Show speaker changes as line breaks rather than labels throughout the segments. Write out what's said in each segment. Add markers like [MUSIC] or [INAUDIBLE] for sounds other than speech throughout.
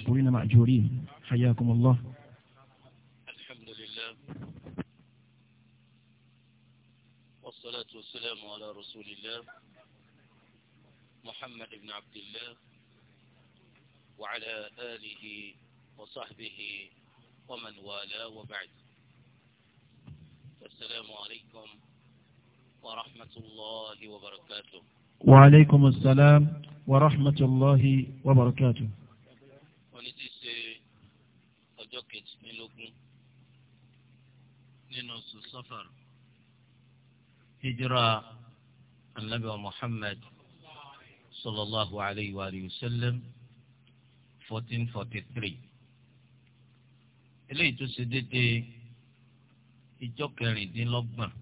مشكورين مأجورين حياكم الله الحمد لله والصلاة والسلام على رسول الله محمد بن عبد الله وعلى آله وصحبه ومن والاه وبعد السلام عليكم ورحمة الله وبركاته وعليكم السلام ورحمة الله وبركاته ọjọ́ kejìlélógún nínú oṣù sọfàr hijira anabi muhammad sallallahu alayhi wa sallam fourteen forty three eléyìí tó ṣe déédéé ìjọ kẹrìndínlọ́gbọ̀n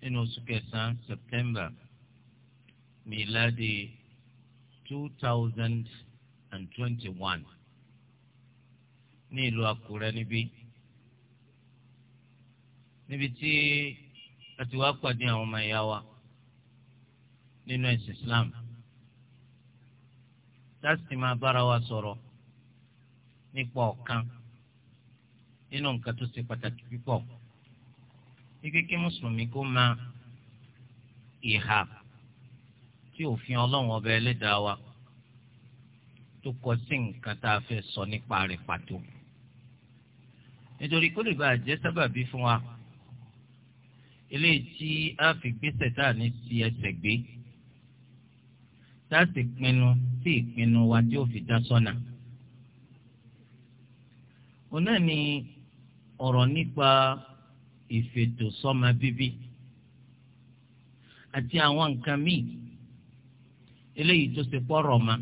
nínú oṣù kẹsàn-án september miladi two thousand and twenty-one ní ìlú Àkúrẹ́ níbí níbi tí a ti wá pàdé àwọn ọmọ ìyá wa nínú ẹ̀sìn Islam láti máa bára wa sọ̀rọ̀ nípa ọ̀kan nínú nǹkan tó ṣe pàtàkì púpọ̀ wípé kí mùsùlùmí kó máa ìhà tí òfin ọlọ́run ọba ẹlẹ́dàá wa tó kọ sí nǹkan tá a fẹ́ sọ nípa rẹ̀ pàtó nítorí kó lè bá jẹ́ sábàbí fún wa eléyìí tí a fi gbèsè tá a ní ti ẹsẹ̀ gbé tá a sì pinnu sí ìpinnu wa tí ó fi dá sọ́nà. òun náà ni ọ̀rọ̀ nípa ìfètò sọ́mọ bíbí àti àwọn nǹkan míì eléyìí tó ṣe pọ̀ rọ̀ ma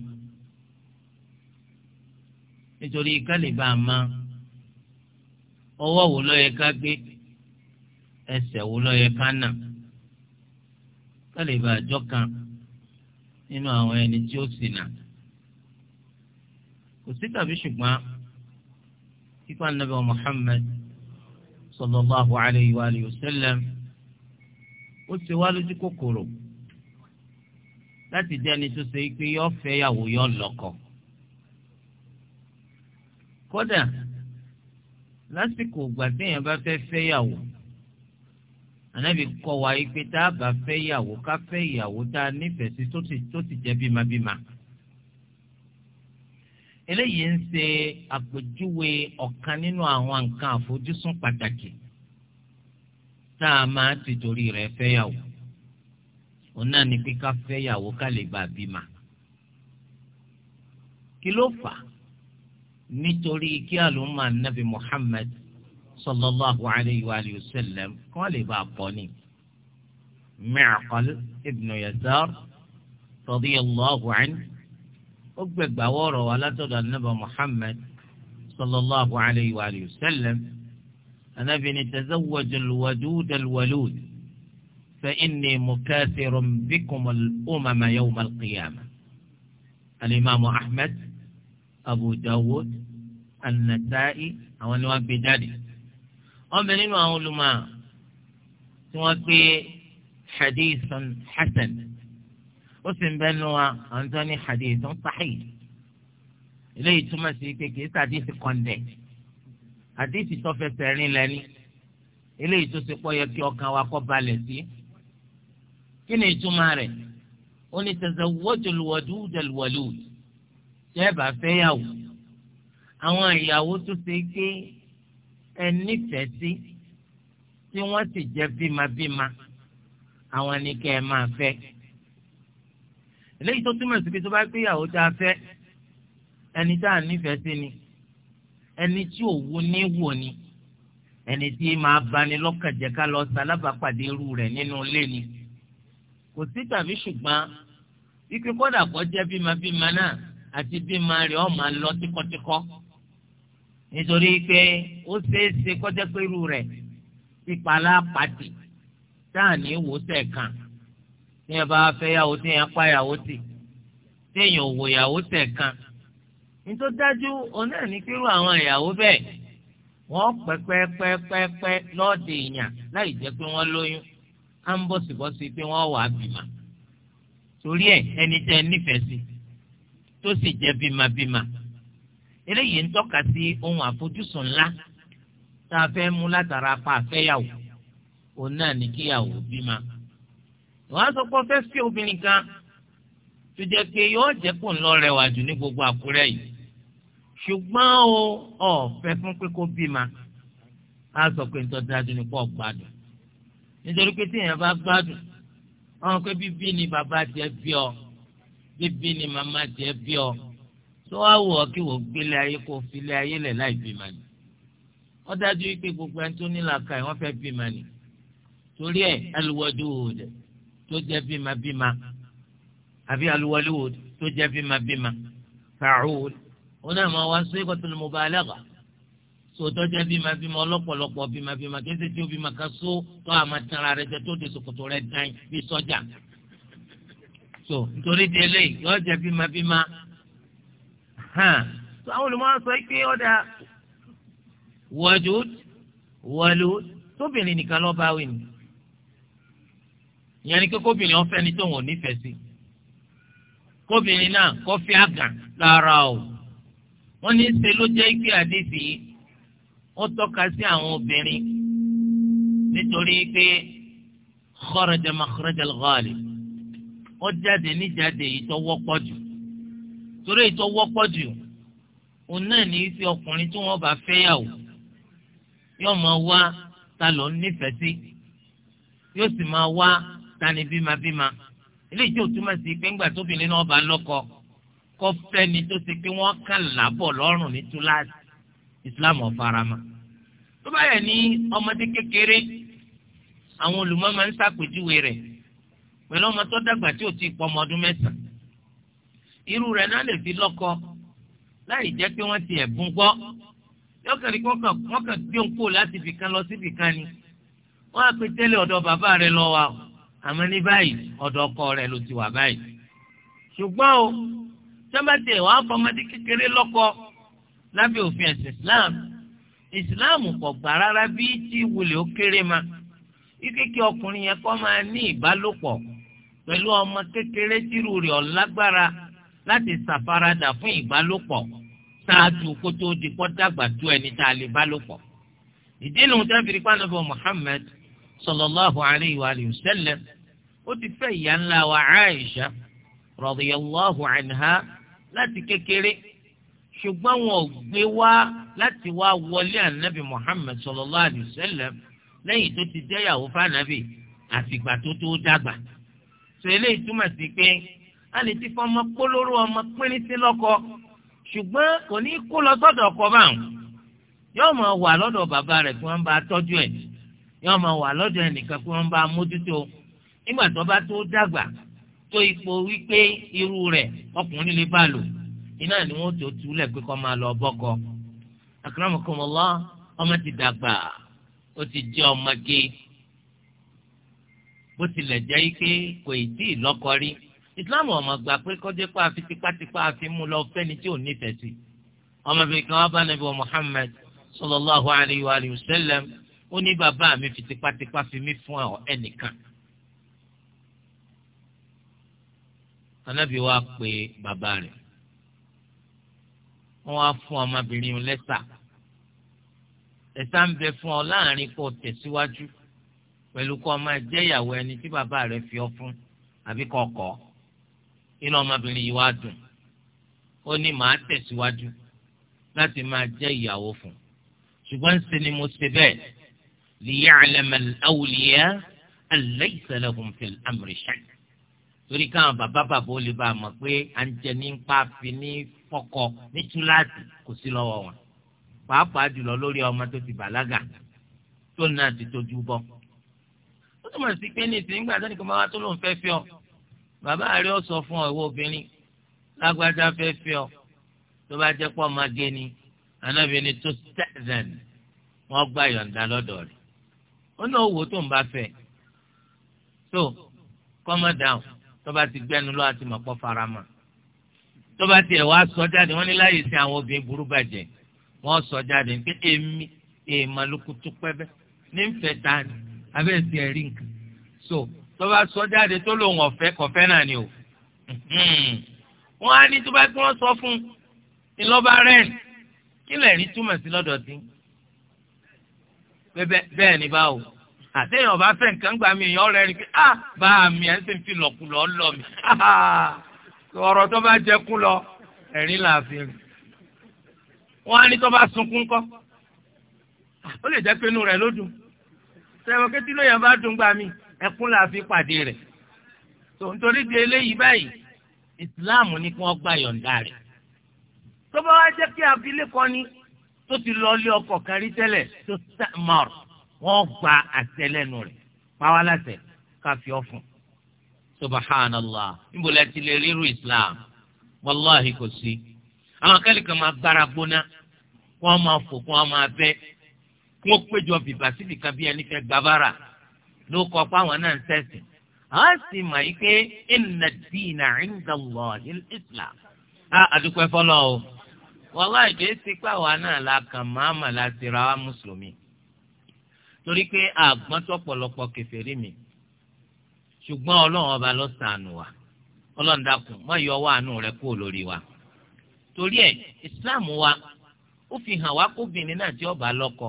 nítorí ká lè bá a máa ọwọ́ wo ló yẹ ká gbé ẹsẹ̀ wo ló yẹ ká nà ká lè bá àjọ kan nínú àwọn ẹni tí ó sì nà kò sí tàbí ṣùgbọ́n kíkọ́ Ànábì Muhammad sallallahu alayhi wa alihi wa sallam ó ti wá lójú kòkòrò láti jẹ́ ẹni tó ṣe pé yọ fẹ́ yàwó yọ lásìkò ìgbà téèyàn bá fẹ́ fẹ́yàwó ànábì kọ́ wa yìí pé tá a bá fẹ́yàwó ká fẹ́ ìyàwó tá a nífẹ̀ẹ́ sí tó ti tó ti jẹ́ bímabíma. eléyìí ń ṣe àpèjúwe ọ̀kan nínú àwọn nǹkan àfojúsùn pàtàkì tá a máa ti torí rẹ̀ fẹ́yàwó òun náà ni pé ká fẹ́yàwó ká lè bá bímá. kí ló fà á? nítorí kí àlùmọ́ ànábì muhammed sallallahu alayhi wa alihi wa sallam kọ́ lè bá a pọ̀ ni. Mi'qal ibnu Yasar allahu an ó gbẹgbà wọ́ọ̀rọ̀ wa látọ̀dọ̀ ànábì muhammed sallallahu alayhi wa alihi wa sallam ànábì ni tazawwaju al-wadud al-walud fa inni mukathirun bikum al-umama yawm al-qiyamah. Al-Imam Ahmad. Abu Dawud An-Nasa'i àwọn ni wọ́n gbé jáde wọ́n bẹ nínú àwọn olùmọ̀ tí wọ́n gbé hadithan hasan ó sì ń bẹ nínú wa àwọn tó ní hadithan sahih eléyìí túmọ̀ sí pé kìí sàdíìsì kọ́ndẹ̀ àdíìsì tó fẹsẹ̀ rìn lẹ́ni eléyìí tó ṣe pọ̀ yẹ kí ọkàn wa kó balẹ̀ sí kí ni ìtumọ̀ rẹ̀ ó ní tazawwajul wadudul tẹ́ bá fẹ́yàwó àwọn ìyàwó tó ṣe pé ẹ nífẹ̀ẹ́ sí tí wọ́n sì jẹ́ bímabíma àwọn ni kẹ́ ẹ máa fẹ́. eléyìí tó túmọ̀ sí pé tó bá gbé ìyàwó tá a fẹ́ ẹni tá a nífẹ̀ẹ́ sí ni ẹni tí òwò ní wò ni ẹni tí máa bani lọ́kàn jẹ́ ká lọ sálábàápàdé irú rẹ̀ nínú ilé ni. kò sí tàbí ṣùgbọ́n ikú kọ́dà kọ́ jẹ́ bímabíma náà àti bí màá rí ọmọ lọ tíkọ́tíkọ́ nítorí pé ó ṣeé ṣe kọjá pé irú rẹ̀ pípalá pàtì táà ní ìwòsàn kan tí yẹn bá fẹ́ yàwó tí yẹn pa yàwó tì tí yẹn ò wò yàwó tẹ̀ kan nítorí dájú òun náà ní kírú àwọn ìyàwó bẹ́ẹ̀ wọ́n pẹ́pẹ́pẹ́pẹ́ lọ́ọ̀dì èèyàn láì jẹ́ pé wọ́n lóyún á ń bọ̀sibọ́sí pé wọ́n wà á bímọ torí ẹ̀ ẹni tẹ́ nífẹ̀ẹ́ sí i tó sì jẹ́ bímabíma eléyìí ń tọ́ka sí ohun àfojúsùn ńlá tá a fẹ́ mú látara apá àfẹ́yàwó òun náà ní kíyàwó bímá wọ́n á sọ pé ọfẹ́ sí obìnrin kan tó jẹ́ pé yóò jẹ́ kó ń lọ rẹwà jù ní gbogbo àkúrẹ́ yìí ṣùgbọ́n o ọ̀fẹ́ fún pé kó bímá á sọ pé ń tọ́jú dájú ní pọ̀ gbádùn nítorí pé tí èèyàn bá gbádùn ọ̀hún pé bíbí ni bàbá tiẹ̀ bí ọ bíbí ni màmá tiẹ̀ bí ọ tó wá wù ọ́ kí wò ó gbélé ayé kó filé ayé lẹ̀ láì bí màní wọ́n dájú pé gbogbo ẹni tó nílò àkà yìí wọ́n fẹ́ bí màní torí ẹ̀ aluwadud tó jẹ́ bímá bímá àbí aluwalud tó jẹ́ bímá bímá fa'ul ó náà máa wá sí ìkọ́tún mubalagha sòtọ́ jẹ́ bímá bímá ọlọ́pọ̀lọpọ̀ bímá bímá kí ẹ ti tí ó bímá ká só tó àmà tẹ́ra rẹ jẹ tó de sòkòtò rẹ dán bí sọ́jà so nítorí di eléyìí yóò jẹ bímabíma hàn so àwọn olùmọ̀ràn sọ pé ọ̀dà wọ́dúd wọ́lú tóbìnrin nìkan lọ́ọ́ bá wí ni ìyẹn ni kókóbìnrin ọ̀fẹ́ ni tóun ò nífẹ̀ẹ́ sí kóbìnrin náà kó fi àgàn lára o wọ́n ní í ṣe ló jẹ́ pé àdéhìí ó tọ́ka sí àwọn obìnrin nítorí pé kharaja makhrajal Ọ jáde níjáde èyí tó wọ́pọ̀ jù torí èyí tó wọ́pọ̀ jù òun náà ní í fi ọkùnrin tí wọ́n bá fẹ́yàwó yóò máa wá ta ló ń nífẹ̀ẹ́ sí wá ta ni bímabíma eléyìí tí ó túmọ̀ sí pé ńgbà tóbìnrin náà bá lọ́kọ kọ́ fẹ́ni tó pé wọ́n Islam ọ̀farama tó ní ọmọdé kékeré àwọn máa rẹ̀ pẹ̀lú ọmọ tó dàgbà tí ò ti pọ̀ ọmọ ọdún mẹ́sàn. irú rẹ̀ náà lè fi lọ́kọ láì jẹ́ pé wọ́n ti ẹ̀bùn gbọ́ yọkàn rí kọ́kàn kọ́kàn gbé ń kó láti ibìkan lọ sí ibìkan ni wọ́n á pe tẹ́lẹ̀ ọ̀dọ̀ bàbá rẹ̀ lọ wa àmọ́ ní báyìí ọ̀dọ̀ ọkọ rẹ̀ ló ti wà báyìí. ṣùgbọ́n o sábàtì ẹ̀ wàá fọmọdé kékeré lọ́kọ lábẹ́ òfin ẹ̀sìn Islam Islam kò gbà rárá bí tí wulẹ̀ ó kéré ma ikeke ọkùnrin yẹn kọ́ máa ní ìbálòpọ̀ pẹ̀lú ọmọ kékeré tírú rẹ̀ ọ̀lágbára láti ṣàfaradà fún ìbálòpọ̀ ṣáájú kó tó di pọ́ dàgbà tó ẹni tá a lè bálòpọ̀. ìdí nu tábìrì pàǹdàbọ̀ Muhammad sallallahu alayhi wa sallam ó ti fẹ́ ìyá ńlá wa Aisha radiyallahu anha láti kékeré ṣùgbọ́n wọn ò gbé wá láti wá wọlé ànábì Muhammad sallallahu alayhi wa sallam lẹ́yìn tó ti jẹ́yàwó fún ànábì àfìgbà tó tó dàgbà sọ eléyìí túmọ̀ sí pé a lè ti fọ ọmọ kólóró ọmọ pínrín sí lọ́kọ ṣùgbọ́n kò ní kó lọ sọ́dọ̀ ọkọ báwọn yóò máa wà lọ́dọ̀ bàbá rẹ̀ kí wọ́n bá tọ́jú ẹ̀ yóò máa wà lọ́dọ̀ ẹnìkan kí wọ́n bá mójútó nígbà tó bá tó dàgbà tó ipò wípé irú rẹ̀ ọkùnrin lè bá lò iná ni wọ́n tó túlẹ̀ pé kó máa lọ bọ́kọ. akramakumullah ọmọ ti dàgbà ó ti jẹ́ ọmọge bó tilẹ̀ jẹ́ pé kò ì tí ì lọ́kọ rí ìsìláàmù ọmọ gbà pé kọjá pé a fi tipátipá a fi mú lọ fẹ́ni tí ò nífẹ̀ẹ́ sí ọmọbìnrin kan wá bá nàbí Muhammad sallallahu alayhi wa sallam ó ní bàbá mi fi tipátipá fi mí fún ẹnìkan. anábì wa pè bàbá rẹ̀ wọ́n wá fún ọmọbìnrin lẹ́tà ẹ̀sà ń bẹ fún ọ láàrin kó tẹ̀síwájú. Si pẹ̀lú kọ́ máa jẹ́ ìyàwó ẹni tí bàbá rẹ̀ fi ọ fún àbí kọ̀ọ̀kọ́ inú ọmọbìnrin yìí wá dùn ó ní màá tẹ̀síwájú láti máa jẹ́ ìyàwó fún ṣùgbọ́n ń ṣe ni mo ṣe bẹ́ẹ̀ liya'lam al-awliya an laysa lahum fil amri shay torí káwọn bàbá bàbá ó lè bá a mọ̀ pé à ń jẹ ní pa fi ní fọkọ ní túláàsì kò sí lọ́wọ́ wọn pàápàá jùlọ lórí ọmọ tó ti bàlágà tó náà ti tójú bọ́ túmọ̀ sí pé ní ìsìn nígbà sẹ́nìkan máa wá tó lóun fẹ́ fẹ́ ọ bàbá rẹ ọ sọ fún ọ ìwọ obìnrin lágbájá fẹ́ fẹ́ ọ tó bá jẹ́ pọ̀ máa gé ni anábìnrin tó tẹ̀sán wọ́n gbà yọ̀ǹda lọ́dọ̀ rẹ̀ ó náà wò tó ń bá fẹ́ tó kọ́mọ dáhùn tó bá ti gbẹ́nu lọ́wọ́ àti mọ̀pọ́ farama tó bá tiẹ̀ wá sọ jáde wọ́n ní láyé sí àwọn obìnrin burú bàjẹ́ wọ́n sọ jáde pé èmi èèmọ̀ ló kutu pẹ́bẹ́ nífẹ̀ẹ́ ta ni abẹ́ẹ̀sì ẹ̀rí nǹkan so tó bá sọ jáde tó lòun ọ̀fẹ́ kọ̀fẹ́ náà ni o hmm. wọ́n á ní tó bá tí wọ́n sọ fún ní lọ́ba rẹ́ẹ̀n kí lẹ̀ rí túmọ̀ sí lọ́dọ̀ tí bẹ́ẹ̀ ni báwo àtẹ̀yìn ọba fẹ́ nǹkan gbà mí èèyàn ọ̀rẹ́ rí pé ah bá a mi ẹ̀ ń sì fi lọ̀kulọ̀ lọ mi [LAUGHS] ọ̀rọ̀ tó bá jẹ kú lọ ẹ̀rín làáfin rẹ̀ wọ́n á ní tó bá sunkún kọ́ ó lè jẹ́ pé inú rẹ̀ ló dùn sẹ́wọ̀n kétí lóyè bá dùn gbà mí. ẹkún la fi pàdé rẹ̀ tó nítorí di eléyìí báyìí islam ní kí wọ́n gbà yọ̀ǹda rẹ̀ tó bá wá jẹ́ kí ni tó ti lọ ilé ọkọ kan rí tó mọ̀r gba àtẹlẹ́nu rẹ̀ pàwọ́ aláṣẹ káfí ọ̀fun subhanallah níbo ti lè islam wàláhi kò sí àwọn máa gbára gbóná wọ́n máa fò wọ́n máa bẹ́ ló kọ pé àwọn náà ń sẹ́sìn a sì mọ̀ yìí pé inna ad-dina 'inda Allahi al-Islam a àdúpẹ́ fọlọ́ o wàláì kìí ṣe pé àwa náà la kàn máàmà la ti ra wa mùsùlùmí torí pé àgbọ́n tó pọ̀lọpọ̀ kèfèrí mi ṣùgbọ́n ọlọ́run ọba ló ṣàánú wa ọlọ́run dákun má yọ ọwọ́ àánú rẹ kúrò lórí wa torí ẹ̀ ìsìláàmù wa ó fi hàn wá kóbìnrin náà tí ọba lọ́kọ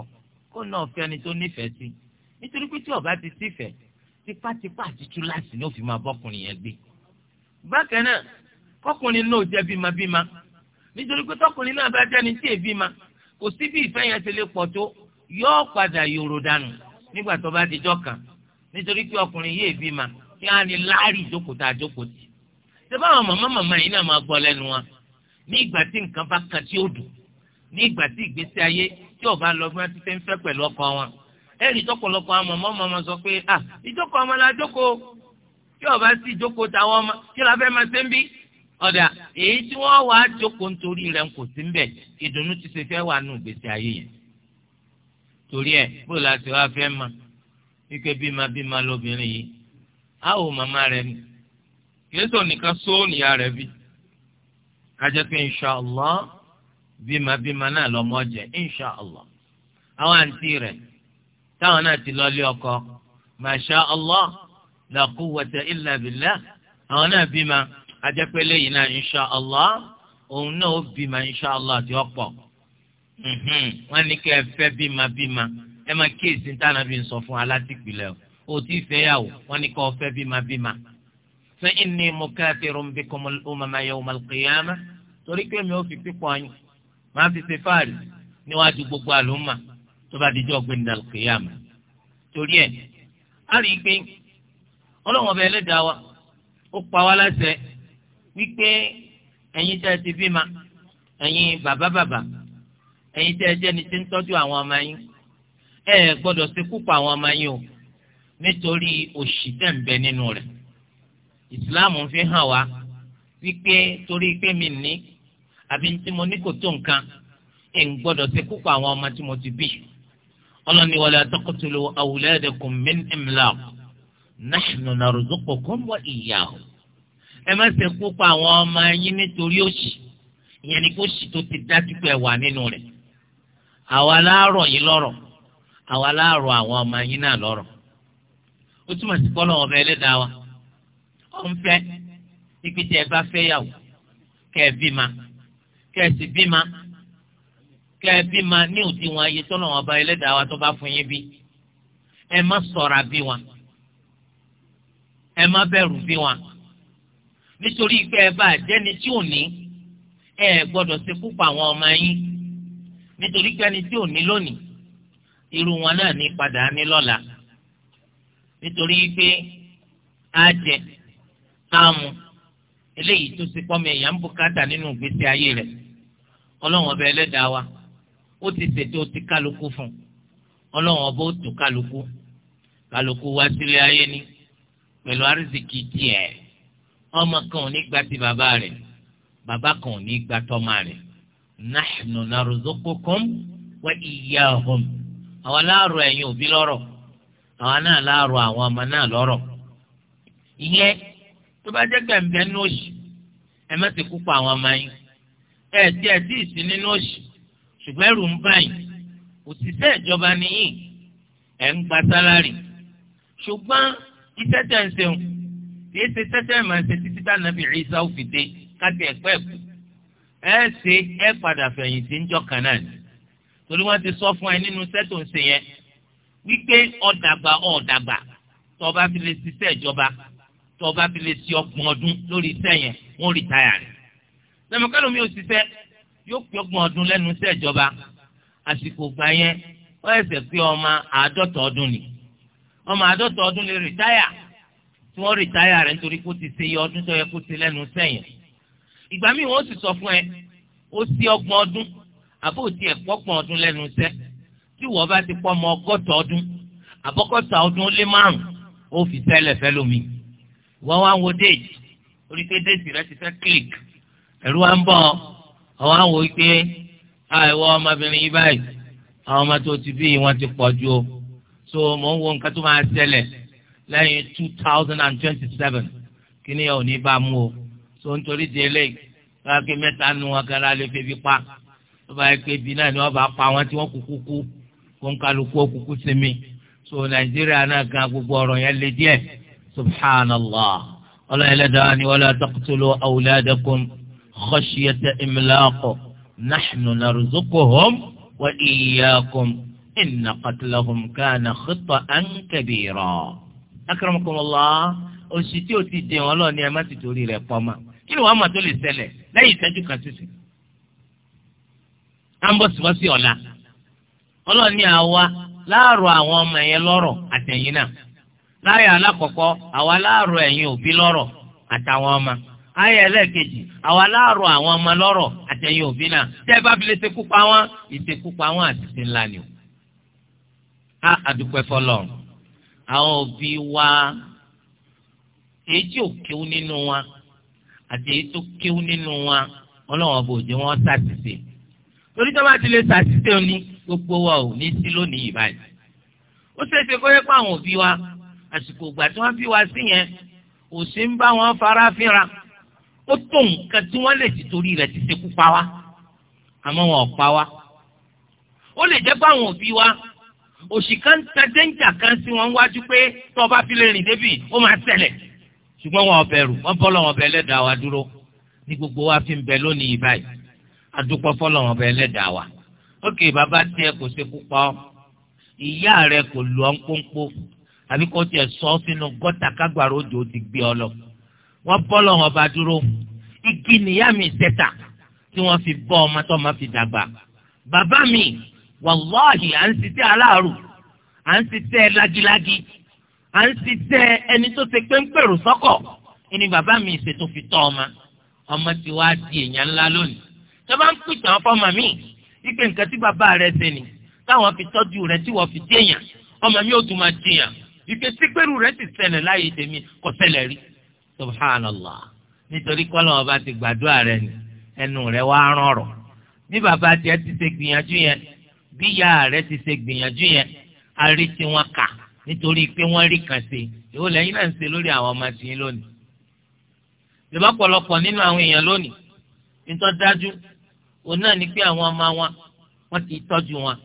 kó náà fẹ́ni tó nífẹ̀ẹ́ sí. Si nítorí pé tí ọba ti sífẹ̀ tipátipá àti túláàsì ni ó fi máa bọ́kùnrin yẹn gbé bákan náà kọkùnrin náà jẹ́ bímabíma nítorí pé tọkùnrin náà bá jẹ́ni tí èbí ma kò sí bí ìfẹ́ yẹn ti lè pọ̀ tó yóò padà yòrò dànù nígbà tó bá dijọ́ kan nítorí pé ọkùnrin yìí èbí ma kí á ní láàrí ìjókòó tá a jókòó tì ṣé báwọn màmá màmá yìí náà máa gbọ́ lẹ́nu wa ní ìgbà tí nǹkan bá kan tí ó dùn ní ìgbà tí ìgbésí ayé tí ò bá lọ bí wọ́n ti fẹ́ ń fẹ́ pẹ̀lú ọkọ wọn ẹ̀rí ìjọpọ̀lọpọ̀ àwọn ọmọ ọmọ ọmọ sọ pé à ìjókòó ọmọ la jókòó tí ọba sì jókòó táwọn ọmọ kí la fẹ́ máa ṣe ń bí ọ̀dà èyí tí wọ́n wá jókòó nítorí rẹ̀ ń kò sí ń bẹ̀ ìdùnnú fẹ́ wà nù gbèsè ayé yẹn torí ẹ̀ bó la wá fẹ́ ma wípé bímọ bímọ lóbìnrin yìí a ò màmá rẹ ni nìkan só nìyá bí pé bímọ bímọ náà jẹ àwọn àǹtí táwọn náà ti lọ́ọ́lé ọkọ masha allah la quwwata illa billah àwọn náà bímọ ajẹpẹlẹ yìí náà insha allah òun náà ó bímọ insha allah tí ó pọ̀ mhm. wọn ní kí ẹ fẹ́ bímọ bímọ ẹ máa kíyèsí táwọn bí ń sọ fún alátìpìlẹ̀ o ò tí ì fẹ́yàwó wọn ní kí ọ fẹ́ bímọ bímọ. fa inni mukafirun bikumul umama yawmal qiyamah torí pé mi ò fi pípọ̀ yín màá fi ṣe fáàrí níwájú gbogbo àlùmọ́ tó bá dijọ́ gbé nínú àlùkìyàmù torí ẹ̀ á rí i pé ọlọ́wọ́n ọba ẹlẹ́dàá wa ó pa wá láṣẹ wípé ẹ̀yin tẹ́ ẹ ti bímọ ẹ̀yin bàbá bàbá ẹ̀yin tẹ́ ẹ jẹ́ni tí ń tọ́jú àwọn ọmọ yín ẹ gbọ́dọ̀ ṣekú pa àwọn ọmọ yín o nítorí òṣì tẹ̀ ń bẹ nínú rẹ̀ ìsìláàmù fi hàn wá wípé torí pé mi ní àbí tí mo ní kò tó nǹkan ẹ̀ ń gbọ́dọ̀ ṣekú pa àwọn ọmọ tí mo ti bí ọlọ́ni wala taqtulu awladakum min imlaq nahnu narzuqukum wa iyyahum ẹ má ṣe kú pa àwọn ọmọ yín nítorí òṣì ìyẹn ni kò sì tó ti dájú pé ẹ wà nínú rẹ̀ àwa láàárọ̀ yín lọ́rọ̀ àwa láàárọ̀ àwọn ọmọ yín náà lọ́rọ̀ ó túmọ̀ sí kọ́ lọ́wọ́ ọba ẹlẹ́dàá wa ó ń fẹ́ ibi tí ẹ bá fẹ́ yàwó kẹ́ ẹ bímá kẹ́ ẹ sì bímá kẹ́ ẹ bí ma ní òdi wọn ayé tọ́nà wọn bá ẹlẹ́dàá wa tó bá fún yín bí ẹ má sọ̀ra bí wọn ẹ má bẹ̀rù bí wọn nítorí pé ẹ bá jẹ́ni tí ò ní ẹ gbọ́dọ̀ ṣe púpọ̀ àwọn ọmọ yín nítorí pé ẹni tí ò ní lónìí irú wọn náà ní padà ní lọ́la nítorí pé á jẹ á mu eléyìí tó ṣe pọ́nmi ẹ̀yà ń bùkátà nínú ìgbésí ayé rẹ̀ ọlọ́run ọba ẹlẹ́dàá wa ó ti ṣètò ti kálukú fún ọlọ́run ọba ó tó kálukú kálukú wá sílé ayé ni pẹ̀lú àrísìkì tiẹ̀ ọmọ kan ò ní gba ti bàbá rẹ̀ bàbá kan ò ní gba tọ́mọ rẹ̀ nahnu narzuqukum wa iyyahum àwọn aláàrọ̀ ẹ̀yin òbí lọ́rọ̀ àwọn náà láàrọ̀ àwọn ọmọ náà lọ́rọ̀ ìyẹn tó bá jẹ́ gbẹ̀ǹbẹ̀ ní òṣì ẹ má ti kú pa àwọn ọmọ yín ẹ̀ tí ẹ̀ tí ṣùgbọ́n ẹ̀rù ń báyìí òṣìṣẹ́ ìjọba nìyí ẹ̀ ń gba sálárì ṣùgbọ́n iṣẹ́ tẹ̀ ń ṣeun kì í ṣe iṣẹ́ tẹ̀ máa ń ṣe títí tá nàbì Ìsá ó fi káti ẹ̀pẹ́ ẹ̀kú ẹ̀ ṣe ẹ̀ padà fẹ̀yìntì ńjọ́ kan náà ni torí wọ́n ti sọ fún ẹ nínú iṣẹ́ tó ń ṣe yẹn wípé ọ̀dàgbà ọ̀dàgbà tọba fi lè ṣiṣẹ́ ìjọba tọba fi lè ṣe ọgbọ̀n ọdún lórí iṣẹ́ yẹn wọ́n rí táyà rẹ̀ tẹ̀mọ̀kẹ́lómi ò ṣiṣẹ́ yóò pé ọgbọ̀n ọdún lẹ́nu iṣẹ́ ìjọba àsìkò gbà yẹn ó ẹsẹ̀ pé ọmọ àádọ́ta ọdún ni ọmọ àádọ́ta ọdún lè rìtáyà tí wọ́n rìtáyà rẹ̀ nítorí kó ti ṣe iye ọdún tó yẹ kó ti lẹ́nu iṣẹ́ yẹn ìgbà míì wọ́n sì sọ fún ẹ ó sí ọgbọ̀n ọdún àbó tí ẹ̀ pọ́pọ̀n ọdún lẹ́nu iṣẹ́ tí wọ́n bá ti pọ́ ọmọ ọgọ́ta ọdún àbọ́kọ́ta ọdún ó lé márùn-ún ó fi sẹ́lẹ̀ fẹ́ lómi wọ́n wá ń wo déètì orí pé déètì rẹ ti fẹ́ kílíkì ẹ̀rú wa ń bọ̀ ọ́ àwọn àwọn wípé àìwọ ọmọbìnrin yìí báyìí àwọn ọmọ tó ti bí wọn ti pọ̀ jù o so mò ń wo nǹkan tó máa ṣẹlẹ̀ lẹ́yìn two thousand and twenty seven kí ni ò ní bá mú o so nítorí di eléyìí káàkiri mẹ́ta nu wọn kan lálẹ́ fẹ́ fi pa tó bá yẹ pé ibi náà ni wọ́n bá pa wọn tí wọ́n kúkú kú kó ń kálukú òkúkú sinmi so nàìjíríà náà gan gbogbo ọ̀rọ̀ yẹn lé díẹ̀ subhanallah ọlọ́yẹ̀lẹ́dàá ni wala taqtulu khashiyata imlaq nahnu narzuquhum wa iyyakum inna qatlahum kana khita'an kabira. akramakumullah oṣù tí o ti dè wọn lọ ni ẹ má ti torí rẹ̀ pọ̀ ma kí ni wàá mà tó lè ṣẹlẹ̀ lẹ́yìn ìṣẹ́jú kan sísè à ń bọ̀ sí wọ́sí ọ̀la ọlọ́ọ̀ni àwa láàrọ̀ àwọn ọmọ yẹn lọ́rọ̀ àtẹ̀yìn náà láyà alákọ̀ọ́kọ́ àwa láàrọ̀ ẹ̀yin òbí lọ́rọ̀ àtàwọn ọmọ ayé ẹlẹ́ẹ̀kejì àwa láàrọ̀ àwọn ọmọ lọ́rọ̀ àtẹ̀yìn òbí náà tẹ́ ẹ bá fi lè ṣekú pa wọ́n ìṣekú pa wọ́n àti ṣe ńlá ni o. a àdúpẹ́ fọlọ́run àwọn òbí wa èyí tí ò kéwú nínú wa àti èyí tó kéwú nínú wa ọlọ́wọ́n bò jẹ́ wọ́n ṣàṣìṣe torí tó bá ti lè ṣàṣìṣe ni gbogbo wa ò ní sí lónìí yìí báyìí ó ṣeéṣe kó yẹ pé àwọn òbí wa àsìkò ìgbà tí wọ́n fi wa sí yẹn bá wọn fara ó tó nǹkan tí wọ́n lè ti torí rẹ̀ ti ṣekú pa wá àmọ́ wọn ò pa wá ó lè jẹ́ pé àwọn òbí wa òṣì kan ta dẹ́ńjà kan sí wọn wájú pé tó o bá fi lè rìn débi ó máa ṣẹlẹ̀ ṣùgbọ́n wọn ò bẹ̀rù wọ́n bọ́ lọ́wọ́ ọbẹ̀ ẹlẹ́dàá wa dúró ní gbogbo wa fi ń bẹ lónìí báyìí adúpọ̀ fọlọ́wọ́n ọbẹ̀ ẹlẹ́dàá wa ókè bàbá tiẹ̀ kò ṣekú pa ọ́ ìyá rẹ̀ kò lù ọ́ ń tiẹ̀ sọ sínú gọ́tà kágbàrá òjò ti gbé ọ lọ wọ́n bọ́lọ̀ wọn bá dúró igi nìyá mi sẹ́ta tí wọ́n fi bọ́ ọmọ tó ma fi dàgbà bàbá mi wàláhì à ń sitẹ́ aláàrù à ń sitẹ́ lagilagi à ń sitẹ́ ẹni tó ṣe péńpèrò sọ́kọ̀ ẹni bàbá mi ṣètò fi tọ́ ọmọ ọmọ ti wá di èèyàn ńlá lónìí tó bá ń pìtàn ọ̀fọ̀ màmí ike nǹkan tí bàbá rẹ ṣe ni táwọn fi tọ́jú rẹ tí wọ́n fi dé èèyàn ọmọ mi ò tún máa jiyàn ike sípẹ́rù rẹ ti ṣẹlẹ̀ láyé tèmi kò ṣẹlẹ̀ rí subhanallah nítorí kọ́lọ́ ọba ti gbàdúrà rẹ ni ẹnu rẹ wá rọrọ̀ bí bàbá tiẹ̀ ti ṣe gbìyànjú yẹn bí ìyá rẹ ti ṣe gbìyànjú yẹn a rí tiwọn kà nítorí pé wọ́n rí kàn sí èwo lẹ́yìn náà ń ṣe lórí àwọn ọmọ tìyín lónìí. ìjọba pọ̀lọpọ̀ nínú àwọn èèyàn lónìí nítọ́ dájú òun náà ni pé àwọn ọmọ wọn wọ́n ti tọ́jú wọn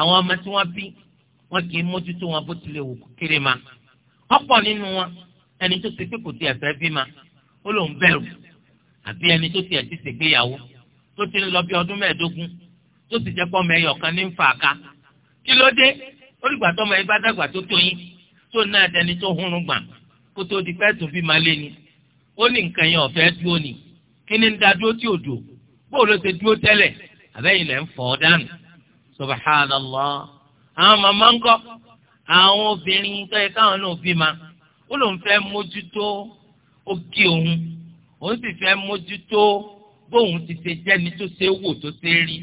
àwọn ọmọ tí wọ́n bí wọ́n kì í mójútó wọn bó tilẹ̀ wù kéré ma ọ̀pọ̀ nínú wọn ẹni tó ti pé kò tiẹ̀ fẹ́ bímọ ó lòún bẹ̀rù àbí ẹni tó tiẹ̀ ti ṣègbéyàwó tó ti ń lọ bí ọdún mẹ́ẹ̀ẹ́dógún tó sì jẹ́ pọ́ mẹ́yọ̀ kan ní fàáka kí ló dé ó lùgbà tó ọmọ yẹn bá dàgbà tó tó yín tó náà dẹni tó hurun gbà kó tó di pẹ́ẹ́tù bí máa ni ó ní nǹkan yẹn ọ̀fẹ́ dúró ni kí ni ń da dúró tí ò dò bóò ló ṣe dúró tẹ́lẹ̀ àbẹ́yìn lẹ́ ó lòun fẹ́ mójútó ògì òun òun sì fẹ́ mójútó bóun ti ṣe jẹ́ni tó ṣe wò tó ṣe rí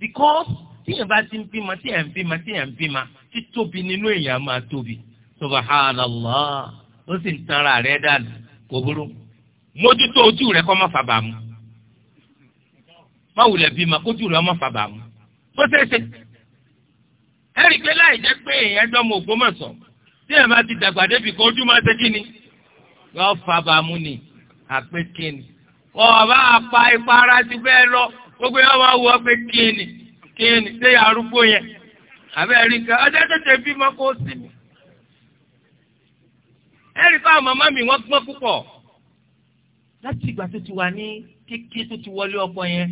because tíyẹn bá ti ń bímọ tíyẹn ń bímọ tíyẹn ń bímọ títóbi nínú èèyàn máa tóbi subhanallah ó sì ń tanra rẹ̀ dànù kò burú mójútó ojú rẹ̀ kọ́ má fàbàmù má wulẹ̀ bímọ kójú rẹ̀ má fàbàmù tó ṣeé ṣe ẹ̀rí pé láì jẹ́ pé èèyàn dánmọ̀ Ògbómọ̀ṣọ́ tí ẹ̀ bá ti dàgbà débi kan ojú máa ṣe kí ni yọ fàbàmù ni àpé kí ni ọba àpá ipa ara ti bẹ́ẹ̀ lọ gbogbo yẹn máa wọ pé kí ni kí ni ṣé arúgbó yẹn àbẹ́ rí nǹkan ọjọ́ tètè bí mọ́ kó sí mi. ẹ̀rí fáwọn màmá mi wọ́n gbọ́n púpọ̀ láti ìgbà tó ti wà ní kékeré tó ti wọlé ọkọ yẹn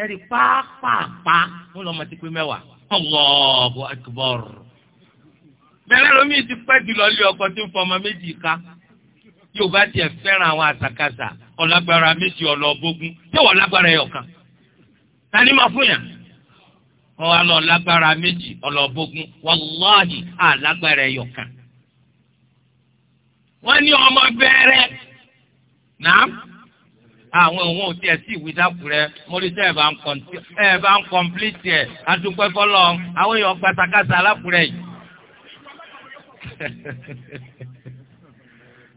ẹ̀rí pàápàá mo lọ́ọ́ mọ̀ ti pé mẹ́wàá. Allahu akbar. bẹ̀rẹ̀ lómi ti pẹ́ jùlọ lé ọkọ tí ń fọmọ méjì ká yóò bá tiẹ̀ fẹ́ràn àwọn àtàkàtà ọ̀làgbára méjì ọ̀lọ́ọ̀bógún tí wọ̀ lágbára ẹ̀yọ̀ kan tani máa fún wọn wá lọ lágbára méjì ọ̀lọ́ọ̀bógún àlágbára wọ́n ní ọmọ bẹ́ẹ̀rẹ̀ náà àwọn òun ò tiẹ̀ sí ìwé mọ́lẹ́sẹ̀ ẹ̀ bá ń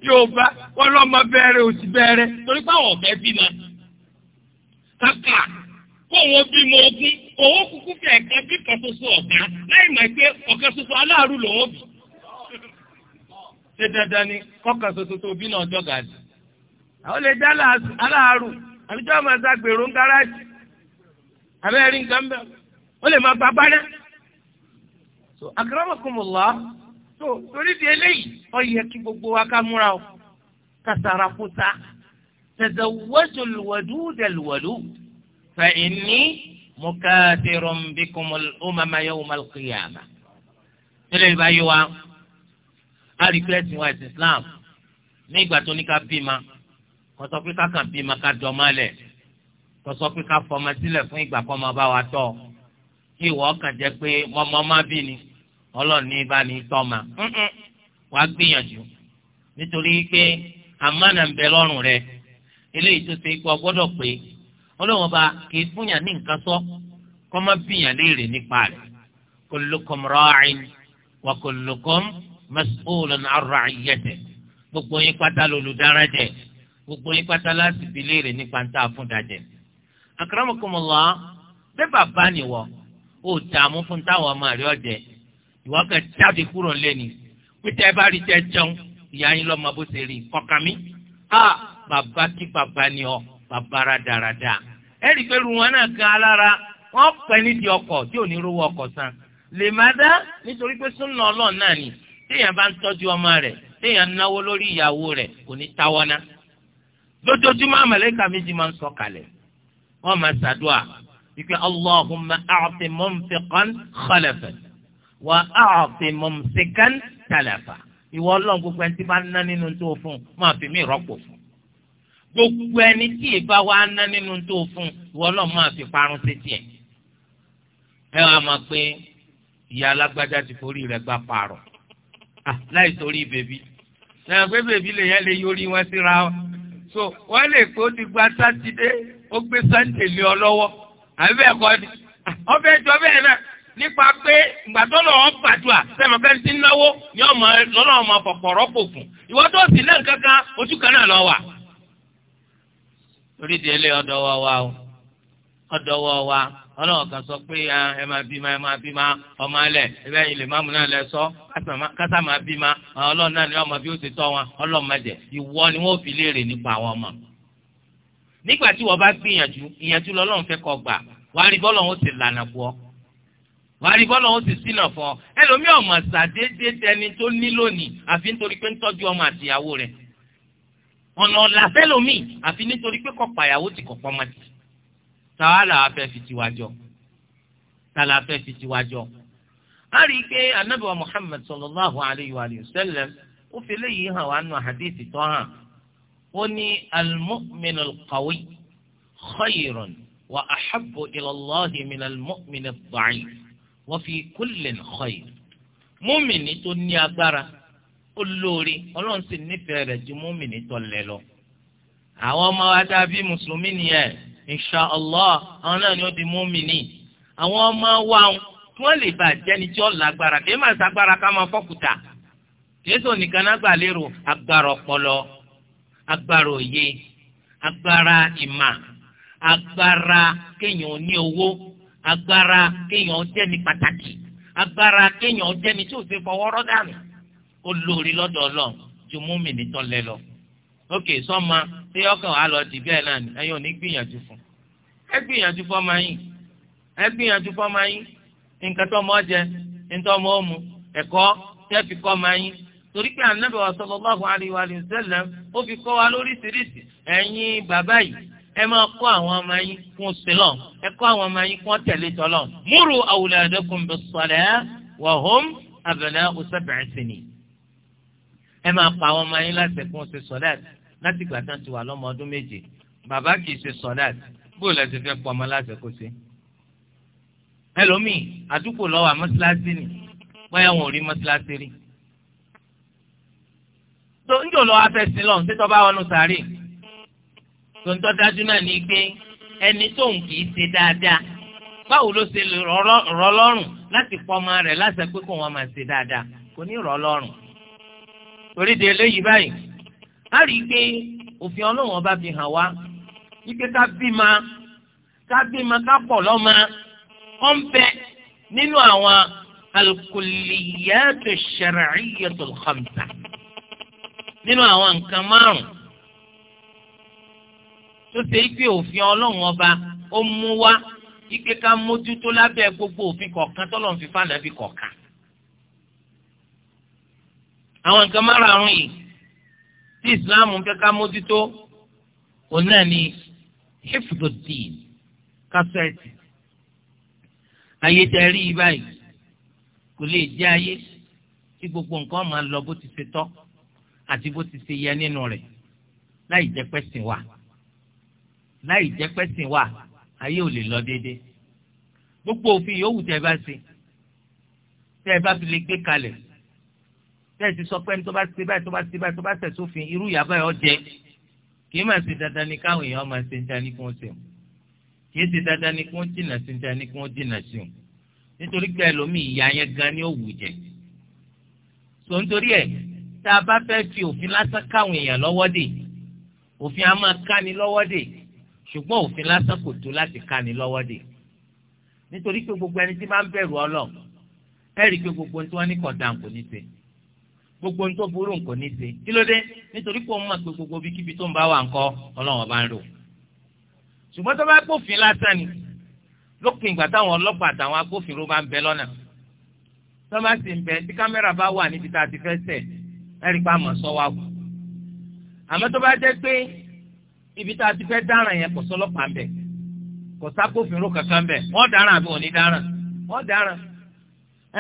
Yorùbá wọn lọ́mọ bẹrẹ. òsì bẹ̀rẹ̀ torí pé àwọn ọ̀fẹ́ bímọ. Kàkà kó wọn bímọ ogún owó kúkú fẹ́ ẹ̀ka bí kan ṣoṣo láì mọ̀ pé ọ̀kan ṣoṣo aláàrú lòun bì. Ṣé dandan ni kọ́kàn ṣoṣo tó bí náà dọ́gà sí? Àwọn lè dá aláàrú àbíjọ́ máa ta gbèrò ń gáràjì. Àbẹ́rẹ́ nǹkan bẹ́ẹ̀ lè máa bá So, so torí di eléyìí ó yẹ kí gbogbo wa ká múra o ká sara kúta tazawwaju alwadud alwadud fa inni mukathirun bikum al-umama yawm al-qiyamah tẹ́lẹ̀ ìbá yé wa a rí kílẹ̀sì wa ẹ̀sìn Islam ní ìgbà tó ní ká bímọ kò sọ pé ká kàn bímọ ká dọ̀mọ́lẹ̀ kò sọ pé ká fọmọ sílẹ̀ fún ìgbà kan máa bá wa tọ́ kí ìwọ kàn jẹ́ pé mọ́mọ́ má bí ni ọlọ́ọ̀ni bá ní tọ́ma wà á gbìyànjú nítorí pé àmánà ń bẹ lọ́rùn rẹ eléyìí tó ṣe pé ọgbọ́dọ̀ pé ọlọ́wọ́n bá kì í fúnyàn ní nǹkan sọ kọ́ má bìyàn léèrè nípa rẹ̀ kullukum ra'in wa kullukum mas'ulun 'an ra'iyyatihi gbogbo yín pátá lolùdárájẹ gbogbo yín pátá láti fi léèrè nípa ń tà fún dájẹ. akramakumullah bẹ́ẹ̀ bàbá nìwọ ó dààmú fún táwọn ọmọ rẹ̀ ọ̀jẹ̀ ìwọ kan jáde kúrò lẹ́ni pété ẹ bá rí jẹ jẹun ìyá yín lọ́mọ bó ṣe rí kọkàn mi a bàbá kí bàbá ni ọ bàbá rádaràda ẹ rí i pé ruwọn náà gan alára wọn pẹ nídìí ọkọ tí ò ní rówó ọkọ san lè má dá nítorí pé súnà ọlọ́run náà ni téèyàn bá ń tọ́jú ọmọ rẹ̀ téèyàn náwó lórí ìyàwó rẹ̀ kò ní táwọ́ná lójoojúmọ́ àmàlẹ́kà méjì máa ń sọ kalẹ̀ wọ́n máa ṣàdúrà wípé allahumma a'ti munfiqan khalafan wà á ọ̀fìn mọ̀mùsíkán tàlàfà ìwọ ọlọ́run gbogbo ẹni tí bá ná nínú tó fún máa fi mí rọ́pò fún gbogbo ẹni tí ìbá wa ná nínú tó fún ìwọ ọlọ́run máa fi parun sétí ẹ̀ ẹ wàá máa pé ìyá alágbájá ti forí rẹ̀ gbá parọ̀ láì torí bèbí náà pé bèbí lè yẹ lè yọrí wọn síra wọn so wọ́n lè pé ó ti gba sátidé ó gbé sátidé lé ọ lọ́wọ́ àbí bẹ́ẹ̀ kọ́ ni ọbẹ̀ jọ bẹ́ẹ̀ náà nípa pé ìgbàdọ́lọ̀ wọn gbàdúrà sẹ́mi ọ̀gá ti náwó ni ọmọ lọ́nà ọmọ ọ̀pọ̀ rọ́pò fún tó sì náà kankan ojú kan náà lọ wà. wa. di ẹlẹ́yìn ọ̀dọ́ wa o ọ̀dọ́ wa wa pe kan sọ pé ah, ẹ máa ma ẹ máa ma ọmọ alẹ̀ ẹgbẹ́ ilé máàmù náà lẹ sọ kásá máa ma ah, ọlọ́run náà ni ọmọ bí ó ti tọ́ wọn ọlọ́run má jẹ ni wọ́n fi léèrè nípa àwọn ọmọ. nígbà tí wọ́n bá gbìyànjú lọ́lọ́run fẹ́ gbà rí wà á rí bọ́lá ó sì sínà fún ọ ẹlòmíì ọmọ àṣàdédé dẹni tó ní lónìí àfi nítorí pé ń tọ́jú ọmọ àtìyàwó rẹ̀ ọ̀nà ọ̀làfẹ́ lòmíì àfi nítorí pé kọ̀ pàyàwó ti kọ̀ pọ́nmọ́ ti tàwa là á fẹ́ fi tiwa jọ tà là á fẹ́ fi tiwa jọ. a rí i pé anabi wa muhammed sallallahu alayhi wa sallam ó fi léyìí hàn wá nù hadith tó hàn ó ní al-mu'min al wa fi kullin khayr múmìnì tó ní agbára ó lóore ọlọ́run sì nífẹ̀ẹ́ rẹ̀ ju múmìnì tó lẹ̀ lọ. àwọn ọmọ wa dàbí mùsùlùmí nìyẹn insha allah àwọn náà ni ó di múmìnì àwọn ọmọ wa kí wọ́n lè bà jẹ́ni tí ó lágbára kì í máa sagbára ká máa fọ́kùtà jésù nìkan náà gbà lérò agbára ọpọlọ agbára òye agbára ìmà agbára kéèyàn ní owó agbára kéèyàn jẹ́ni pàtàkì agbára kéèyàn jẹ́ni tí ò ṣe fọwọ́ rọ́ dànù ó lórí lọ́dọ̀ ọlọ́run ju múmi nítọ́ lẹ lọ. ókè sọ́ma tí ọkàn wa lọ dì náà ni ẹ̀yin ò ní gbìyànjú fún ẹ gbìyànjú fọ́mọ yín ẹ gbìyànjú fọ́mọ yín nǹkan tó mọ́ jẹ nǹkan tó mọ́ mu ẹ̀kọ́ tẹ́ fi kọ́ ọmọ yín torí pé ànábì sallallahu alaihi wa sallam ó fi kọ́ wa lóríṣiríṣi ẹ̀yin bàbá yìí ẹ máa kọ́ àwọn ọmọ yín fún sílọ̀ ẹ kọ́ àwọn ọmọ yín fún tẹ̀lé tọ́lọ̀ múrù awladakum bis-salati wa hum abna'u sab'i sinin ẹ máa pa àwọn ọmọ yín láti ẹ̀kún ṣe sọ̀lẹ́t láti ìgbà tán ti wà lọ́mọ ọdún méje bàbá kì ṣe sọ̀lẹ́t bó lẹ ti fẹ́ pọ ọmọ láti ẹ̀kún ṣe. ẹlòmíì àdúgbò lọ́wọ́ àmọ́síláṣí ni bóyá wọn ò rí mọ́síláṣí rí. tó ń jò lọ́wọ́ afẹ́ sílọ̀ tẹ́tọ́ bá wọnú sàárè tontọ́ dájú náà ní gbé ẹni tóun kì í ṣe dáadáa báwo ló ṣe lè rọ lọ́rùn láti pọ́ ọmọ rẹ̀ láṣẹ pé kó wọn máa ṣe dáadáa kò ní rọ lọ́rùn. torí de eléyìí báyìí a rí i pé òfin ọlọ́run ọba fi hàn wá wípé ká bímọ ká bímọ ká pọ̀ lọ́mọ ó ń bẹ nínú àwọn al-kulliyatu ash-shar'iyyatu nínú àwọn nǹkan márùn-ún tó ṣe pé òfin ọlọ́run ọba ó mú wá ike ká mójútó lábẹ́ gbogbo òfin kọ̀ọ̀kan tọ́lọ́run fi fànàbí kọ̀ọ̀kan. àwọn nǹkan márààrún yìí tí islam ń fẹ́ ká mójútó òun náà ni hifdodin kásẹ̀tì ayé tẹ rí i báyìí kò lè jẹ́ ayé tí gbogbo nǹkan máa lọ bó ti ṣe tọ́ àti bó ti ṣe yẹ nínú rẹ̀ láì jẹ́ pẹ́sìn wa láì jẹ́ pẹ́sìn wà ayé ò lè lọ déédéé gbogbo òfin yòówù tẹ́ bá ṣe tẹ́ ẹ bá fi lè gbé kalẹ̀ tẹ́ ẹ ti sọ pé ní tó bá ṣe báyìí tó bá ṣe báyìí tó bá ṣẹ̀ sófin irú ìyá báyìí ọ jẹ kì í máa ṣe dandan ni káwọn èèyàn máa ṣe ń ta ní kí wọ́n ṣe mu kì í ṣe dandan ni kí wọ́n jìnnà sí ń ta ní jìnnà sí mu nítorí pé ẹlòmíì ìyá yẹn gan ni ó wù jẹ sọ nítorí ẹ tá a bá fẹ́ fi òfin lásán káwọn èèyàn lọ́wọ́ dè òfin á máa káni lọ́wọ́ dè ṣùgbọ́n òfin lásán kò tó láti ká ni lọ́wọ́ dè nítorí pé gbogbo ẹni tí máa ń bẹ̀rù ọlọ́ọ̀ ẹ rí i pé gbogbo ohun tí wọ́n ní kọ̀dà kò ní ṣe gbogbo ohun tó burú kò ní ṣe kí ló dé nítorí pé òun mọ̀ pé gbogbo bí tó ń bá wà ńkọ́ ọlọ́wọ́n bá ń lò ṣùgbọ́n tó bá gbófin lásán ni lópin ìgbà táwọn ọlọ́pàá àtàwọn agbófinró bá ń bẹ lọ́nà tó bá sì ń bẹ tí kámẹ́rà bá wà níbi tá a ti fẹ́ sẹ̀ ẹ pé àmọ̀ sọ wa kù àmọ́ tó bá jẹ́ pé ibi tá a ti fẹ́ dáràn yẹn kò sọlọ́pàá bẹ̀ kò sákòfinró kankan bẹ̀ wọ́n dáràn àbí wọ́n ní dáràn wọ́n dáràn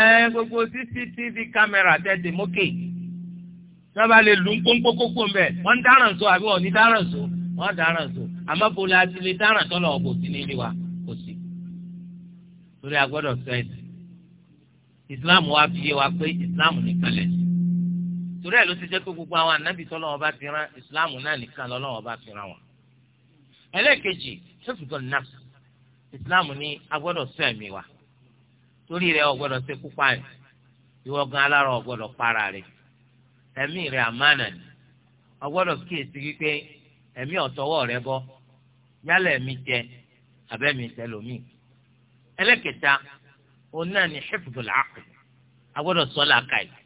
ẹ gbogbo cctv camera tẹ̀sí mókè sábà lè lu nkpónkpónkpó mbẹ wọ́n dáràn so àbí wọ́n ní dáràn so wọ́n dáràn so àmọ́ bọ́lá àti lè dáràn tọ́lọ̀ ọ̀bọ̀ sí ní wa kò sí torí agbọ́dọ̀ sọ islam wa fi yé wa pé islam nìkan lẹ̀sìn torí ẹ̀ ló ti jẹ́ pé gbogbo àwọn ànábì tọ́lọ́wọ́ bá fi rán islam náà nìkan lọ́lọ́wọ́ bá fi rán wọn. ẹlẹ́ẹ̀kejì ṣètùtù nafs islam ní agbọ́dọ̀ ẹ̀mí wa torí rẹ̀ ọ̀gbọ́dọ̀ ṣe kúpa ẹ̀ ìwọ para rẹ̀ ẹ̀mí rẹ̀ ni ọ̀gbọ́dọ̀ kíyèsí wípé ẹ̀mí ọ̀tọ́wọ́ rẹ̀ bọ́ yálà ẹ̀mí jẹ abẹ́mi tẹlomi ẹlẹ́kẹta òun náà ni ṣètùtù làákì agbọ́dọ̀ sọ́ làákà yìí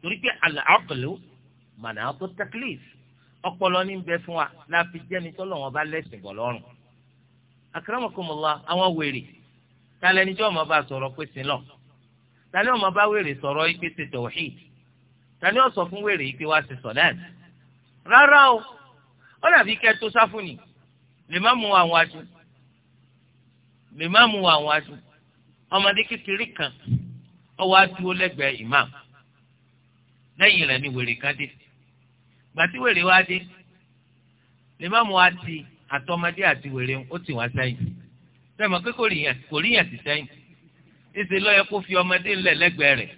torí pé ọpọlọ ní bẹ fún wa la fi jẹ́ni tọ́lọ̀ wọn bá lẹ́sìn bọ̀ lọ́rùn. akramakumullah àwọn wèrè talẹ̀ níjọ́ ọmọ bá sọ̀rọ̀ pé sin lọ talẹ̀ ọmọ bá wèrè sọ̀rọ̀ yìí pé ṣe tawhid talẹ̀ ọ̀sọ̀ fún wèrè yìí pé wá ṣe sọ̀lẹ́t rárá o ó dàbí kẹ́ tó sáfùnì lè má mú àwọn aṣọ lè má mú àwọn aṣọ ọmọdé kékeré kan ọwọ́ adúró lẹ́gbẹ̀ẹ́ ìmáàmù lẹ́yìn rẹ̀ ni wèrè kan dé sí gbàtí wèrè wá dé lè má mu àti àtọmọdé àti wèrè ó tì wá sẹ́yìn sẹ́mi pé kò ríyàn kò ríyàn sí sẹ́yìn ṣíṣe lọ́yẹ kó fi ọmọdé ńlẹ̀ lẹ́gbẹ̀ẹ́ rẹ̀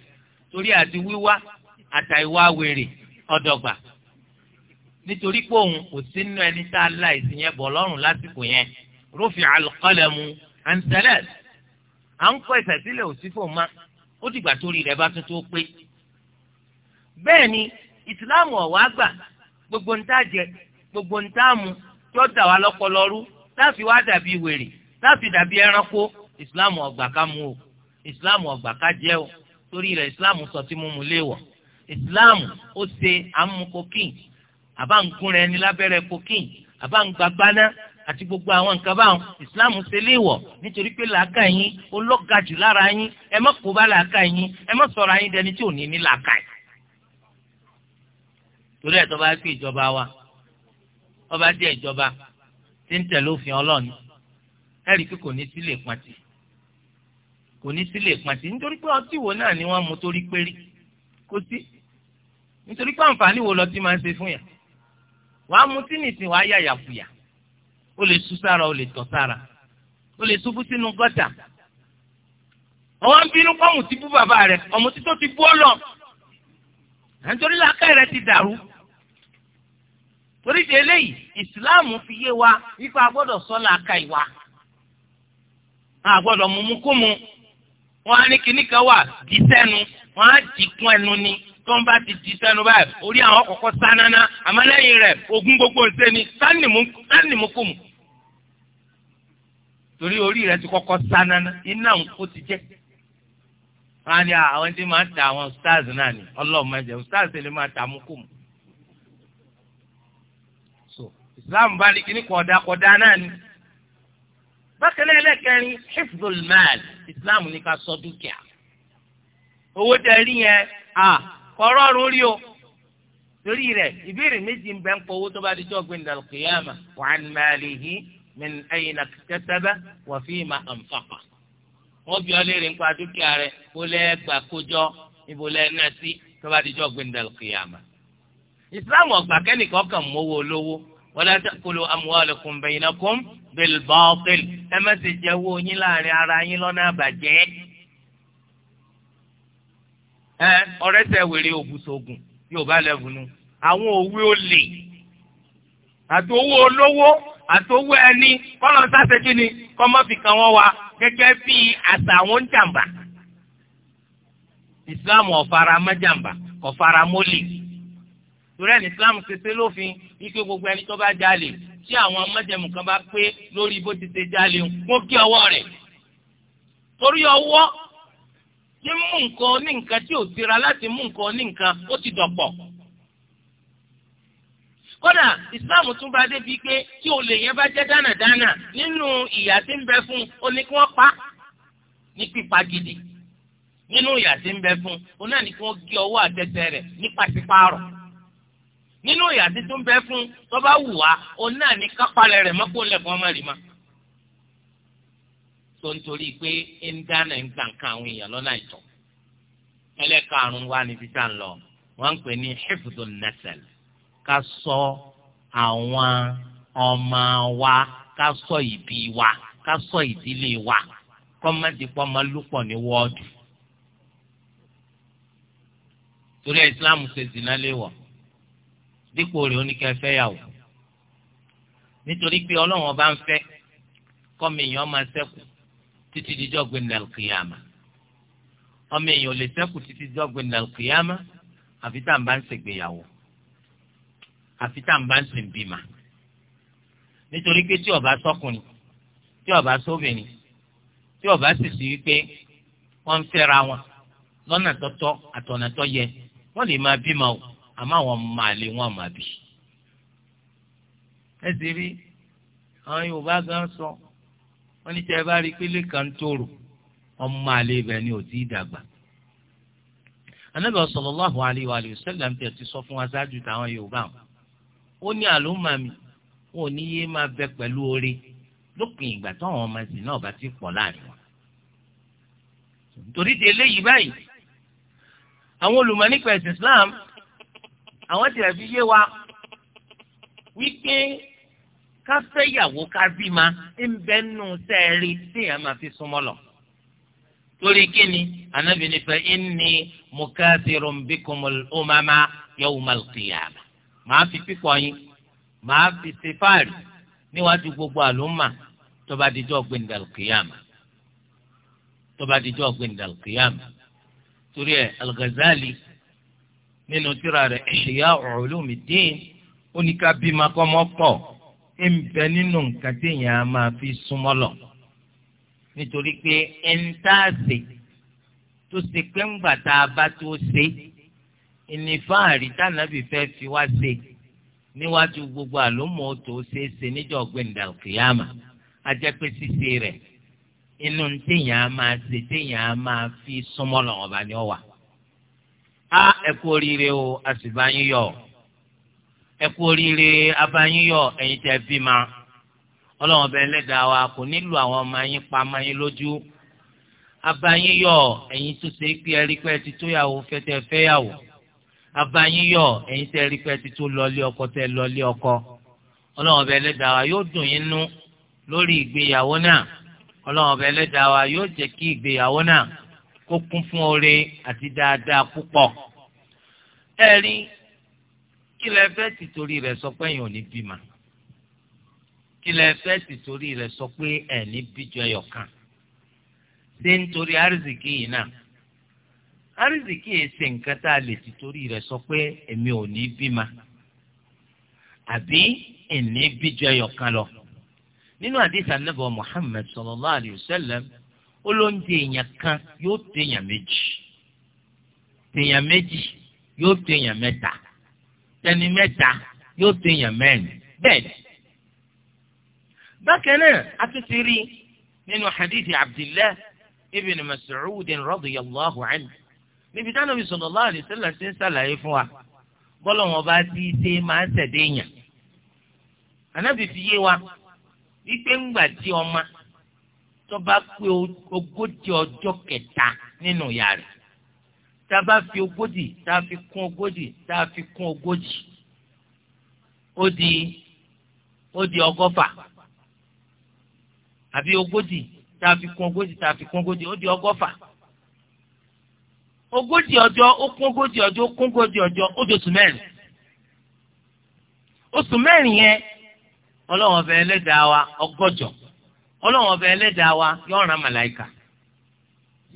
torí àti wíwá àtàìwá wèrè ọ̀dọ̀gbà nítorí pé òun kò sí nínú ẹni tá a la ìsìn yẹn bọ̀ lọ́rùn lásìkò yẹn rúfì alùkọ́lẹ̀mù àǹtẹ̀lẹ̀ à ń kọ́ ìtẹ̀sílẹ̀ òsínfò ma ó dìgbà tó rẹ̀ bá tuntun pé bẹ́ẹ̀ ni ìsìláàmù ọ̀wá gbà gbogbo ń tá jẹ gbogbo ń tá mu tí ó dà wá lọ́pọlọ́rú láti wá dàbí wèrè láti dàbí ẹranko ìsìláàmù ọ̀gbà ká mu o ìsìláàmù ọ̀gbà ká jẹ́ o torí rẹ̀ ìsìláàmù sọ tí mímu léèwọ̀ ìsìláàmù ó ṣe àmú kokéè àbá ń gún ẹni lábẹ́rẹ́ kokéè àbá ń gbagbáná àti gbogbo àwọn nǹkan báwọn ìsìláàmù ṣe léèwọ̀ nítorí pé làákà yín ó lọ́gàjù lára yín ẹ má kó bá làákà yín ẹ má sọ̀rọ̀ ayín dẹni tí ò ní ní làákà yín torí ẹ̀ tó bá pè ìjọba wa ọba jẹ́ ìjọba tí ń tẹ̀lé òfin ọlọ́ọ̀ni ẹ̀rí pé kò ní sílè pàtì kò ní sílè pàtì nítorí pé ọtí wo náà ni wọ́n mú torí péré kò sí nítorí pé àǹfààní wo lọtí máa ń ṣe fún yà wàá mú tí nìsín wàá yà yàfùyà ó lè sú sára ó lè tọ̀ sára ó lè ṣubú sínú gọ́tà ọwọ́ ń bínú kọ́mù tí bú bàbá rẹ̀ ọ̀mù tó ti bú lọ nítorí làákàyè ti dàrú torí ti eléyìí ìsìláàmù fi yé wa wípé a gbọ́dọ̀ sọ́nà aka ìwà a gbọ́dọ̀ mumukumu wọn á ní kíní kan wà di sẹ́nu wọn á di kún ẹnu ni tó ń bá ti di sẹ́nu báyìí orí àwọn kọ̀ọ̀kan sánáná àmọ́ lẹ́yìn rẹ̀ ogún gbogbo ṣe ni sánìmùkùmù torí orí rẹ̀ ti kọ́kọ́ sánáná iná ńkó ti jẹ́ wọn á ní àwọn tí máa ń ta àwọn stars náà ni ọlọ́ọ̀ máa stars lè máa ta mùkùmù islam bá ní kíní kọ̀ọ̀dà kọ̀ọ̀dà náà ni. bákan náà ẹlẹ́kẹrin hifdul mal islam ní ká ṣọ́ dúkìá. owó tẹ rí yẹn à kọ̀ọ̀rọ̀ ọ̀run rí o. torí rẹ̀ ìbéèrè méjì ń bẹ ń pọ̀ owó tó bá di tó ọ̀gbìn dal qiyama wa an malihi min ayna iktasaba wa fima anfaqa. wọ́n bí ọlẹ́rìí ń pa dúkìá rẹ̀ kó lẹ́ẹ̀gbà kójọ ibo náà sí tó bá di tó ọ̀gbìn dal qiyama. ìsìláàmù ọ̀gbà kẹ́nìkan kàn mówó olówó ولا تأكلوا أموالكم بينكم بالباطل أما تجووني لا رعاني لنا بجاء ọ̀rẹ́ tẹ wèrè ògùsògùn yorùbá lẹ́bùnú àwọn òwe olè àti owó olówó àti owó ẹni kọ́lọ̀ sáṣẹ́jú ni kọ́mọ́fìkan wọn wa gẹ́gẹ́ bí àṣà àwọn jàǹbá islam ọ̀faramọ́jàǹbá ọ̀faramọ́lì torí ẹni islam ṣe ṣe lófin ike gbogbo ẹni tó bá jalè tí àwọn mẹ́jẹ̀mú kan bá pé lórí bó ti ṣe jalè wọn kí ọwọ́ rẹ̀ torí ọwọ́ tí mú nǹkan ní nǹkan tí ò tira láti mú nǹkan ní nǹkan ó ti dọ̀pọ̀ kódà ìsìláàmù tún bá débi pé tí olè yẹn bá jẹ́ dánàdánà nínú ìyà tí ń bẹ fún un ní kí wọ́n pa ní pípa gidi nínú ìyà tí ń bẹ fún un ó náà ní kí wọ́n gé ọwọ́ àtẹsẹ̀ rẹ̀ ní pàṣípààrọ̀ nínú ìyá títún bẹ fún tó bá wù wá òun náà ní kápálẹ̀ rẹ̀ mọ́kò ńlẹ̀ fún ọmọ rìmá. tó ń torí pé ń dáná ń gbà nǹkan àwọn èèyàn lọ́nà ìtọ̀ ẹlẹ́karùn-ún wa níbi tá à ń lọ wọ́n ń pè ní hifdun nasal ká sọ àwọn ọmọ wa ká sọ ìbí wa ká sọ ìdílé wa kọ́mọ́dépọ́ máa lúpọ̀ ní wọ́ọ̀dù torí Islam ṣe zina léwọ̀ dípò rẹ̀ oníkẹ́ fẹ́ yà wò nítorí pé ọlọ́run ọba ń fẹ́ kọ́mi èèyàn máa ṣẹ́kù títí díjọ́ gbẹ̀ndà kìyàmà ọmọ èèyàn lè ṣẹ́kù títí díjọ́ gbẹ̀ndà kìyàmà àfi tá à ń bá ń ṣègbéyàwó àfi tá à ń bá ń sìn bímà nítorí pé tí ó bá sọkùnrin tí ó sóbìnrin tí ó sì sí wípé wọ́n ń fẹ́ra wọn lọ́nà tọ́tọ́ àtọ̀nà yẹ wọ́n lè máa bímọ àmọ́ àwọn máa lé wọn máa bì. ẹ sì rí àwọn Yorùbá gan sọ wọn ní tẹ bá rí pélé kan tòrò ọmọ àlè ibẹ̀ ni ò tí ì dàgbà. anábì sallallahu alaihi wa sallam tẹ̀ ti sọ fún wa ṣáájú táwọn Yorùbá wọn. ó ní àlùmọ́ mi wọn ò ní yé máa bẹ pẹ̀lú oore lópin ìgbà táwọn ọmọ ẹ̀sìn náà bá ti pọ̀ láàrin wọn. torí ti eléyìí báyìí àwọn olùmọ̀ nípa ẹ̀sìn Islam àwọn tìrẹ fi yé wa wípé ká fẹ́ yàwó ká bí ma ń bẹ́ nù sẹ́ẹ̀rí téèyàn máa fi súnmọ́ lọ. torí kíni anábì ní fẹ́ inni mukathirun bikumul umama yawmal qiyama màá fi pípọ̀ yín màá fi ṣe fáàrí níwájú gbogbo àlùmà tó dijọ́ gbẹ̀ndàl qiyama tó dijọ́ gbẹ̀ndàl qiyama torí ẹ̀ al nínú tírà rẹ̀ Ihya Ulumuddin ó ní ká bí ma kọ́ mọ́ pọ̀ ẹ̀ ń bẹ nínú nǹkan téèyàn á máa fi súnmọ́ lọ nítorí pé ẹ̀ ń tá a sè tó ṣe pé ńgbà tá a bá tó ṣe ìnífàárì tànàbì fẹ́ fi wá ṣe níwájú gbogbo àlómọ́ tó ṣe é ṣe níjọ́ gbẹ̀ǹdà kìyàmà ajẹ́pẹ́ ṣíṣe rẹ̀ inú téèyàn á máa ṣe téèyàn á máa fi súnmọ́ lọ́wọ́ bá ní ọ̀wà a ẹ kú oríire o a sì bá yín yọ̀ ẹ kú oríire a bá yín yọ̀ ẹ̀yin tẹ́ bí ma Ọlọ́run bẹ Ẹlẹ́dàá wa kò nílò àwọn ọmọ yín pa ọmọ yín lójú a bá yín yọ̀ ẹ̀yin tó ṣe pé ẹrí pé ti tó yàwó fẹtẹ fẹ́yàwó a bá yín yọ̀ ẹ̀yin tẹ́ ẹrí pé ti tó lọlé ọkọ tẹ́ lọlé ọkọ Ọlọ́run bẹ Ẹlẹ́dàá wa yóò dùn yín nú lórí ìgbéyàwó náà Ọlọ́run bẹ Ẹlẹ́dàá wa yóò jẹ́ kí ìgbéyàwó náà kó kún fún oore àti dáadáa púpọ̀ ẹ rí kí lẹ fẹ́ tìtorí rẹ̀ sọ pé ẹ̀yin ò ní bímọ kí lẹ fẹ́ tìtorí rẹ̀ sọ pé ẹ̀ ní bíjọ ẹyọ kan ṣé nítorí àrísìkì yìí náà àrísìkì yìí ṣe nǹkan tá a lè tìtorí rẹ̀ sọ pé èmi ò ní bímọ àbí ẹ̀ní bíjọ ẹyọ kan lọ nínú àdìsá nàbọ Muhammad sallallahu alayhi wa sallam ó ló ń de èèyàn kan yóò de èèyàn méjì tèèyàn méjì yóò de èèyàn mẹ́ta tẹni mẹ́ta yóò de èèyàn mẹ́rin bẹ́ẹ̀ ni. bákan náà a tún ti rí nínú hadith abdillah ibn mas'ud radiyallahu anhu níbi táwọn Ànábì sallallahu alaihi wasallam ti ń ṣàlàyé fún wa bọ́lá wọn bá ti ṣe máa ń ṣẹ̀dẹ̀ èèyàn. ànábì fi yé wa wípé ńgbà tí ọma tó bá pé ogójì ọjọ́ kẹta nínú ìyá rẹ̀ taba a bá fi ogójì tá a fi kún ogójì tá a fi kún ogójì ó di ó di ọgọ́fà àbí ogójì tá a fi kún ogójì tá a fi kún ogójì ó di ọgọ́fà ogójì ọjọ́ ó kún ogójì ọjọ́ ó kún ogójì ọjọ́ ó di oṣù mẹ́rin oṣù mẹ́rin yẹn ọlọ́wọ́n fẹ́ ẹlẹ́dàá wa ọgọ́jọ ọlọ́run ọba ẹlẹ́dàá wa yọ ọ̀ràn màláìkà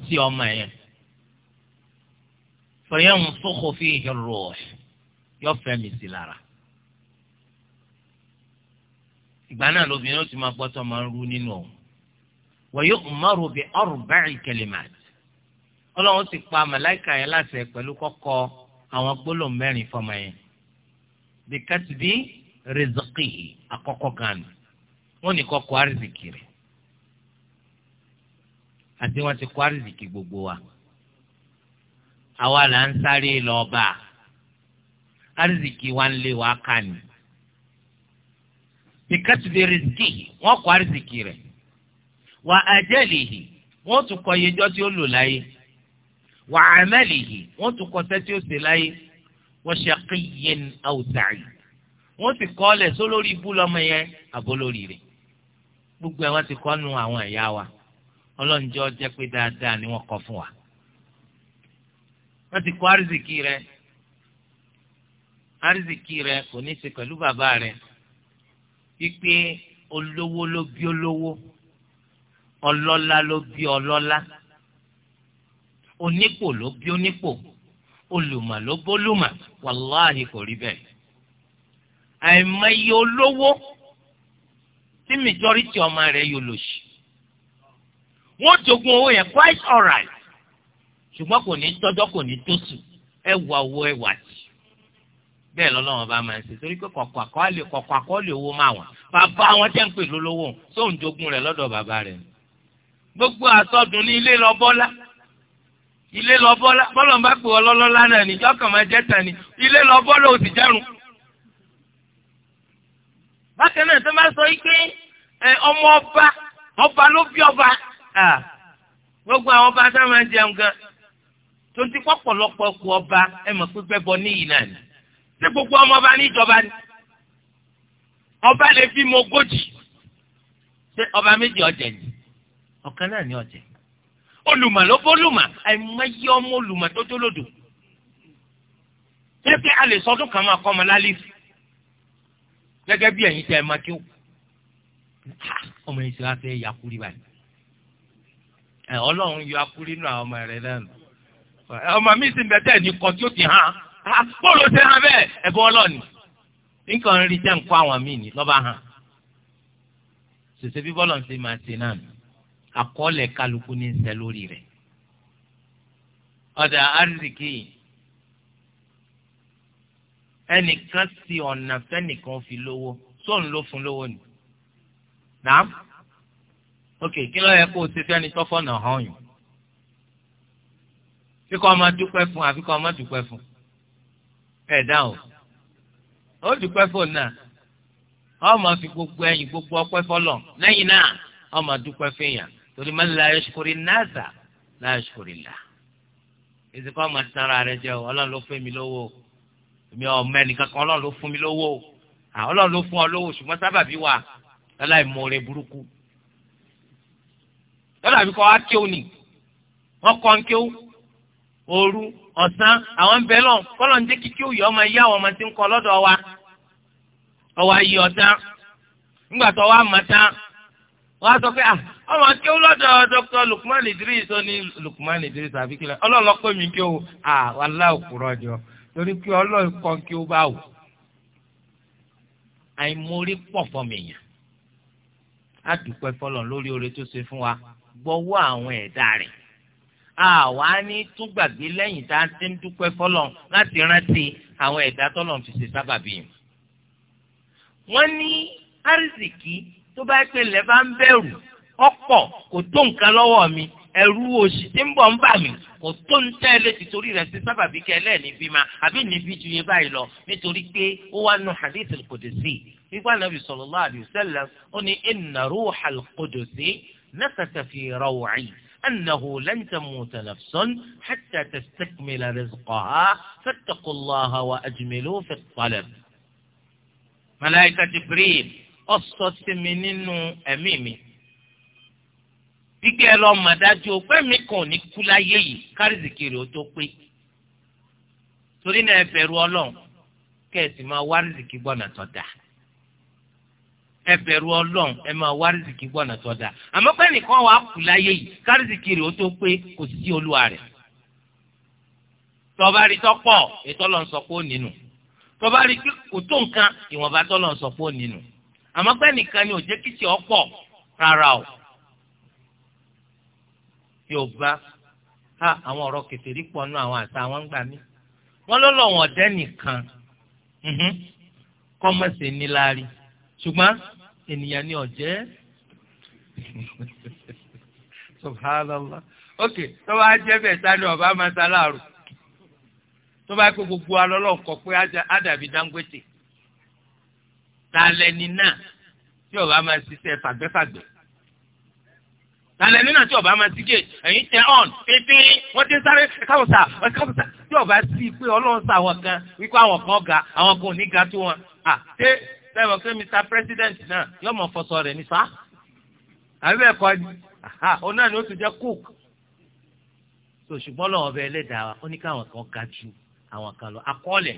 sí ọmọ yẹn fẹ̀yẹ̀hùn sókò fi ìhìrò yọ fẹ́mi sí lára. ìgbà náà lóbìnrin ó ti máa gbọ́tọ̀ máa ń rú nínú òun wọ̀nyí umaru bi arba'i kalimat ọlọ́run ti pa màláìkà yẹn láṣẹ pẹ̀lú kọ́kọ́ àwọn gbólóhùn mẹ́rin fọmọ yẹn bí katibi rizqihi àkọ́kọ́ gan wọ́n ní kọ́kọ́ arzikiri àti wọ́n ti kó àrísìkì gbogbo wa àwa là ń sáré lọ bá a àrísìkì wa ń lé wa ká ni bíkásìdé rìsìkì wọ́n kó àrísìkì rẹ̀ wà á jẹ́lì yìí wọ́n tún kọ iye ọjọ́ tí ó lò láyé wà á mẹ́lì yìí wọ́n tún kọ sẹ́tí ó ṣe láyé wọ́n ṣe kéyen àwùjáyì wọ́n sì kọ́ ọ lẹ̀ sólórí ibú lọ́mọ yẹn àbólórí rẹ̀ gbogbo ẹ̀ wọ́n ti kọ́ nu àwọn ẹ̀yà wa ọlọ́njọ́ jẹ́ pé dáadáa ni wọ́n kọ fún wa wọ́n ti kọ́ àrísìkì rẹ àrísìkì rẹ kò ní í ṣe pẹ̀lú bàbá rẹ wípé olówó ló bí olówó ọlọ́lá ló bí ọlọ́lá onípò ló bí onípò olùmọ̀ ló bólùmọ̀ wàláhì kò rí bẹ́ẹ̀ àìmọye olówó tí mìjọ́rìtì ọmọ rẹ̀ yóò lò sí wọ́n jogún owó yẹn quite alright ṣùgbọ́n kò ní tọ́jọ́ kò ní tóṣù ẹ wà owó ẹ wà jì bẹ́ẹ̀ lọ́lọ́wọ́n bá máa ń ṣe torí pé kọ̀kọ́ àkọọ́lẹ̀ kọ̀kọ́ àkọọ́lẹ̀ owó máa wà bàbá wọn tẹ́ ń pè lólówó sóun jogún rẹ̀ lọ́dọ̀ bàbá rẹ̀ gbogbo àsọdùn ní ilé lọ bọ́lá ilé lọ bọ́lá bọ́lá ń bá pè ọ lọ́lọ́lá náà ní jọ́kàn máa jẹ́ tani ilé lọ bọ́lá ò sì jẹ́rùn. bákan náà tó máa sọ yìí pé ọmọ ọba ọba ló bí ọba gbogbo àwọn ọba tá a máa jẹun gan tó ti kọ́ pọ̀lọpọ̀ ku ọba ẹ mọ̀ pé gbẹ́bọ níyì náà ni ṣé gbogbo ọmọ ọba níjọba ni ọba lè fi mọ ogójì ṣé ọba méjì ọjẹ ni ọ̀kan náà ni ọjẹ olùmọ̀ ló bó lùmọ̀ àìmọye ọmọ olùmọ̀ tó jólódò ṣé pé a lè sọdún kan máa kọ́ ọmọ lálẹ́ sí gẹ́gẹ́ bí ẹ̀yin tẹ́ ẹ máa kí ó ọmọ yìí ṣe wá fẹ́ yakuri báyìí ọlọ́run yọ akúrí nù àwọn ọmọ rẹ̀ lẹ́nu ọmọ mi sì ń bẹ́tẹ̀ ní kọ́ tí ó ti hàn bóòlù ti hàn bẹ́ẹ̀ ẹ̀bùn ọlọ́ọ̀ni nǹkan ń rí jẹ́ ń kó àwọn míì ní lọ́ba hàn ṣèṣe bí bọ́lọ̀ ń ṣe máa ṣe náà àkọọ́lẹ̀ kálukú ní ṣe lórí rẹ̀ ọ̀dà àrísìkì ẹnìkan sí ọ̀nà fẹ́nìkan fi lówó sóun ló fún lówó ni nàá ok kí ló yẹ kó o ṣe fẹ́ni tọ́fọ̀nà hàn yìí kí kọ́ ọmọ dúpẹ́ fún àfi kọ́ ọmọ dúpẹ́ fún ẹ̀ dáhùn ó dúpẹ́ fún náà ọmọ fi gbogbo ẹ̀yìn gbogbo ọpẹ́ fọlọ̀ lẹ́yìn náà ọmọ dúpẹ́ fẹ́yàn torí man la yashkuri nasa la yashkuri Allah èsì kọ́ ọmọ tán ara rẹ jẹ́ o ọlọ́run ló fún mi lówó èmi ọmọ ẹnìkan kan ọlọ́run ló fún mi lówó ọlọ́run ló fún ọ lówó ṣùgbọ́n sábàbí wà láláì mọ̀ọ́rẹ́ burúkú lọ́dà bí kọ́ wá kí ó nì wọ́n kọ́ ń kí ó òru ọ̀sán àwọn ń bẹ lọ kọ́lọ̀ ń jẹ́ kí kí ó yọ ọmọ yá ọmọ tí ń kọ́ lọ́dọ̀ wa ọwọ́ ayé ọ̀tán nígbà tó wá mọ̀ tán wọ́n á sọ pé ọmọ kí ó lọ́dọ̀ Dr. Lukman Idris ó ní Lukman Idris àfikìlẹ̀ ọlọ́ọ̀lọ́ pé mi kí ó wallahi òkúrọ̀ jọ torí kí ọlọ́ọ̀ kọ́ kí ó bá wò àìmọ̀rí pọ̀ fọ́ mi yàn á dúpẹ́ fọlọ́ lórí oore tó ṣe fún wa gbọ́wọ́ àwọn ẹ̀dá rẹ̀ àwa ní tún gbàgbé lẹ́yìn tá a ti ń dúpẹ́ fọlọ́ láti rántí àwọn ẹ̀dá tọ́lọ̀ fi ṣe sábàbí yìí. wọ́n ní àrísìkí tó bá pè lẹ́ bá ń bẹ̀rù ọ̀pọ̀ kò tó nǹkan lọ́wọ́ mi ẹ̀rù òṣì tí ń bọ̀ ń bà mí kò tó ń tẹ́ létí torí rẹ̀ sí sábàbí kẹlẹ́ níbí ma àbí níbí ju yẹ báyìí lọ nítorí pé ó wá nu hadith al-Qudsi wípé Ànábì sallallahu alaihi ó ní inna ruha نفث في روعي أنه لن تموت نفس حتى تستكمل رزقها فاتقوا الله وأجملوا في الطلب ملائكة جبريل أصوت من أميمي kíkẹ́ lọ mọ̀ dájú pé mi kàn ní kú láyé yìí kárìsìkiri ó tó pé torí náà ẹ bẹ̀rù ọlọ́run kẹ́ ẹ sì máa wá rìsìkì gbọ́nà tó dáa ẹ bẹ̀rù ọlọ́run ẹ máa wá rìsìkì gbọ́nà sọ́dà àmọ́ pé nìkan wàá kù láyé yìí kárìsìkì rẹ̀ ó tó pé kò sí olúwa rẹ̀ tọba rí tọ́pọ̀ ètò ọlọ́run sọ pé ó nínú tọba rí kò tó nǹkan ìwọ̀nba tọ́lọ́run sọ pé ó nínú àmọ́ pé nìkan ni ò jẹ́ kìsì ọ̀pọ̀ rárá o yorùbá ha àwọn ọ̀rọ̀ kẹfẹ́rí pọ̀ nù àwọn àṣà àwọn gbà mí wọ́n ló lọ́wọ́n ọ̀dẹ́ nìkan kọ́mọ̀sẹ̀ níláàrí ṣùgbọ́n ènìyàn ni ọ̀jẹ́ subhanallah ok tó bá jẹ́ bẹ́ẹ̀ sani ọba máa ta láàrú tó bá pé gbogbo alọ́lọ́ kọ pé ádàbí Dangote ta lẹni náà tí ọba máa ṣiṣẹ́ fàgbẹ́fàgbẹ́ tàlẹ́ nínú àti ọba máa sígè ẹ̀yìn tẹ ọ̀n pété wọ́n ti ń sáré káwùsà káwùsà tí ọba sí pé ọlọ́run sa àwọn kan wípé àwọn kan ga àwọn kan ò ní ga tó wọn à ṣé sẹ́wọ̀n pé Mr President náà yóò mọ̀ fọṣọ rẹ̀ ní fa àbí ẹ̀kọ́ ni òun náà ni ó ti jẹ́ cook so ṣùgbọ́n lọ́wọ́ ọbẹ̀ ẹlẹ́dàá wa ó ní káwọn kan ga ju àwọn kan lọ akọ́ọ̀lẹ̀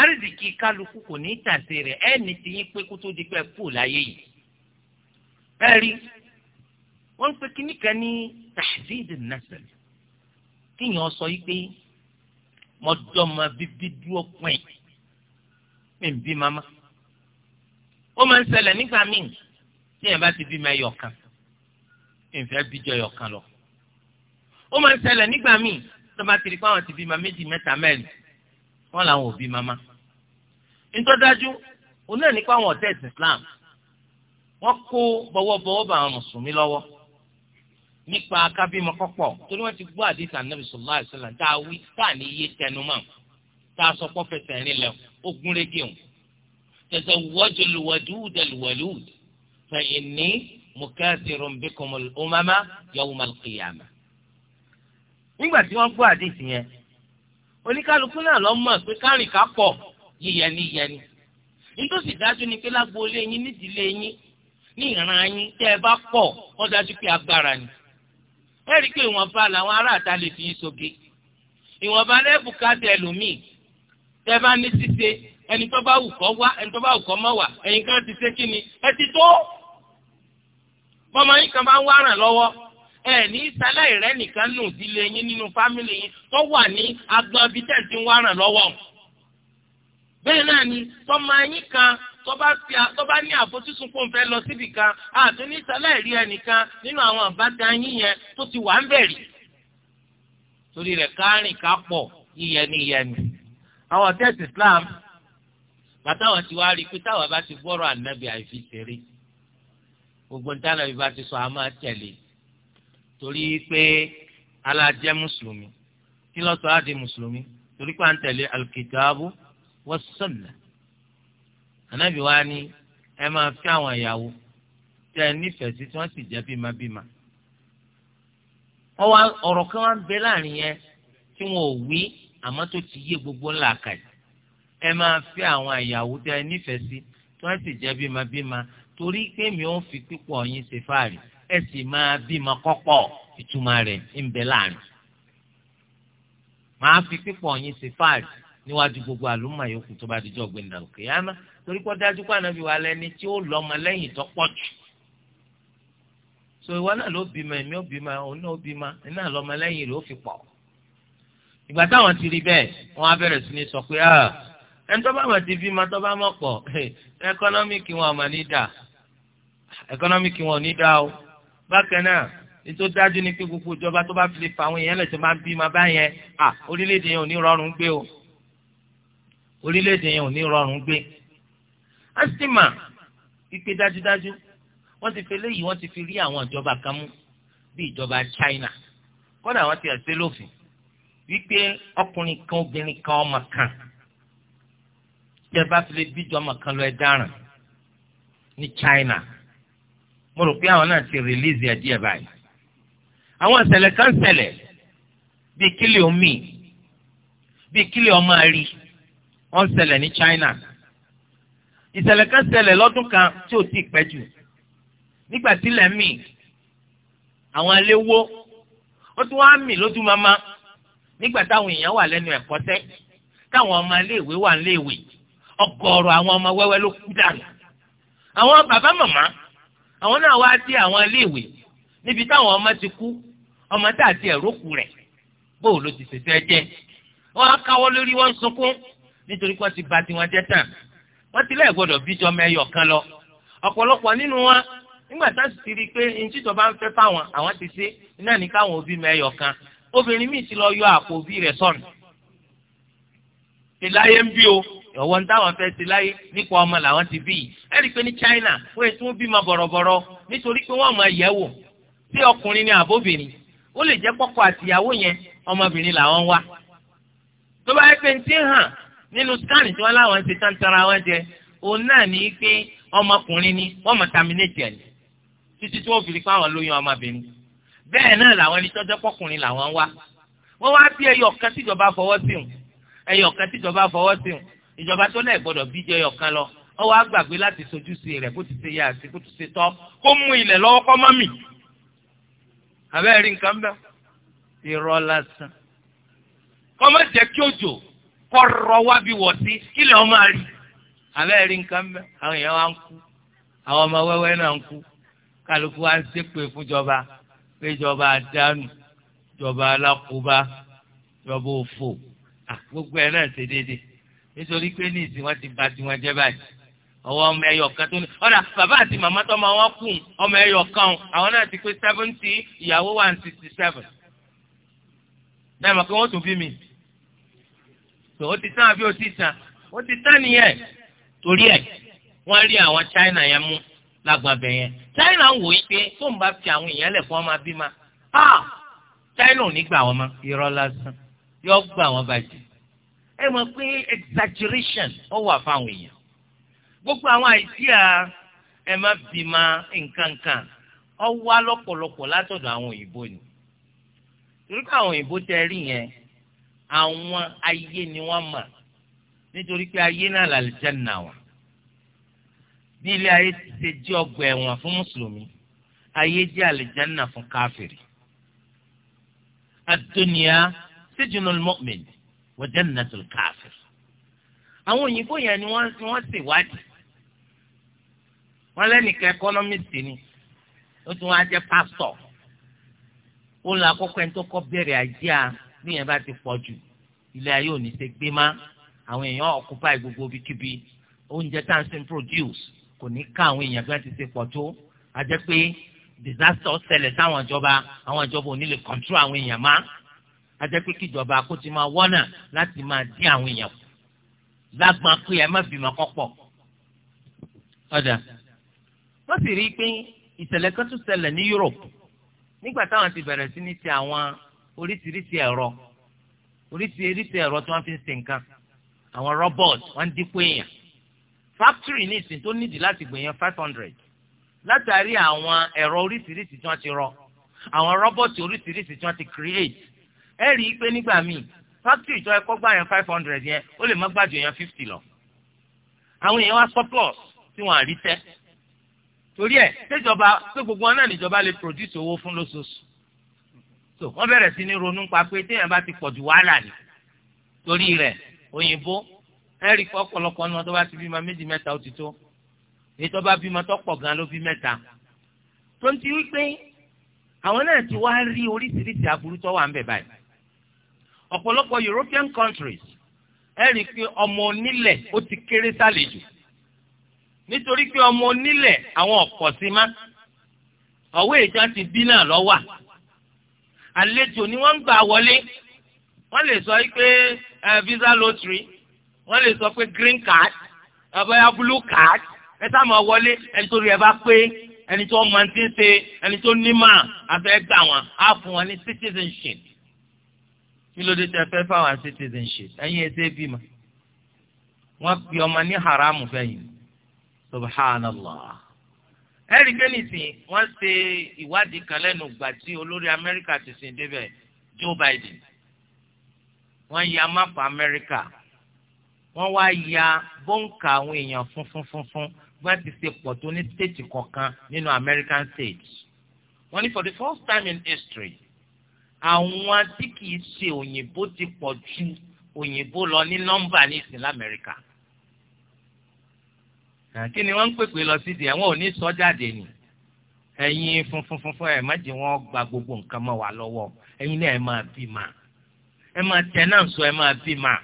àrídìkì kálukú kò ní í tàsé rẹ̀ ẹnì tí yín pé kó tó di pé kú láyé yìí ẹ rí wọ́n ń pe kínní ní tahdid nasal kíyàn sọ yìí pé mọ́dọ́mọ bíbí dúró pin mi ń bí mama ó máa ń ṣẹlẹ̀ nígbà míì tí èèyàn bá ti bí ma ẹyọ kan ìfẹ́ bíjọ ẹyọ kan lọ ó máa ń ṣẹlẹ̀ nígbà míì tó bá ti rí pé àwọn ti bí ma méjì mẹ́ta mẹ́rin wọ́n làwọn ò bí mama ntọ́dájú òun náà nípa àwọn ọ̀tẹ́ ìsìn Islam wọ́n kó bọ́wọ́bọ́wọ́ bá àwọn mùsùlùmí lọ́wọ́ nípa kábímọ kọ́pọ̀ torí wọ́n ti gbọ́ àdìsàn nàbì sallallahu alaihi wasallam tá a wí tá a ní tá a sọ pọ́ fẹsẹ̀ rìn lẹ̀ ó gún régé o tẹ̀sẹ̀ wọ́jú lùwẹ̀dúùdẹ lùwẹ̀lúùd fẹ̀ ìní mùkẹ́sìrò ń bí kòmọ̀lù ọmọọmọ yọ̀wù màlùkìyàmà. nígbà tí wọ́n gbọ́ àdéhùn yẹn oníkálukú náà lọ mọ̀ pé kárìn ká pọ̀ yíyẹniyẹni nítòsí dájú ni pé lágboolé yín nídìílé yín ní ìran yín tẹ́ ẹ bá pọ̀ wọ́n dájú pé agbára ni ẹ rí i pé ìwọ̀nba làwọn ará àta fi í soge ìwọ̀nba lẹ́bùkátà ẹlòmíì tẹ́ bá ní ṣíṣe ẹni tó bá wù kó wá ẹni tó bá wù kó má wá ẹ̀yin kan ti ṣe kí ni ẹ ti tó bọ́mọ yín kan bá ń wá ràn lọ́wọ́ ẹ ní sáláì rẹ nìkan nù sílé yín nínú fámìlì yín tó wà ní agbọn bíi tẹ̀ ti ń wá ràn lọ́wọ́ bẹ́ẹ̀ náà ni tọ́mọ yín kan tó bá ní àfojúsùn kó n fẹ́ lọ síbi kan àtún ní sáláì rí ẹnìkan nínú àwọn àbáta yín yẹn tó ti wà ń bẹ̀rì torí rẹ̀ kárìn ká pọ̀ àwọn ọ̀tẹ́ẹ̀sì Islam bàtàwọn ti wá rí i pé táwọn bá ti gbọ́rọ̀ ànábì àìfi ṣeré gbogbo ní táwọn àbí bá ti sọ àmọ́ tẹ̀lé torí pé alájẹ́ mùsùlùmí kí ló sọ àdé mùsùlùmí torí pé à ń tẹ̀lé alkitabu wa sunna ànábì wa ni ẹ máa fi àwọn ìyàwó tẹ ẹ nífẹ̀ẹ́ sí tí wọ́n sì jẹ́ bímabíma ọ̀rọ̀ kan wá ń bẹ láàrin yẹn tí wọn ò wí àmọ́ tó ti yé gbogbo ńlá kàyí ẹ máa fẹ́ àwọn ìyàwó tẹ nífẹ̀ẹ́ sí tí wọ́n sì jẹ́ bímabíma torí pé mi ò fi pípọ̀ yín ṣe fáàrí ẹ sì máa bímọ kọ́pọ̀ ìtumọ̀ rẹ̀ ń bẹ láàrin màá fi pípọ̀ yín ṣe fáàrí níwájú gbogbo àlùmọ̀ yòókù tó bá dijọ́ gbẹ̀ndà òkè yánná torí pé dájú pé ànábì wa lẹ́ni tí ó lọ́mọ lẹ́yìn tó pọ̀ jù so ìwọ náà ló bímọ èmi ó bímọ òun náà ó ìgbà táwọn ti rí bẹ́ẹ̀ wọ́n á bẹ̀rẹ̀ sí ní sọ pé ah, ẹni tó bá mọ̀ ti bímọ tó bá mọ̀ pọ̀ ẹkọ́nọ́mìkì [LAUGHS] wọn àmọ́ ní dà ẹkọ́nọ́mìkì wọn ò ní dà o bákan náà nítorí dájú ni pé gbogbo ìjọba tó bá fi lè fa àwọn èèyàn lẹ̀ tó máa ń bímọ báyẹn à orílẹ̀-èdè yẹn ò ní rọrùn gbé o orílẹ̀-èdè yẹn ò ní rọrùn gbé astima ìpè dájúdájú wọ́n ti fi léyìí wọ́n ti fi rí àwọn ìjọba kan mú bí ìjọba China kọ́dà wọ́n ti ẹ̀ wípé ọkùnrin kan obìnrin kan ọmọ kan tí ẹ bá fi lè bíjọ ọmọ kan lọ ẹ dáràn ní China mo rò pé àwọn náà ti release ẹ díẹ̀ báyìí àwọn ìṣẹ̀lẹ̀ kan ṣẹlẹ̀ bíi kílì omi bíi kílì ọmọ àrí wọ́n ṣẹlẹ̀ ní China ìṣẹ̀lẹ̀ kan ṣẹlẹ̀ lọ́dún kan tí ò tí ì pẹ́ jù nígbà tí ilẹ̀ mì àwọn aléwó ó tún wá mì lójú mama nígbà táwọn èèyàn wà lẹ́nu ẹ̀kọ́ sẹ́ táwọn ọmọ iléèwé wà níléèwé ọ̀gọ̀ọ̀rọ̀ àwọn ọmọ wẹ́wẹ́ ló kú dànù àwọn bàbá màmá àwọn náà wá sí àwọn iléèwé níbi táwọn ọmọ ti kú ọmọ tá àti ẹ̀rọ kù rẹ̀ bóò ló ti ṣèṣe jẹ́ wọ́n á káwọ́ lórí wọ́n ń sunkún nítorí wọ́n ti bà tiwọn jẹ́ tán wọ́n ti lẹ́ẹ̀ gbọ́dọ̀ bíjọ mẹ́yọ̀ kan lọ ọ̀pọ̀lọpọ̀ nínú wọn nígbà tá a ti rí pé ní obìnrin míì sì lọ yọ àpò bí rẹ sọnù tìláyé ń bí o ọ̀wọ́ táwọn fẹ́ nípa ọmọ làwọn ti bí ẹ rí i pé ní China wọ́n ètò bímọ bọ̀rọ̀bọ̀rọ̀ nítorí pé wọ́n máa yẹ̀ wò sí ọkùnrin ni àbóbìnrin ó lè jẹ́ pọ́kọ àtìyàwó yẹn ọmọbìnrin làwọn wá jẹ òun náà ní pé bẹ́ẹ̀ náà làwọn ẹni tọ́jọ́ pọ́kùnrin làwọn wá wọ́n wá bí ẹyọ kan tíjọba fọwọ́ sí wọn ẹyọ kan tíjọba fọwọ́ sí wọn ìjọba tó náà gbọ́dọ̀ bí ẹyọ kan lọ wọ́n wá gbàgbé láti sojú sí rẹ̀ bó ti ṣe yá àti bó ti ṣe tọ́ kó mú ilẹ̀ lọ́wọ́ kọ́ mọ́ mi àbẹ́ẹ̀ rí nǹkan bẹ́ẹ̀ irọ́ lásán kọ́ má jẹ́ kí òjò kọ́ rọ wá bí wọ̀ sí kílẹ̀ ọmọ rí àbẹ́ẹ̀ rí nǹkan bẹ́ẹ̀ àwọn èèyàn wá ń kú àwọn ọmọ wẹ́wẹ́ náà ń kú kálukú wá ń ṣépè fúnjọba pé ìjọba àdánù ìjọba alákòóbá ìjọba òfò gbogbo ẹ̀ náà ṣe déédéé nítorí pé ní ìsìn wọn ti bà tiwọn jẹ́ báyìí ọwọ́ ọmọ ẹyọ kan tó ní ọ̀dà bàbá àti màmá tó máa wọ́n kù ọmọ ẹyọ kan àwọn náà ti pé seventy ìyàwó one sixty seven náà mọ̀ pé wọ́n tún bí mi tó o ti tán àbí o ti tán o ti tán nìyẹn torí ẹ̀ wọ́n rí àwọn China yẹn mú lágbọn abẹ yẹn China ń wò yí pé tó ń bá fi àwọn èèyàn lẹ̀ fún ọmọ abímá ah! China ò ní gbà wọn mọ́ irọ́ lásán yóò gbà wọn bàjẹ́ ẹ mọ̀ pé exaggeration ó wà fáwọn èèyàn gbogbo àwọn àìsíà ẹ má bímá nǹkankan ó wá lọ́pọ̀lọpọ̀ látọ̀dọ̀ àwọn òyìnbó ni torí pé àwọn òyìnbó tẹ rí yẹn àwọn ayé ni wọ́n mọ̀ nítorí pé ayé náà làlùjẹ́ nà wọ́n bí ilé ayé ti ṣe jẹ́ ọgbà ẹ̀wọ̀n fún mùsùlùmí ayé jẹ́ àlìjánà fún káfìrì. àdúnyà sijnul mu'min wa jannatul káfìrì. àwọn òyìnbó yẹn ni wọ́n wọ́n ṣèwádìí wọ́n lẹ́nìkan ẹkọ́nọ́mìsì ni ó tún wá jẹ́ pásítọ̀ ó lọ àkọ́kọ́ ẹni tó kọ́ bẹ̀rẹ̀ ajé a bí yẹn bá ti pọ̀ jù ilé ayé ò ní ṣe gbé má àwọn èèyàn ọ̀kúpáì gbogbo bíkíbi oúnjẹ tá à ń sìn produce kò ní ká àwọn èèyàn bí wọ́n ti ṣe pọ̀ tó a jẹ́ pé disaster ṣẹlẹ̀ sáwọn ìjọba àwọn ìjọba ò ní lè control àwọn èèyàn má a jẹ́ pé kíjọba kó ti máa wọ́nà láti máa dín àwọn èèyàn kù lágbọn pé ẹ má bímọ kọ́ pọ̀ ọ̀dà wọ́n sì rí i pé ìṣẹ̀lẹ̀ kan tún ṣẹlẹ̀ ní Europe nígbà táwọn ti bẹ̀rẹ̀ sí ní ti àwọn oríṣiríṣi ẹ̀rọ oríṣiríṣi ẹ̀rọ tí wọ́n fi ń ṣe nǹkan àwọn robot wọ́n ń dínkù èèyàn factory ní ìsìn tó nídìí láti gbìyàn five hundred látàrí àwọn ẹ̀rọ oríṣiríṣi tí wọ́n ti rọ àwọn rọ́bọ̀tì oríṣiríṣi tí wọ́n ti create ẹ rí i pé nígbà míì factory tó ẹkọ́ gbà yẹn five hundred yẹn ó lè má gbàjọ yẹn fifty lọ àwọn èèyàn wá surplus tí wọ́n àrí tẹ́ torí ẹ̀ ṣèjọba pé gbogbo wọn náà níjọba lè produce owó fún lóṣooṣù so wọ́n bẹ̀rẹ̀ sí ní ronú pa pé téèyàn bá ti pọ̀jù wàhálà ni torí rẹ̀ òyìnbó ẹ rí i pé ọ̀pọ̀lọpọ̀ ni wọn tó bá ti bímọ méjì mẹ́ta ó ti tó èyí tó bá bímọ tó pọ̀ gan ló bí mẹ́ta tó ń ti wí pé àwọn náà ti wá rí oríṣiríṣi aburú tó wà ń bẹ̀ báyìí ọ̀pọ̀lọpọ̀ European countries ẹ rí i pé ọmọ onílẹ̀ ó ti kéré sálejò nítorí pé ọmọ onílẹ̀ àwọn ọ̀pọ̀ sí má ọ̀wé ìjọ ti bí náà lọ́wà àlejò ni wọ́n ń gbà wọlé wọ́n lè sọ pé eh, visa lottery wọ́n lè sọ pé green card àbáyá blue card ẹ sá máa wọlé ẹni tó rí ẹ bá pé ẹni tó máa ti ń ṣe ẹni tó nímọ̀ àfẹ́ gbà wọ́n á fún wọn ní citizenship kí ló dé tẹ fẹ́ fáwọn citizenship ẹ̀yin ẹsẹ̀ bímọ wọ́n pe ọmọ ní haramu fẹ́yìn subhanallah ẹ̀rí kẹ́nìtì wọ́n ṣe ìwádìí kan lẹ́nu ìgbà tí olórí amẹ́ríkà ti sìn débẹ̀ joe biden wọ́n ya máàpù amẹ́ríkà wọ́n wá ya bọ́ǹkà àwọn èèyàn funfun funfun bí wọ́n ti ṣe pọ̀ tó ní stéètì kọ̀ọ̀kan nínú American states wọ́n ní for the first time in history àwọn tí kìí ṣe òyìnbó ti pọ̀ ju òyìnbó lọ ní nọ́mbà ní ìsìnlẹ̀ Amẹ́ríkà kí ni wọ́n ń pèpè lọ sí di àwọn òní sọ jáde ni ẹ̀yin funfun funfun ẹ̀ má jẹ́ wọ́n gba gbogbo nǹkan mọ́ wa lọ́wọ́ ẹ̀yin náà ẹ̀ máa bí ma ẹ̀ máa tẹ̀ náà sọ ẹ̀ máa bí ma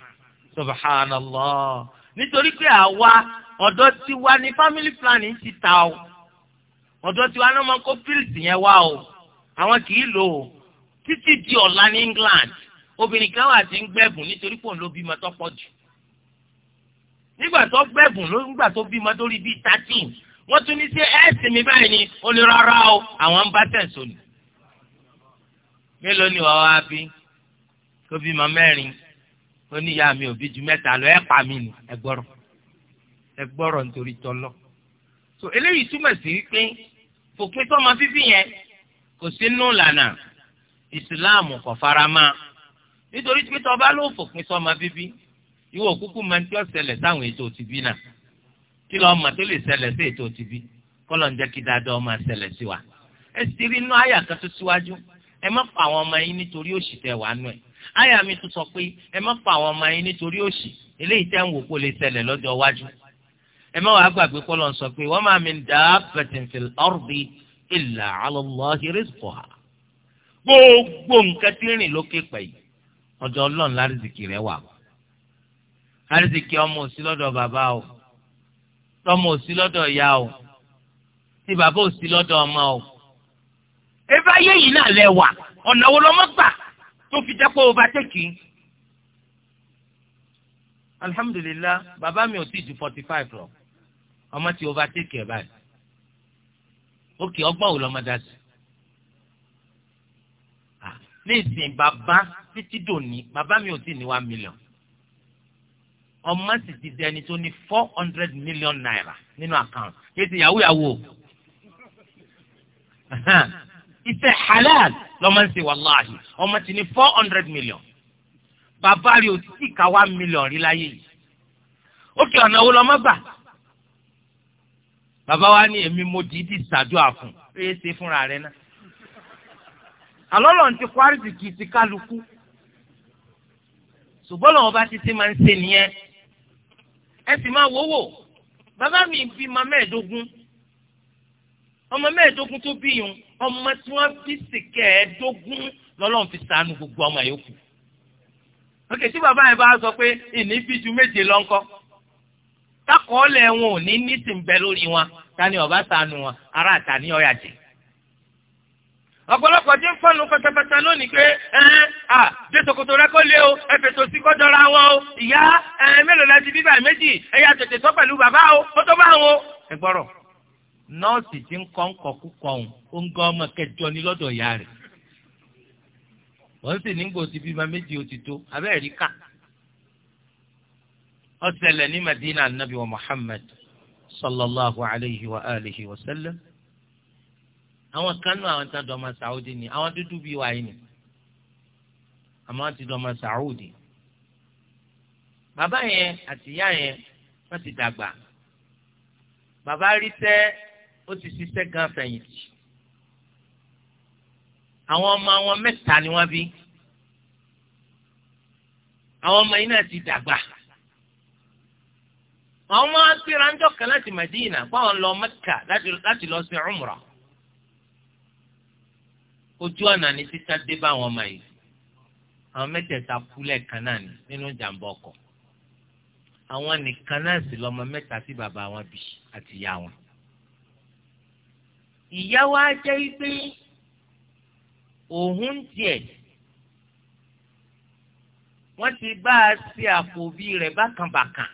subhanallah nítorí pé àwa ọ̀dọ́ ti wá ní family planning ti ta o ọ̀dọ́ ti wá ní ọmọ kó pílìsì yẹn wá o àwọn kì í lò ó títí di ọ̀la ní England obìnrin kan wà tí ń gbẹ̀bùn nítorí pòun ló bímọ tó pọ̀ jù nígbà tó gbẹ̀bùn ló nígbà tó bímọ tó rí bíi thirteen wọ́n tún ní sí ẹ̀sìn mi báyìí ni ó lè rárá o àwọn ń bá tẹ̀sán mélòó ni wàá wá bí tó bímọ mẹ́rin ó ní ìyá mi ò bí ju mẹ́ta lọ ẹ pa mí ni ẹ gbọ́rọ̀ ẹ gbọ́rọ̀ nítorí tọlọ so eléyìí túmọ̀ sí wípé fòpin tọmọ fífi yẹn kò sí nù lànà ìsìláàmù kò fara mọ́ nítorí pé tọba ló fòpin tọmọ fífi ìwọ kúkú máa ń tí ó ṣẹlẹ̀ sáwọn ètò òtìbí náà kí lọ́ọ́ mọ̀ tó lè ṣẹlẹ̀ sí ètò òtìbí kọ́lọ̀ ń jẹ́ kí dáadọ́ máa ṣẹlẹ̀ sí wa ẹ sì rí inú àyà kan tó síwájú ẹ má pa àwọn ọmọ yín nítorí òṣìṣẹ́ wàánu ẹ̀ àyà mi tún sọ pé ẹ má pa àwọn ọmọ yín nítorí òṣì eléyìí tẹ́ ń wò kó lè ṣẹlẹ̀ lọ́jọ́ iwájú ẹ má wàá gbàgbé kọ́ lọ́n sọ pé wa ma min dabbatin fil ardi illa ala Allahi rizquha gbogbo nǹkan tí rìn lókè pẹ̀ yìí ọ̀dọ̀ ọlọ́run lárìsìkì rẹ̀ wà lárìsìkì ọmọ òsì lọ́dọ̀ bàbá o tọmọ òsì lọ́dọ̀ ìyá o tí bàbá òsì lọ́dọ̀ ọmọ o ẹ bá yé tó fi jẹ́ pé overtake alhamdulilah Baba mi ò tí ju forty five lọ ọmọ ti overtake ẹ̀ báyìí òkè ọgbọ́n ò lọ́mọ dá sí ní ìsìn bàbá títí dòní bàbá mi ò tí ní one million ọmọ sì ti di ẹni tó ní four hundred million naira nínú àkáǹtì kí ti yàwó yàwó [LAUGHS] iṣẹ́ halal lọ́mọ ń ṣe wàláhì ọmọ ti ní four hundred million bàbá rẹ̀ ò tí ì ka one million rí láyé yìí ó kì ọ̀nà owó lọ́mọ gbà bàbá wa ní èmi mo dìídì ṣàdúrà fún ẹ ṣe fúnra rẹ náà àlọ́lọ́ ti kó àrísìkì ti kálukú ṣùgbọ́n lọ́wọ́ bá títí máa ń ṣe nìyẹn ẹ sì máa wò bàbá mi bímọ mẹ́ẹ̀ẹ́dógún ọmọ mẹ́ẹ̀ẹ́dógún tó bí yun ọmọ tí wọ́n bí sìkẹ́ẹ̀ẹ́dógún lọ́lọ́run fi ṣàánú gbogbo ọmọ yòókù. òkè tí bàbá yẹn bá sọ pé ìní bí ju méje lọ ńkọ́ tákọọ́lẹ̀ wọn ò ní ní sì ń bẹ lórí wọn tani ọba ṣàánú wọn ará àtàní ọ̀yà jẹ. ọ̀pọ̀lọpọ̀ tí ń fọ́nù pátápátá lónìí pé ẹ à dé ṣòkòtò rẹ kó lé o ẹ fètò sí kó jọra wọn o ìyá ẹ mélòó la ti bíbà méjì ẹ yà tètè sọ pẹ̀lú bàbá o nọ́ọ̀sì tí ń kọ́ ń kọ́ kúkọ́ òun ó ń gọ́ ọmọ kẹjọ ní lọ́dọ̀ ìyá rẹ̀ wọ́n sì ní gbòòsì bímọ méjì ó ti tó abẹ́rẹ́ rí ká ó ní Madina anabi wa Muhammad sallallahu alayhi wa alihi wa sallam àwọn kánú àwọn tí wọ́n dọ̀ ọmọ Saudi ni àwọn dúdú bíi wáyé ni àmọ́ wọ́n dọ̀ ọmọ Saudi bàbá yẹn àti ìyá yẹn wọ́n ti dàgbà bàbá rí sẹ́ẹ́ ó sì ṣiṣẹ́ gan fẹ̀yìntì àwọn ọmọ wọn mẹ́ta ni wọ́n bí àwọn ọmọ yìí ti dàgbà àwọn ọmọ aspira ń dọ̀kan láti Madina báwọn lọ Mẹ́kà láti lọ sí umra ojú ọ̀nà ni títà dé bá àwọn ọmọ yìí àwọn mẹ́tẹ̀ẹ̀ta kú lẹ́ẹ̀kan náà ni nínú ìjàmbá ọkọ̀ àwọn nìkan náà sì lọ́mọ mẹ́ta sí bàbá wọn bí àti ìyá wọn ìyá wa jẹ́ pé òun tiẹ̀ wọ́n ti bá a ṣe àpòbí rẹ̀ bákànbàkàn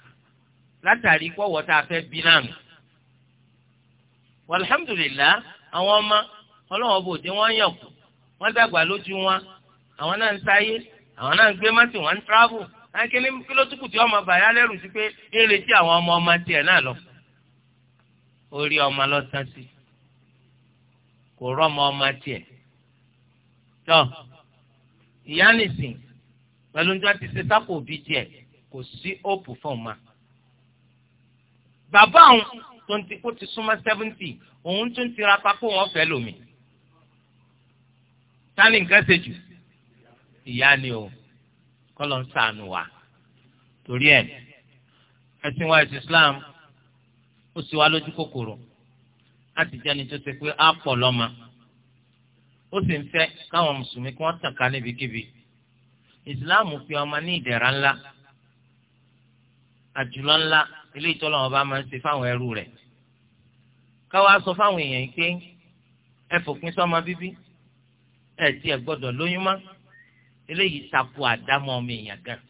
látàrí pọ̀wọ́ tá a fẹ́ bí náà nù. walhamdulillah àwọn ọmọ ọlọ́wọ́ bò tí wọ́n yàn kù wọ́n dàgbà lójú wọn àwọn náà ń sáyé àwọn náà ń gbé mọ́tì wọ́n ń travel akíní kí tí ọmọ bàyá lẹ́rù sí pé eré tí àwọn ọmọ ọmọ tiẹ̀ náà lọ. orí ọmọ lọ tán sí i kò rọ́mọ ọmọ tiẹ̀ tọ́ ìyá nìsín pẹ̀lú ní wọ́n ti ṣe sápò òbí tiẹ̀ kò sí òpù fún ọmọ. bàbá òun tó ń ti kó ti súnmọ́ sẹ́fúntì òun tún ti rapa kó wọ́n fẹ́ lómi. tani nǹkan ṣe jù ìyá ni o kọ́lọ́ ń sànù wa torí ẹ̀ ẹ̀sìn wa ẹ̀sìn Islam ó sì wá lójú kòkòrò láti jẹ́ni tó ṣe pé á pọ̀ lọ́mọ ó sì ń fẹ́ káwọn mùsùlùmí kí wọ́n tàn ká níbikíbi ìsìláàmù fi ọmọ ní ìdẹ̀ra ńlá àjùlọ ńlá eléyìí tó lọ́wọ́ bá máa ń ṣe fáwọn ẹrú rẹ̀ káwa sọ fáwọn èèyàn yìí pé ẹ fòpin sọ́mọ bíbí ẹ tí gbọ́dọ̀ lóyún mọ́ eléyìí tako àdámọ́ ọmọ èèyàn gan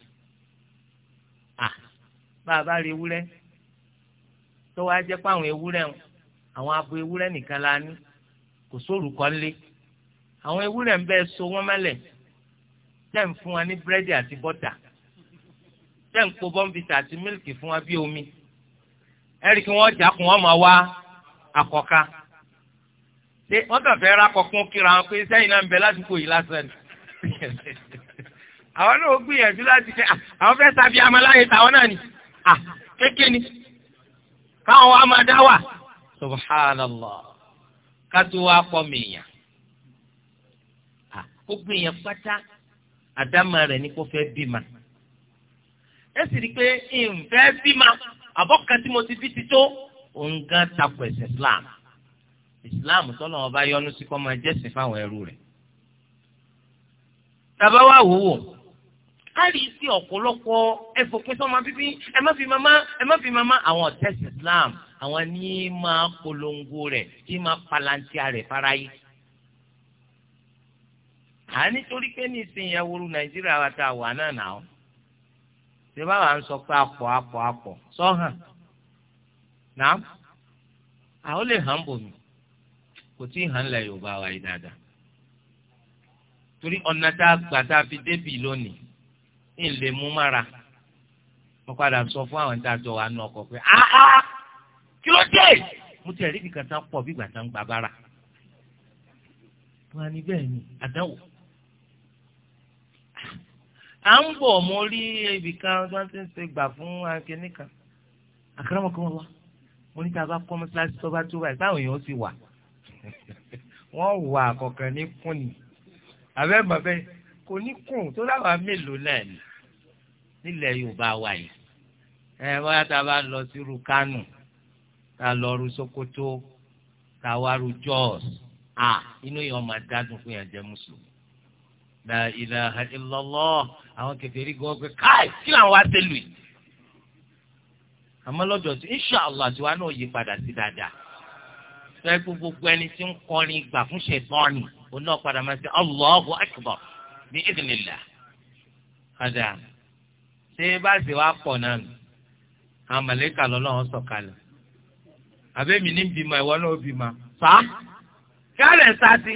bá a bá rí ewúrẹ́ tó wáá jẹ́ pé àwọn ewúrẹ́ wọn àwọn abo ewúrẹ́ nìkan la ní kò sóòrù kan lé àwọn ewúrẹ́ ń bẹ so wọ́n mẹ́lẹ̀ tẹ́ ń fún wa ní búrẹ́dì àti bọ́tà tẹ́ ń po bọ́ǹbìtà àti mílìkì fún wa bí omi ẹ̀rí kí wọ́n jà kún wọ́n máa wá àkọ́ká ṣé wọ́n kàn fẹ́ rákọ̀kún kíra wọn pé sẹ́yìn náà ń bẹ lásìkò yìí lásán ni àwọn náà ó gbìyànjú láti fẹ́ àwọn fẹ́ sábì amaláyé tàwọn náà ni kékeré ni káwọn wa máa dá wà subhanallah kátó wá pọ̀ mìíyàn ó gbìyàn pátá àdámà rẹ̀ ní kó fẹ́ bímà ẹ sì rí i pé ìfẹ́ bímà àbọ̀kan tí mo ti bí ti tó òǹgá takò ẹ̀sìn Islam Islam tọ́lọ́ ọba yọ́nú sí kọ́ máa jẹ́sìn fáwọn ẹrú rẹ̀ tàbá wà wò wò á sí ọ̀pọ̀lọpọ̀ ẹ fòpin sọ́mọ bíbí ẹ má fi màmá ẹ má fi màmá àwọn ọ̀tẹ́sì Islam àwọn ní máa polongo rẹ̀ tí máa palantia rẹ̀ fara yìí à nítorí pé ní ìsìn yẹn wúru nàìjíríà wa ta wà náà nà ó ṣé báwa ń sọ pé apọ̀ apọ̀ apọ̀ sọ́hàn náà àwọn lè hàn bòmí kò tí ì hàn lẹ̀ yorùbá wa yìí dáadáa torí ọ̀nà tá a gbà tá a fi débì lónìí ń lè mú mára mo padà sọ fún àwọn tá a jọ wà nù ọkọ̀ pé áá kí ló dé mo ti ẹ̀rí nìkan tán pọ̀ bí ìgbà tán gba bára wọn ni bẹ́ẹ̀ ni àdáwò à ń bọ̀ mo rí ibìkan tí wọ́n ti ń ṣe gbà fún akíní kan àkàràmọ̀kọ́ wa mo ní ká bá kọ́ mọ́sálásí tó bá tó báyìí táwọn èèyàn sì wà wọ́n wà kọ̀ọ̀kan ní kún ni àbẹ́ bàbẹ́ kò ní kùn tó dáwà mélòó náà ni nílẹ̀ Yorùbá wa yìí ẹ bóyá tá a bá lọ sí irú Kánò tá a lọ ru Sokoto tá a wá ru Jos a inú yẹn ọmọ adádùn fún yẹn jẹ mùsùlùmí la ilaha illallah àwọn kẹfẹẹrí gan pé káì kí làwọn wá dé lùi àmọ́ lọ́dọ̀ tí inshàlá tiwa náà yí padà sí dáadáa fẹ kó gbogbo ẹni tí ń kọrin gbà fún ṣètọ́ni òun náà padà máa ṣe Allahu akbar bi idhnillah padà bá ṣe wá pọ̀ náà àmàlẹ́kà lọ́lọ́run sọ̀kalẹ̀ àbẹ́mi ní bímọ ìwọ náà bímọ sá kálẹ̀ ń sá sí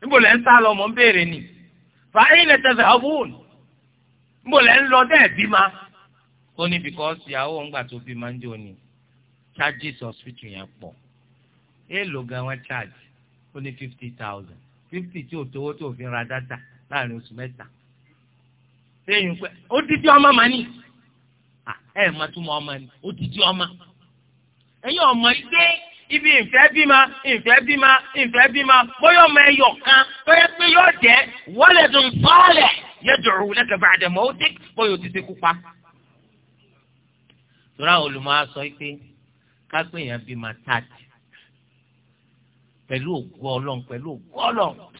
níbo lẹ́ ń sá lọ mọ̀ ń béèrè ni fa ilẹ̀ tẹ̀sẹ̀ ọ̀bùn níbo lẹ́ ń lọ dẹ́ẹ̀ bímọ. ó ní bíkọ́sì ìyàwó ń gbà tó bímọ ń jò ní charges hospital yẹn pọ̀ èèlò gan wọn charge ó ní fifty thousand fifty tí ò tówó tó fi ra dátà láàrin oṣù mẹ́ta lẹ́yìn pé ó dídí ọmọ màní ẹ̀ ẹ̀ máa túmọ̀ ọmọ ni ó dídí ọmọ ẹ̀yin ọmọ yìí dé ibi ìfẹ́ bímọ ìfẹ́ bímọ ìfẹ́ bímọ bóyá ọmọ ẹyọ kan tó yẹ pé yóò jẹ́ waladun salih yad'u laka ba'da mawtik bóyá o ti ṣekú pa. tora olùmọ̀ á sọ pé kápẹ́ yẹn bímọ tààtì pẹ̀lú ògùn ọlọ́run pẹ̀lú ògùn ọlọ́run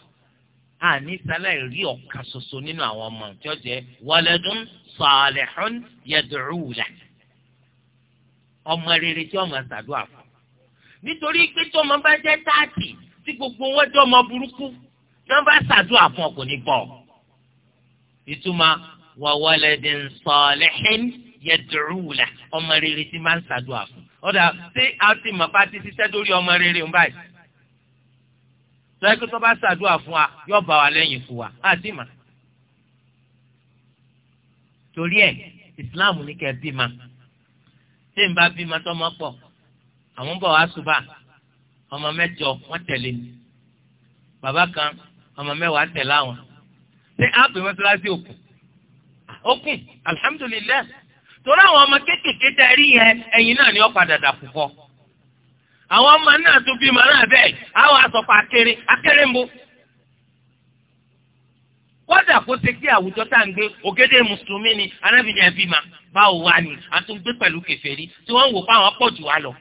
àní sálẹ̀ rí ọ̀kan ṣoṣo nínú àwọn ọmọ tí ó jẹ́ waladun salihun yad'u laka ọmọ rere tí ọmọ ṣàdúrà fún nítorí pé tí ọmọ bá jẹ́ táàtì tí gbogbo wọn jẹ́ ọmọ burúkú tí wọ́n bá ṣàdúrà fún ọkùnrin ní bọ̀ ìtumọ̀ wa waladin salihin yad'u lahu ọmọ rere tí máa ń ṣàdúrà fún ọ̀dà tí a ti mọ̀ bá ti ṣiṣẹ́ lórí ọmọ rere ń báyìí sọ́yẹ́kí tó bá ṣàdúrà fún wa yóò bá wa lẹ́yìn fún wa àti mà torí ẹ̀ ìsìláàmù ní kẹ́ bí ma tí n bá bímọ tọmọ pọ̀ àwọn bọ̀ wá ṣùbà ọmọ mẹ́jọ wọ́n tẹ̀lé mi bàbá kan ọmọ mẹ́wàá tẹ̀lé àwọn ṣé áàpù mọ́ṣáláṣí òkun òkun alihamudulilayi torí àwọn ọmọ kéékèèké tẹ rí yẹn ẹ̀yin náà ni ó padà dà púpọ̀ àwọn ọmọ náà tún bímọ náà bẹ́ẹ̀ àwọn asọ̀pọ̀ akéré akéré ń bọ̀ kódà kó ṣe pé àwùjọ tá à ń gbé ògédè mùsùlùmí ni anábìíní ẹbí ma báwo wá ni a tún gbé pẹ̀lú kèfèrí tí wọ́n ń wò pa àwọn pọ̀ jù wá lọ.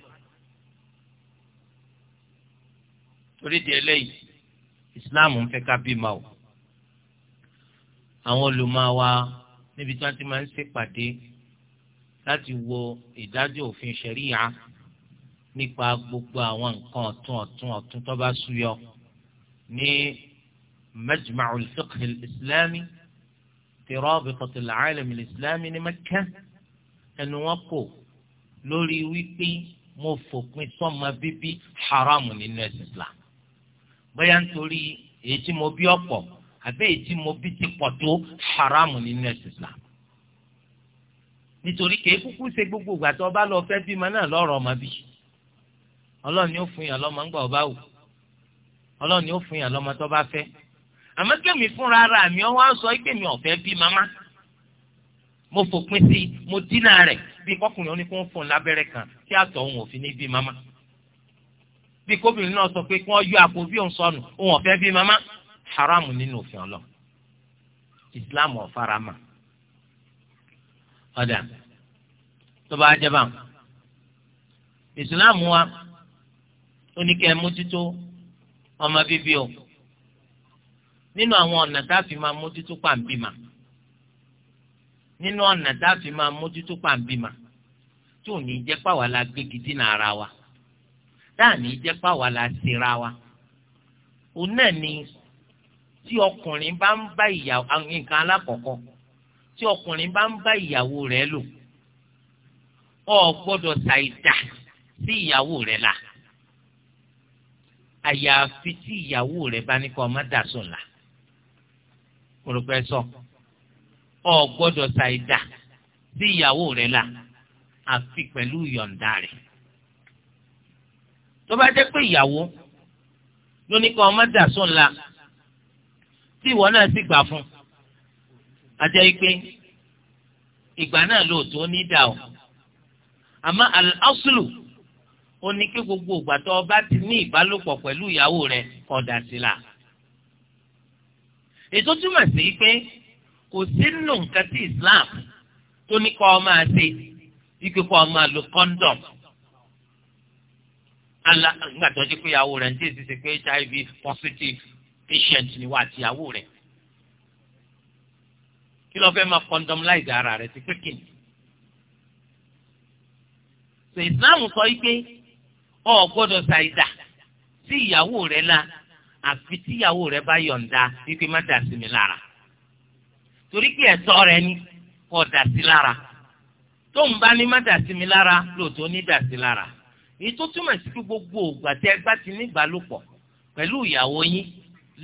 torí di eléyìí ìsìláàmù ń fẹ́ ká bímọ o àwọn olùmọ̀wá níbi tí wọ́n ti máa ń ṣèpàdé láti wo ìdájọ́ òfin ṣẹ̀ríyà nípa gbogbo àwọn nǹkan ọ̀tún ọ̀tún ọ̀tún tó bá súyọ ní مجمع الفقه الإسلامي في رابطة العالم الإسلامي لمكة ẹnu wọn kò lórí wípé mo fòpin sọmọ bíbí haramu nínú ẹsìn islam bóyá nítorí èyí tí mo bí ọ̀pọ̀ àbẹ èyí tí mo bí ti pọ̀ tó haramu nínú ẹsìn islam nítorí kèé kúkú ṣe gbogbo ìgbà tó ọba lọ fẹ́ bímọ náà lọ́rọ̀ ọmọ bí ọlọ́ọ̀ni ó fún yàn lọ́mọ ńgbà ọba wù ọlọ́ọ̀ni ó fún yàn lọ́mọ tó bá fẹ́ àmọ́ kẹ́mi fúnra ara mi ọwọ́ á sọ pé mi ò fẹ́ bí màmá mo fòpin sí mo dínà rẹ̀ bí kọkùnrin oníkó ń fún un lábẹ́rẹ́ kan tí àtọ̀ òun ò fi ní bí màmá bí kóbìnrin náà sọ pé kí wọ́n yọ àpò bí òun sọnù òun ò fẹ́ bí màmá haram nínú òfin ọlọ Islam ò fara mọ́ ọ̀dà tó bá jẹ́ bá Islam wa ó ní kẹ́ ẹ mójútó ọmọ bíbí o nínú àwọn ọ̀nà tá a fi máa mójútó pàǹbìmà nínú ọ̀nà tá a fi máa mójútó pàǹbìmà tó ní jẹ́ pàwọ́ la gbégi dínà ara wa tá à ní jẹ́ pàwọ́ la ṣera wa òun náà ni tí ọkùnrin bá ń bá ìyàwó nǹkan alákọ̀ọ́kọ́ tí ọkùnrin bá ń bá ìyàwó rẹ̀ lò ọ gbọ́dọ̀ ṣàìdá sí ìyàwó rẹ̀ la àyàfi tí ìyàwó rẹ̀ bá ní kọ́ ọ má dà sùn la orúkọ ẹ sọ ọ gbọ́dọ̀ ṣàìdá sí ìyàwó rẹ là àfi pẹ̀lú yọ̀ǹda rẹ̀ tó bá jẹ́ pé ìyàwó ló ní kó ọmọ dà sóun la tí ìwọ náà sì gbà fún ajẹ́ pé ìgbà náà lóòótọ́ ní dà o àmọ́ al ó ní kí gbogbo ìgbà tó o bá ti ní ìbálòpọ̀ pẹ̀lú ìyàwó rẹ kó dà sí la ètò túmọ̀ sí pé kò sínú nǹkan tí Islam tó ní kọ́ ọ máa ṣe ike kọ́ máa lo kọ́ńdọ̀m ala ńgbàtọ́ jẹ́ pé ìyàwó rẹ̀ ń tẹ̀ sí pé HIV positive patient ni wà àti ìyàwó rẹ̀ kí ló fẹ́ máa kọ́ńdọ̀m láì dá ara rẹ̀ sí pé kìnnì. sọ Islam sọ pé o gbọ́dọ̀ ṣàìdá sí ìyàwó rẹ̀ la àfi tíyàwó rẹ bá yọ̀ǹda wípé má dà sí mi lára torí pé ẹ̀tọ́ rẹ ni kò dà sí lára tóun bá ní má dà sí mi lára lóòótọ́ ní dà sí lára èyí tó túmọ̀ sí pé gbogbo ògbà tí ẹgbà ti ní ìbálòpọ̀ pẹ̀lú ìyàwó yín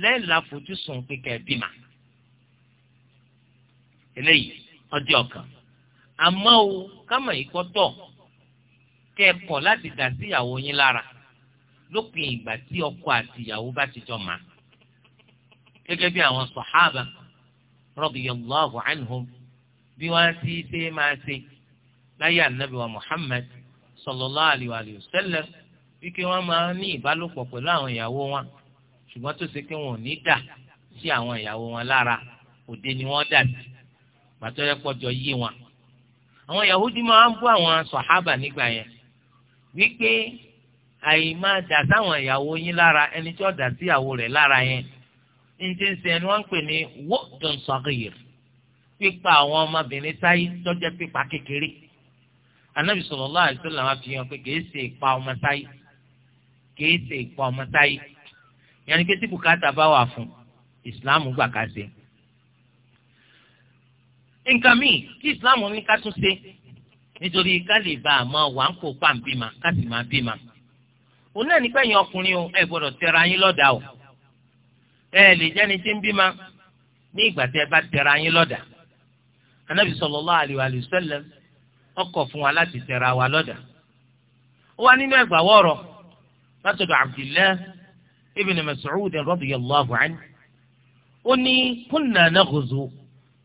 lẹ́yìn láfojúsùn pé kẹ́ eléyìí ọjọ́ ọ̀kan àmọ́ o kámọ̀ ìkọ́tọ̀ kẹ́ ẹ láti dà sí yín lára lópin ìgbà tí ọkọ àti ìyàwó bá ti jọ mà á gẹ́gẹ́ bí àwọn sàhábà radiyallahu anhum bí wọ́n ti ṣe máa ṣe láyé ànábì wa Muhammad sallallahu alayhi wa sallam bí kí wọ́n máa ní ìbálòpọ̀ pẹ̀lú àwọn ìyàwó wọn ṣùgbọ́n tó ṣe pé wọn ò ní dà sí àwọn ìyàwó wọn lára òde ni wọ́n dà sí gbàtọ́jọ́ pọ̀jọ yé wọn. àwọn Yahudi máa ń bú àwọn sàhábà nígbà yẹn wípé àyè máa dà sáwọn ìyàwó yín lára ẹni tí ó dà sí ìyàwó rẹ̀ lára yẹn ní ti ń sẹ ni wọ́n ń pè ní wọ́ọ̀dùn sọ̀gìyìr pípa àwọn ọmọbìnrin sáyé tọ́jẹ́ pípa kékeré anábì sallallahu alaihi wasallam fi hàn pé kìí ṣe ìpa ọmọ sáyé kìí ṣe ìpa ọmọ sáyé yẹn ni pé tí bùkátà bá wà fún ìsìláàmù gbà ká ṣe nǹkan míì kí ìsìláàmù ní ká tún ṣe nítorí ká lè bá a máa wà ń kó pàǹbí ma ká sì máa bí ma òun náà nípa ẹ̀yin ọkùnrin o ẹ gbọ́dọ̀ tẹra yín lọ́dà o ẹ lè jẹ́ni tí ń bímọ ní ìgbà tẹ bá tẹra yín lọ́dà anabi sallallahu alaihi wa sallam ó kọ̀ fún wa láti tẹra wa lọ́dà ó wà nínú ẹgbà wọrọ látọ̀dọ̀ abdillah ibn mas'ud radiyallahu anhu ó ní kunna naghzu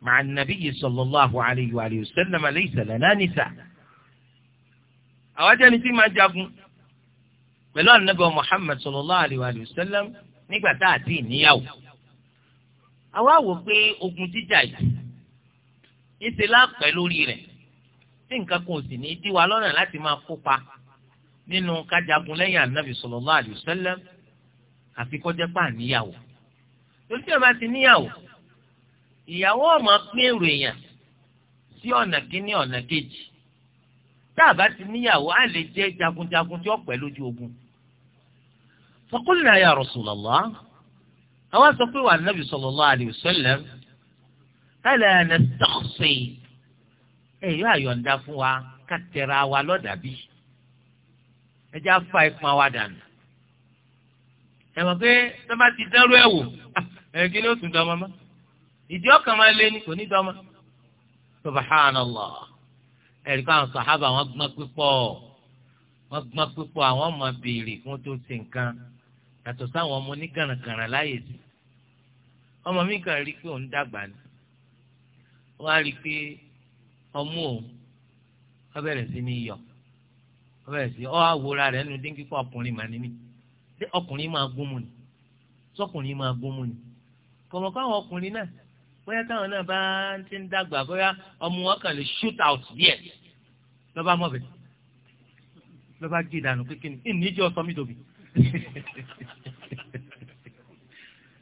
ma'a an-nabiy sallallahu alaihi wa sallam laysa lana nisa àwọn jẹ́ni tí máa jagun pẹ̀lú ànábì Muhammad sallallahu alayhi wa sallam nígbà tá a ti níyàwó. àwa wò pé ogun jíjà yìí ìṣe lápẹ́ lórí rẹ̀ tí nǹkan kan ò sì ní í dí wa lọ́nà láti máa kópa nínú kájagun lẹ́yìn ànábì sallallahu alayhi wa sallam àfi kọjá pa níyàwó. torí tí ti níyàwó ìyàwó ọmọ pín èrò èèyàn sí ọ̀nà kínní ọ̀nà kejì tá a bá ti níyàwó á lè jẹ́ jagunjagun tí ó pẹ́ lójú ogun فقلنا يا رسول الله أو تقول النبي صلى الله عليه وسلم ألا نستخصي أيها يندفوا كترا ولد بي ẹjẹ afa ìpọn wa dànù ẹ mọ̀ pé tó bá ti dẹrù ẹ wò ẹ kí ló tún dọmọ mọ ìdí ọkàn máa lé ní kò ní dọmọ subhanallah ẹ̀rí káwọn sàhábà wọn gbọ́n pípọ̀ wọn gbọ́n pípọ̀ àwọn ọmọ béèrè fún tó ṣe nǹkan yàtọ̀ sáwọn ọmọ oníkànnàkànnà láyè sí ọmọ mi kàn rí i pé òun dàgbà ni wọ́n á rí i pé ọmú òun wọ́n bẹ̀rẹ̀ sí ní yọ wọ́n bẹ̀rẹ̀ sí ọ́ àwòrán rẹ̀ nu dínkì fún ọkùnrin màní mi ṣé ọkùnrin máa gún mu ni sọkùnrin máa gún mu ni kọ̀mọ̀ káwọn ọkùnrin náà bóyá táwọn náà bá ti ń dàgbà bóyá ọmọ wọn kàn lè shoot out díẹ̀ lọ́ba mọ̀bẹ̀ lọ́ba gé ìdànù kékeré ìníjọ́ sọmídòbí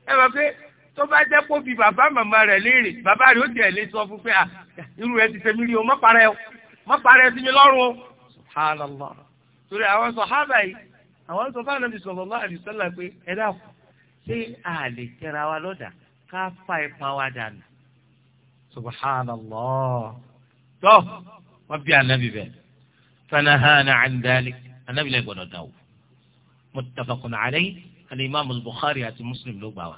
ẹ bá pé tó bá jẹ́ kó bi bàbá màmá rẹ̀ léèrè bàbá rẹ̀ ó tiẹ̀ lé sọ fún pé à irú ẹ ti tẹ̀mí rí o má parẹ́ o má parẹ́ sí mi lọ́rùn o. subhanallah torí àwọn sàhábà yìí àwọn sọ fún Ànábì sallallahu alaihi wasallam pé ẹ dákun ṣé a lè tẹra wa lọ́dà ká fa ipa wa dànù. subhanallah tó wọ́n bí Ànábì bẹ́ẹ̀ fanahana an lẹ́gbọ̀dọ̀ dáwọ́ muttafaqun alayhi al-imam al-bukhari àti muslim ló gbà wá.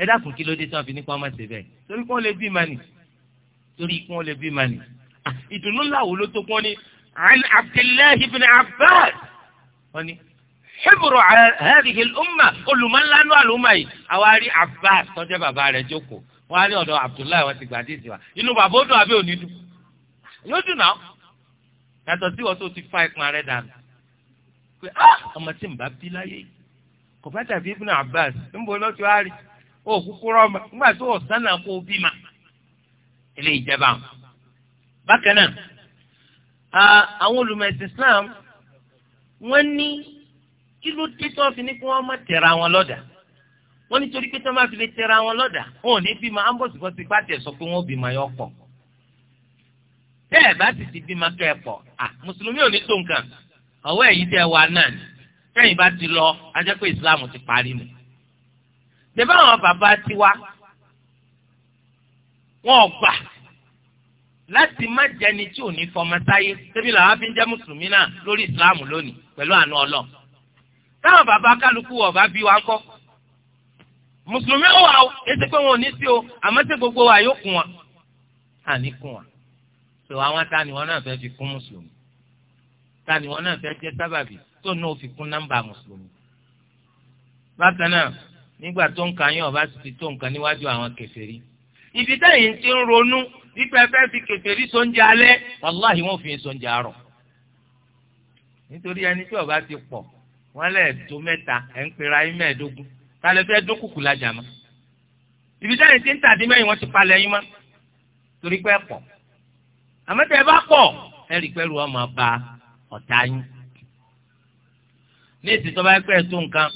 ẹ dákun kí ló dé tí wọ́n fi ní kí wọ́n má ṣe bẹ́ẹ̀ torí kí wọ́n lè bí mani torí kí wọ́n lè bí mani. ìdùnnú làwọn ló tó kún ní an abdullahi ibn abbas wọ́n ní hibru hadhihi al-umma olùmọ̀lánú àlùmọ̀ yìí àwárí abbas tọ́jú bàbá rẹ̀ jókòó wọ́n á rí ọ̀dọ̀ abdullahi wọ́n ti gbà dé ìsìwà inú bàbá ó dùn àbí òní dùn yóò dùn náà yàtọ̀ sí wọ́n tó ti fa ìpín rẹ̀ dànù pé ah, ọmọ tí n bá bí láyé yìí kò bá dàbí Ibn Abbas níbo ló ti wá rí o kúkú rọmọ nígbà tó o sánà kó o bí ma ilé ìjẹba bákan náà àwọn olùmọ̀ẹ̀sìn Islam wọ́n ní kí ló dé tó fi ní kí wọ́n má tẹ̀ra wọn lọ́dà wọ́n nítorí pé tó má fi lè tẹ̀ra wọn lọ́dà wọn ò ní bímọ ambọ̀sibọ́sí pàtẹ́ sọ pé wọ́n bímọ yọ pọ̀ bẹ́ẹ̀ bá sì ti bímọ kẹ́ ẹ pọ̀ mùsùlùmí ò ní tó nǹkan ọwọ́ ẹ̀yin tẹ́ wà náà ni kẹ́yìn bá ti lọ ajẹ́ pé ìsìláàmù ti parí nù. Ṣèbá àwọn bàbá tiwa wọn ò gbà láti má jẹni tí ò ní fọmọ sáyé tẹ́bí làwọn fi ń jẹ́ mùsùlùmí náà lórí ìsìláàmù lónìí pẹ̀lú àánú ọlọ́ táwọn bàbá kálukú ọ̀bá bí wa ń kọ́ mùsùlùmí ó wà ó pé wọn ò ní sí o àmọ́ tí gbogbo wa yóò kún wa àní kún wa ṣèwà wọn ta ni wọn náà fẹ́ fi kún mùsùlùmí ta ni wọn náà fẹ́ jẹ́ sábàbí tó náà fi kún nọ́mbà mùsùlùmí. bákan náà nígbà tó ń kàn yín ọba sì ti tó nǹkan níwájú àwọn kèfèrí. ibi táyìn ti ń ronú nípa fẹ́ fi kèfèrí sóúnjẹ alẹ́ wàláhì wọn ò fi sóúnjẹ àárọ̀. nítorí ẹni tí ọba ti pọ̀ wọ́n lẹ̀ tó mẹ́ta ẹ̀ ń pera yín mẹ́ẹ̀ẹ́dógún tálẹ̀ fẹ́ dókùkù lajà mọ́. ibi táyìn ti ń tàdí mẹ́yìn wọ́n ti palẹ̀ yín mọ́ torí pé pọ̀ àmọ́ tẹ́ ẹ bá pọ̀ ẹ rí pẹ́lú ọmọ bá a ọ̀tá yín ní ìsìn tó bá pẹ́ tó nǹkan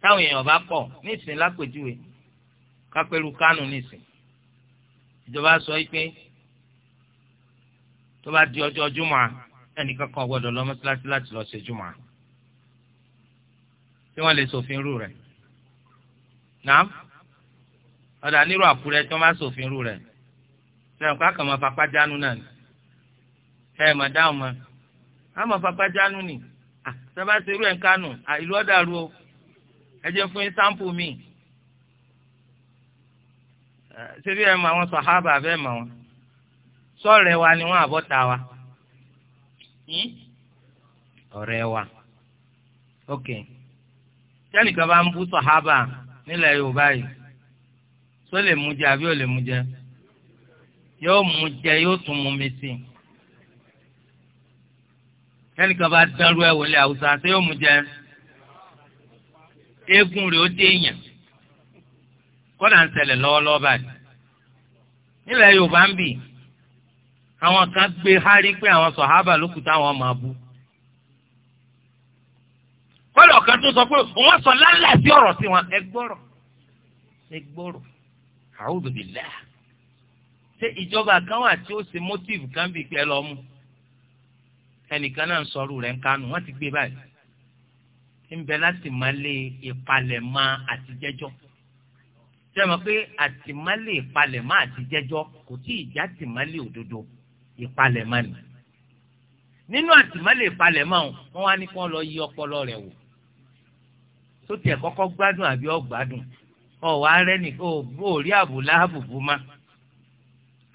táwọn èèyàn bá pọ̀ ní ìsìn lápèjúwe kápẹ́rù kánù ní ìsìn ìjọba sọ pé tó bá di ọjọ́ júmọ̀ ẹnìkan kan gbọ́dọ̀ lọ mọ́sálásí láti lọ ṣe júmọ̀ tí wọ́n lè ṣòfin rú rẹ̀ nàám ọ̀dà nírú Àkúrẹ́ tí wọ́n bá ṣòfin rú rẹ̀ sẹ́yìn kàn máa fapá jánu náà ni ẹ mà dáhùn ma àmọ́ pàpà jánu ni sábà ṣe irú ẹ̀ ń kánù ìlú ọ̀dàrú o ẹ jẹ́ fún yín sáǹpù mi ṣé bí ẹ mọ àwọn sàhábà abẹ́ mọ wọn sọ̀rọ̀ ẹ wa ni wọ́n àbọ̀ ta wa hmm? ọ̀rẹ́ wa ok tẹ́nìkan bá ń bú sàhábà nílẹ̀ Yorùbá yìí tó lè mú jẹ àbí ò lè mú jẹ yóò mú jẹ yóò tún mú mi sí i ẹnìkan bá dánrú ẹ wọlé àwùjọ àti yóò mú jẹ eégún rẹ̀ ó dé èèyàn kọ́dà ń ṣẹlẹ̀ lọ́wọ́lọ́wọ́ báyìí nílẹ̀ Yorùbá ń bì àwọn kan gbé hárí pé àwọn sọ̀hábà ló kù táwọn máa bú kọ́dà ọ̀kan tó sọ pé wọ́n sọ lálẹ́ sí ọ̀rọ̀ sí wọn ẹ gbọ́rọ̀ ẹ gbọ́rọ̀ àwùjọ bìlẹ̀ ṣé ìjọba kan wà tí ó ṣe mọ́tìfù kan bì pẹ́ lọ́mú ẹnìkan náà ń sọrú rẹ̀ ń kánú wọ́n ti gbé báyìí ń bẹ láti máa lé ìpalẹ̀mọ́ àtijẹ́jọ́ ṣé mo pé àtìmálè ìpalẹ̀mọ́ àtijẹ́jọ́ kò tí ì já tìmálè òdodo ìpalẹ̀mọ́ ni nínú àtìmálè ìpalẹ̀mọ́ wọn wá ní kí wọ́n lọ yí ọpọlọ rẹ̀ wò tó tiẹ̀ kọ́kọ́ gbádùn àbí ọ̀gbádùn ọ̀wá rẹ́nì ò rí àbò láàbò bú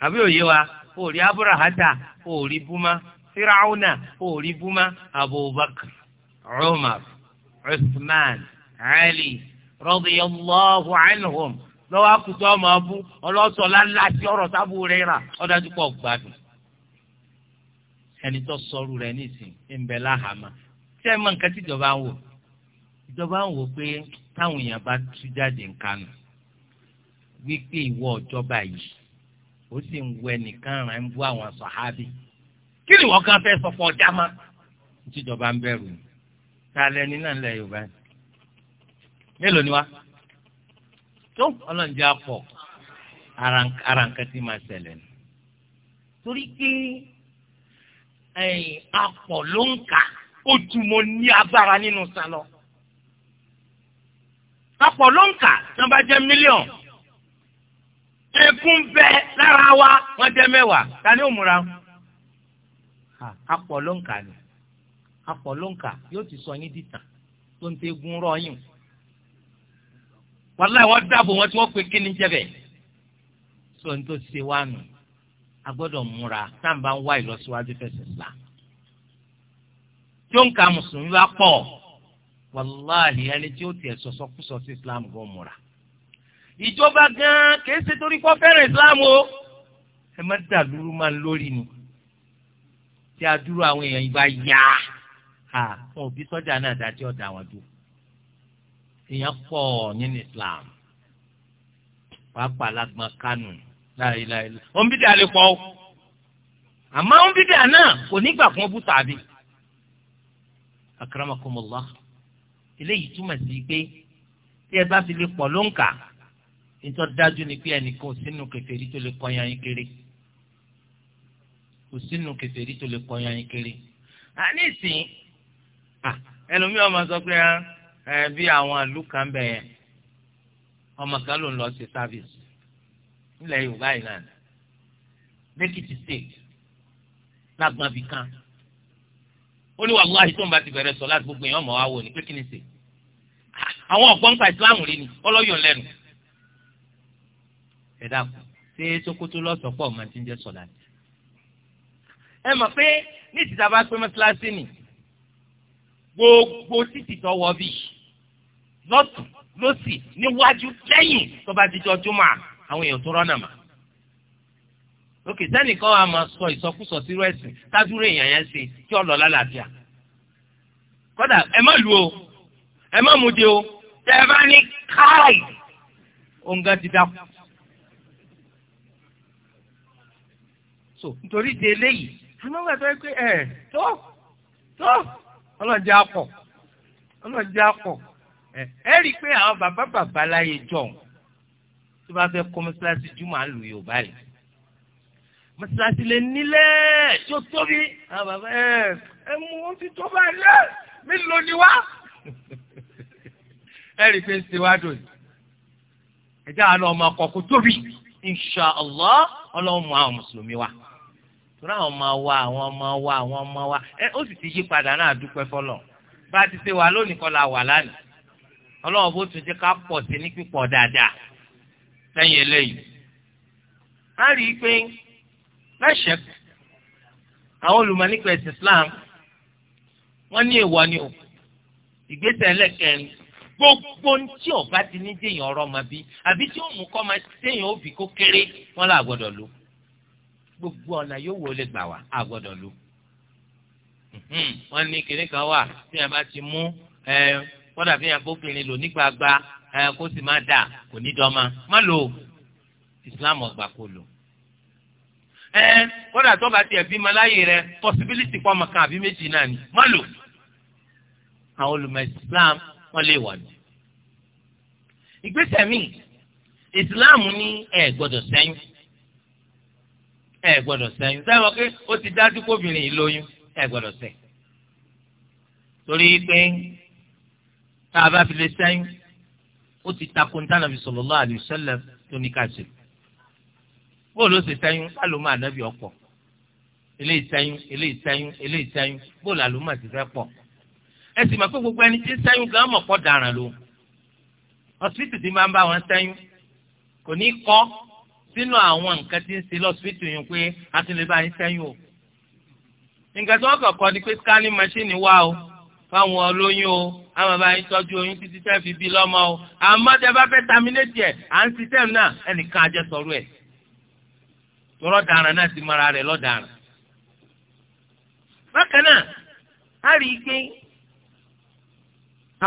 àbí òye wa ò rí abúrahàtà ò rí bú ma firauna orí búmá abubakar umar usman ali radiyallahu anhum lọ́wọ́ akutu ọmọ abú ọlọ́sọ̀ lálá tí ọ̀rọ̀ sábú rẹ̀ rà ọ̀dájú pọ̀ gbádùn. ẹni tó sọrú rẹ̀ nísìn ń bẹ láhàámà tí ẹ mọ nǹkan tí ìjọba ń wò ìjọba ń wò pé táwọn èèyàn bá tú jáde nǹkan nù wípé ìwọ ìjọba yìí ó sì ń wẹ nìkan rẹ̀ ń bú àwọn sàhábì kí ni wọ́n kàn fẹ́ sọ fún ọjà má. tíjọba ń bẹ̀rù ta lẹni náà lẹ yorùbá yìí mélòó ni wa tó ọlọ́njẹ́ akọ ara nǹkan tí máa ṣẹlẹ̀ nù. torí pé apọ̀ ló ń kà ó tún mo ní agbára nínú sálọ. apọ̀ ló ń kà tí wọ́n bá jẹ́ mílíọ̀nù. ẹkún bẹ lára wa wọ́n jẹ́ mẹ́wàá ta ni ó múra Ah, apọ̀ ló ń kà ní apọ̀ ló ń kà yóò ti sọ yín dìtàn tó ń tẹ egun rọyìn wàlá wọn dáàbò wọn tí wọn pe kíni jẹbẹ sọ ní tó ṣe wá nù a gbọ́dọ̀ múra táǹbà ń wá ìlọsíwájú fẹsẹ̀ sílá tó ń ka mùsùlùmí bá pọ̀ wàláhì ẹni tí ó tiẹ̀ sọsọkúsọ sí islam gan múra ìjọba gan kìí ṣe torí kọ́ islam o ẹ má dàlúrú máa ń lórí ni tí a dúró àwọn èèyàn yìí bá yá a wọn ò bí sọ́jà náà dájú ọ̀dà wọn dùn èèyàn pọ̀ nínú Islam pàápàá lágbọn kánù láìláì òǹbídà lè pọ̀ àmọ́ òǹbídà náà kò nígbà fún bú tàbí. akramakumullah eléyìí túmọ̀ sí pé tí ẹ bá fi lè pọ̀ ló ń nítorí dájú ni pé ẹnìkan sínú kèfèrí tó lè kọyàn yín kéré kò sínú kèfèrí tó lè kọyàn yín kiri. a ní ìsìn ẹlòmíì ọmọ sọ pé ẹ bí àwọn ìlú kan bẹ̀ yẹn ọmọ kan ló ń lọ sí sáfìsì nílẹ̀ Yorùbá yìí náà lẹ́kìtì state lágbọ́n bíi kan ó ní wàhálà tó ń bá ti bẹ̀rẹ̀ sọ láti gbogbo èèyàn ọmọ wa wò ní pé kí ni sè àwọn ọ̀gbọ́n pa Islam rí ni ọlọ́yọ̀ lẹ́nu ẹ̀dá kù ṣé Sokoto lọ́sọ̀pọ̀ ọmọ ti ń jẹ́ sọ̀láàtì ẹ mọ̀ pé ní ìtìta bá pé mọ́tíláṣí nì gbogbo títì tó wọ bí lọ́tù lọ́sì níwájú lẹ́yìn tó bá dijọ́ júmọ́ àwọn èèyàn tó rọ́nà mà. òkè sẹ́nìkan wa máa sọ ìsọkúsọ sírú ẹ̀sìn kádúró èèyàn yẹn ṣe kí ọ lọ lálàáfíà. kódà ẹ má lu o ẹ má mu de o tẹ ẹ bá ní káì òǹgá ti dákú. so nítorí di eléyìí àmọ́gbà tó pé ẹ̀ tó tó ọlọ́jà pọ̀ ọlọ́jà pọ̀ ẹ̀ ẹ́ rí i pé àwọn bàbá bàbá láyé jọ̀hún tó bá fẹ́ kọ́ mọ́sálásí jùmọ̀ àlù yorùbá rẹ̀ mọ́sálásí lè nílẹ̀ tó tóbi àwọn bàbá ẹ̀ ẹ̀ mú wọn ti tó bá lẹ̀ mélòó ni wá [LAUGHS] ẹ̀ rí i pé ń ṣe wá dòní ẹ̀jẹ̀ àná ọmọ ọkọ̀ kò tóbi inṣàlá ọlọ́run mú àwọn mùsùlùmí wa torí àwọn ọmọ wa àwọn ọmọ wa àwọn ọmọ wa ẹ ó sì ti yí padà náà dúpẹ́ fọlọ́ bá a ti ṣe wà lónìí kọ́ la wà lánàá ọlọ́run bó tún jẹ́ ká pọ̀ sí ní pípọ̀ dáadáa lẹ́yìn eléyìí. a rí i pé láṣẹ àwọn olùmọ̀ ẹ̀sìn Islam wọ́n ní èèwọ̀ ni o ìgbésẹ̀ ẹlẹ́kẹrin gbogbo tí ọba ti ní déèyàn ọ̀rọ̀ ọmọ bí àbí tí ó kọ́ máa déèyàn òbí kó kéré wọ́n là lò gbogbo ọ̀nà yóò wọlé gbà wá a gbọ́dọ̀ lu. Hmm. wọ́n ní kìnní kan wà tí yẹn bá ti mú kọ́dà fi hàn kóbìnrin lò nígbàgbà kó sì má dà kò ní dọ́mà má lò Islam ọgbà kò lò. kọ́dà tó bá tiẹ̀ bímọ láyè rẹ possibility pọ́ ọmọkan àbí méjì náà ni má lò. àwọn olùmọ̀ Islam wọ́n lè wà ní. ìgbésẹ̀ mi Islam ní ẹ̀ gbọ́dọ̀ sẹ́yìn ẹ gbọ́dọ̀ sẹ́yìn sẹ́wọ̀n pé ó ti dájú kóbìnrin yìí lóyún ẹ gbọ́dọ̀ sẹ́ torí pé tá a bá fi lè sẹ́yìn ó ti takò ní tànàbí sallallahu alaihi wasallam tó ní káṣí bóòlù ó sì sẹ́yìn kálùmọ́ ànábì ọ̀pọ̀ eléyìí sẹ́yìn eléyìí sẹ́yìn eléyìí sẹ́yìn bóòlù àlùmọ́ ti fẹ́ pọ̀ ẹ sì mọ̀ pé gbogbo ẹni tí sẹ́yìn gan mọ̀ pọ̀ dàrán ló ọ̀sìtì ti máa ń bá wọn sẹ́yìn kò ní kọ́ sínú àwọn nǹkan tí ń ṣe lọ́sibítù yìí pé a ti lè bá yín sẹ́yìn o. nǹkan tí wọ́n kọ̀ọ̀kan ni pé scanning machine wà o fáwọn olóyún o a máa bá yín tọ́jú oyún títí tẹ́ fi bí lọ́mọ o àmọ́ tẹ́ bá fẹ́ terminate ẹ̀ à ń sítẹ́m náà ẹnìkan àjẹsọ̀rọ̀ ẹ̀ tọrọ náà ti mara rẹ̀ lọ́dàrán. bákan náà a rí i pé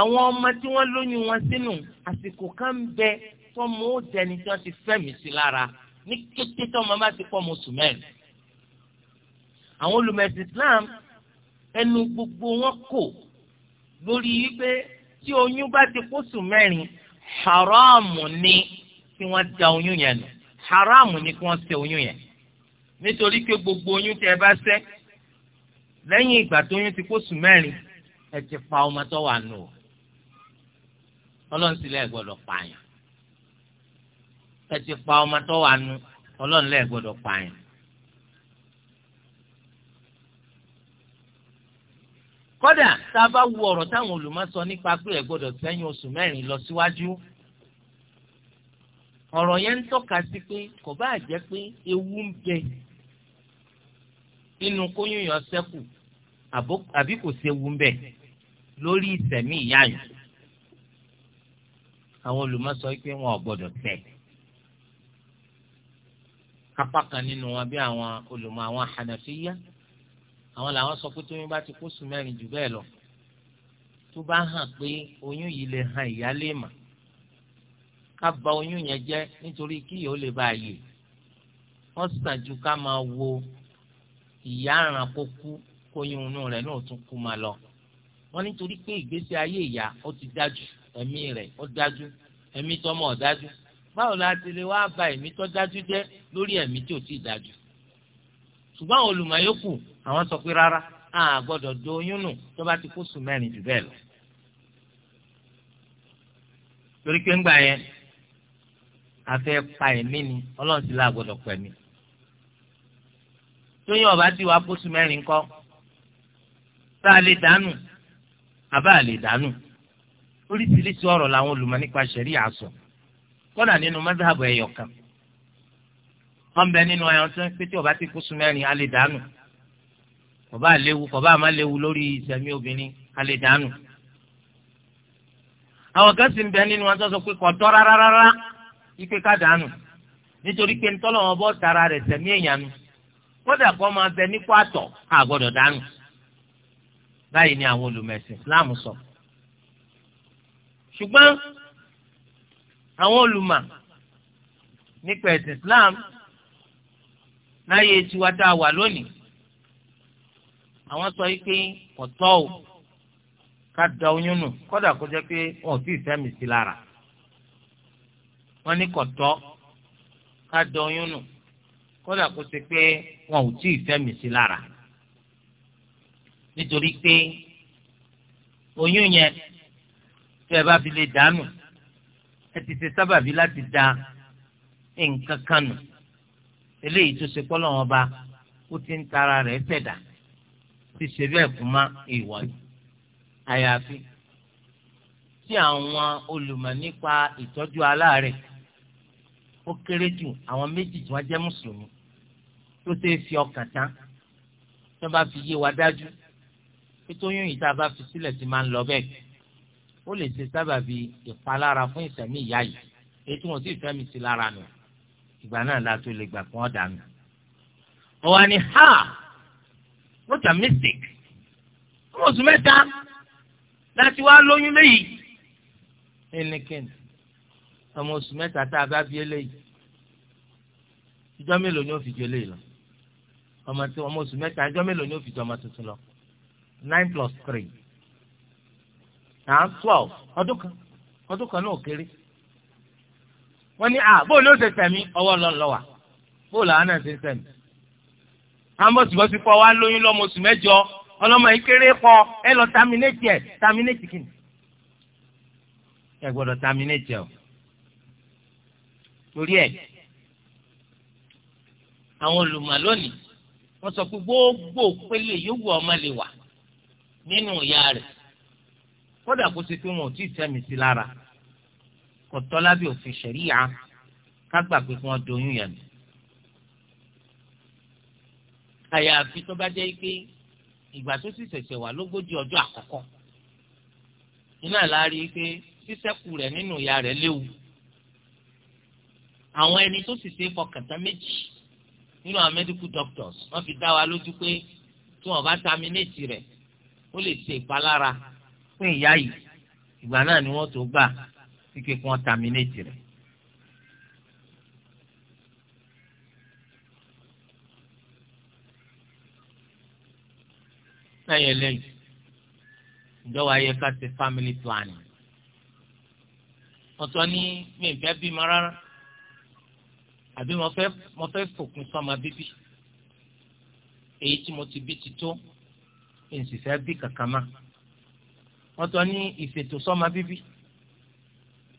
àwọn ọmọ tí wọ́n lóyún wọn sínú àsìkò kan bẹ́ẹ̀ tọmọ ó dẹni tí wọ́n ti fẹ́mi sí lára ní kété tọmọ bá ti pọ̀ mọ́sù mẹ́rin. àwọn olùmẹ̀sìn Islam ẹnu gbogbo wọn kò lórí wípé tí oyún bá ti pọ̀sù mẹ́rin haramu ni kí wọ́n da oyún yẹn nù haramu ni kí wọ́n ṣe oyún yẹn nítorí pé gbogbo oyún tẹ ẹ bá ṣẹ́ lẹ́yìn ìgbà tó oyún ti pọ̀sù mẹ́rin ẹ ti pa ọmọ tó wà nù ọ sì lẹ́ẹ̀ gbọ́dọ̀ pààyàn ẹ ti pa ọmọ tó wà nu ọlọ́run lẹ́ẹ̀ gbọ́dọ̀ pààyàn. kódà tá a bá wo ọ̀rọ̀ táwọn olùmọ̀ sọ nípa pé ẹ gbọ́dọ̀ sẹ́yìn oṣù mẹ́rin lọ síwájú ọ̀rọ̀ yẹn ń tọ́ka sí pé kò bá jẹ́ pé ewu ń bẹ inú kóyún yọ sẹ́kù àbí kò séwu ń bẹ lórí ìsẹ̀mí ìyá yìí àwọn olùmọ̀ sọ wọn ò gbọ́dọ̀ tẹ̀ apá kan nínú wọn bí àwọn olùmọ̀ àwọn hànàfíyà àwọn làwọn sọ pé tóyún bá ti kó sùn mẹ́rin jù bẹ́ẹ̀ lọ tó bá hàn pé oyún yìí lè hàn ìyálé mà ká bà oyún yẹn jẹ́ nítorí kí yóò lè bá a yè wọ́n sàn ju ká máa wo ìyá àràn kó kú kóyún inú rẹ̀ náà tún kú máa lọ wọ́n nítorí pé ìgbésí ayé ìyá ó ti dájú ẹ̀mí rẹ̀ ó dájú ẹ̀mí tọ́mọ ó dájú báwo la ti lè wá ba ẹ̀mí tó dájú jẹ́ lórí ẹ̀mí tí ò tí ì dájú ṣùgbọ́n àwọn olùmọ̀yókù àwọn sọ pé rárá a gbọ́dọ̀ do oyún nù tó bá ti kó sùn mẹ́rin jù bẹ́ẹ̀ lọ. torí pé ńgbà yẹn a fẹ́ pa ẹ̀mí ni ọlọ́run sì la gbọ́dọ̀ pẹ̀mí. tóyún ọba tí wàá kó sùn mẹ́rin kọ́ tá a lè dànù àbá a lè dànù oríṣiríṣi ọ̀rọ̀ làwọn olùmọ̀ nípa ṣẹ̀rí àsọ̀ kódà nínú mọ́sáàbù ẹ̀yọ̀ kan wọ́n bẹ nínú ẹ̀yọ̀ tó ń pété ọba tí kú súnmẹ́rin alẹ́ dànù kọ̀bá àléwu kọ̀bá àmà léwu lórí ìsẹ̀mí obìnrin alẹ́ dànù. àwọn kan sì ń bẹ nínú wọn tó sọ pé kò tọ́ rárá rárá ipe ká dànù nítorí pé ntọ́lọ̀ wọn bọ́ tara rẹ̀ sẹ̀mí èèyàn nu kódà kọ́ máa bẹ nípò àtọ̀ àgbọ̀dọ̀ dànù. báyìí ni àwọn olùmẹ̀sìn Islam sọ. ṣùgbọ́n àwọn olùmọ̀ nípa ẹ̀sìn Islam láyé tiwa tá a wà lónìí àwọn sọ yìí pé ọ̀tọ̀ o ká da oyún nù kódà kó jẹ́ pé wọn ò tí ì sẹ́mi sí lára wọn ní kọ̀tọ́ ká da oyún nù kódà kó ṣe pé wọn ò tí sẹ́mi sí lára nítorí pé oyún yẹn tẹ́ ẹ bá fi lè dànù ẹ ti ṣe sábàbí láti da nǹkan kan nù eléyìí tó ṣe pọ́lọ́ wọn bá ó ti ń tara rẹ̀ ṣẹ̀dá ti ṣe bẹ́ẹ̀ fún má ìwọ yìí àyàfi tí àwọn olùmọ̀ nípa ìtọ́jú aláàárẹ̀ ó kéré jù àwọn méjì tí wọ́n jẹ́ mùsùlùmí tó ṣe é fi ọkàn tán tí wọ́n bá fi yé wa dájú pé tóyún yìí tá bá fi sílẹ̀ sí máa ń lọ bẹ́ẹ̀ ó lè ṣe sábàbí ìpalára fún ìsẹ̀mí ìyá yìí ètò wọn sì fẹ́mi sí lára nù ìgbà náà la tó lè gbà fún ọ̀dà nù. ọ̀wá ni ha what a mistake ọmọ oṣù mẹ́ta láti wá lóyún léyìí. ẹnikẹ́ni ọmọ oṣù mẹ́ta tá a bá bí eléyìí ìjọ mélòó ni ó fi jẹ eléyìí lọ ọmọ oṣù mẹ́ta ìjọ mélòó ni ó fi jẹ ọmọ tuntun lọ nine plus three náà twelve ọdún kan ọdún kan náà kéré wọ́n ní à bóòlù ó ṣe tẹ̀mí ọwọ́ lọ́lọ́wà bóòlù àwọn náà ṣe tẹ̀mí. àmọ́sibọ́sí pọ̀ wá lóyún lọ́mọ oṣù mẹ́jọ ọlọ́mọ yìí kéré pọ̀ ẹ lọ tàmínétì ẹ̀ tàmínétì kìnnì. ẹ gbọ́dọ̀ tàmínétì ẹ̀ o torí ẹ̀ àwọn olùmọ̀ lónìí wọ́n sọ pé gbogbo pélé yóò wù ọmọ lè wà nínú ìyá rẹ̀ kódà kó ṣe pé wọn ò tí ì sẹ́mi sí lára kò tọ́ lábẹ́ òfin ṣẹ̀ríyà ká gbà pé kí wọ́n doyún yẹn. àyàfi tó bá jẹ́ pé ìgbà tó sì ṣẹ̀ṣẹ̀ wà lógójì ọjọ́ àkọ́kọ́ iná la rí i pé sísẹ́kù rẹ̀ nínú ìyá rẹ̀ léwu àwọn ẹni tó sì ṣe fọkàn tán méjì nínú àwọn medical doctors wọ́n fi dá wa lójú pé tí wọ́n bá terminate rẹ̀ ó lè ṣe ìpalára fún ìyá yìí ìgbà náà ni wọ́n tó gbà kíkẹ́ kí wọ́n tàmínétì rẹ̀. lẹ́yìn lẹ́yìn ìjọba yẹ ká ṣe family planning ọ̀tọ̀ ní mi ò fẹ́ bímọ rárá àbí mo fẹ́ mo fẹ́ fòpin sọ́mọ bíbí èyí tí mo ti bí ti tó n sì fẹ́ bí kankan máa wọ́n sọ ní ìfètò sọ́mọ bíbí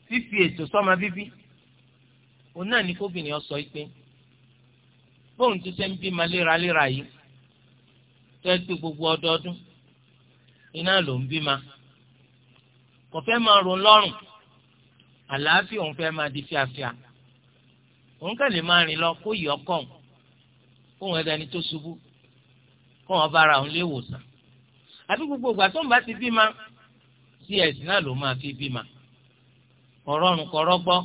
fífi ètò sọ́mọ bíbí òun náà ní kóbìnrin ọ̀sọ́ ìpín bóun ti ṣe ń bímọ léraléra yìí tẹ́ pé gbogbo ọdọọdún iná ló ń bímọ kò fẹ́ máa ron lọ́rùn àlàáfíà òun fẹ́ máa di fíafíà òun kàn lè máa rìn lọ kó yìí ọkàn kóun ẹ̀dá tó ṣubú kóun ọba ara òun lè àbí gbogbo ìgbà tó ń bá ti bímọ cs náà ló máa fi bímọ ọ̀rọ̀rùn kọ̀rọ̀ gbọ́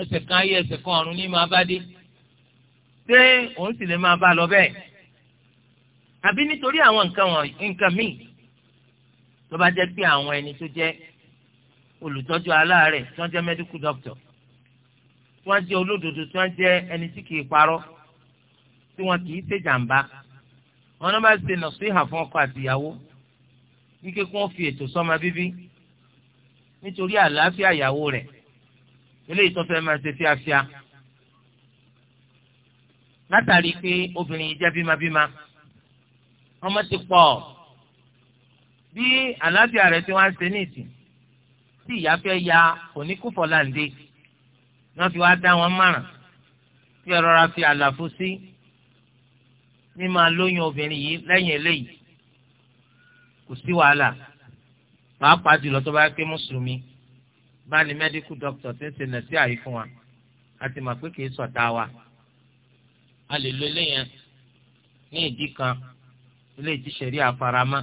ẹsẹ̀ kan ayé ẹsẹ̀ kan ọ̀run ní máa bá dé ṣé òun sì lè máa bá lọ bẹ́ẹ̀ àbí nítorí àwọn nǹkan wọn nǹkan míì tó bá jẹ́ pé àwọn ẹni tó jẹ́ olùtọ́jú aláàárẹ̀ tí wọ́n jẹ́ medical doctor tí wọ́n jẹ́ olódodo tí wọ́n jẹ́ ẹni tí kì í parọ́ tí wọ́n kì í ṣèjàmbá wọn náà bá ṣe nasiha fún ọkọ àtìyàwó wíkẹ́ kí wọ́n fi ètò sọ́mọ bíbí nítorí àlàáfíà ìyàwó rẹ̀ eléyìí tó fẹ́ máa ṣe fíafíà látàrí pé obìnrin yìí jẹ́ bímabíma ọmọ ti pọ̀ bí àlàáfíà rẹ̀ ti wá ń ṣe ní ìsìn tí ìyá fẹ́ ya oníkúfọ̀láǹdé wọ́n fi wá dá wọn márùn fi ọ̀rọ̀ ra fi àlàfo sí mímọ lóyún obìnrin yìí lẹ́yìn eléyìí kò sí wàhálà pàápàá jùlọ tó bá pé mùsùlùmí bá ní mẹ́díkù dókítà tó ń ṣe nàìjíríà àyè fún wa a ti mọ̀ pé kì í sọ̀tà wa a lè lo eléyẹn ní ìdí kan ilé ìjíṣẹ́rí àfaramọ́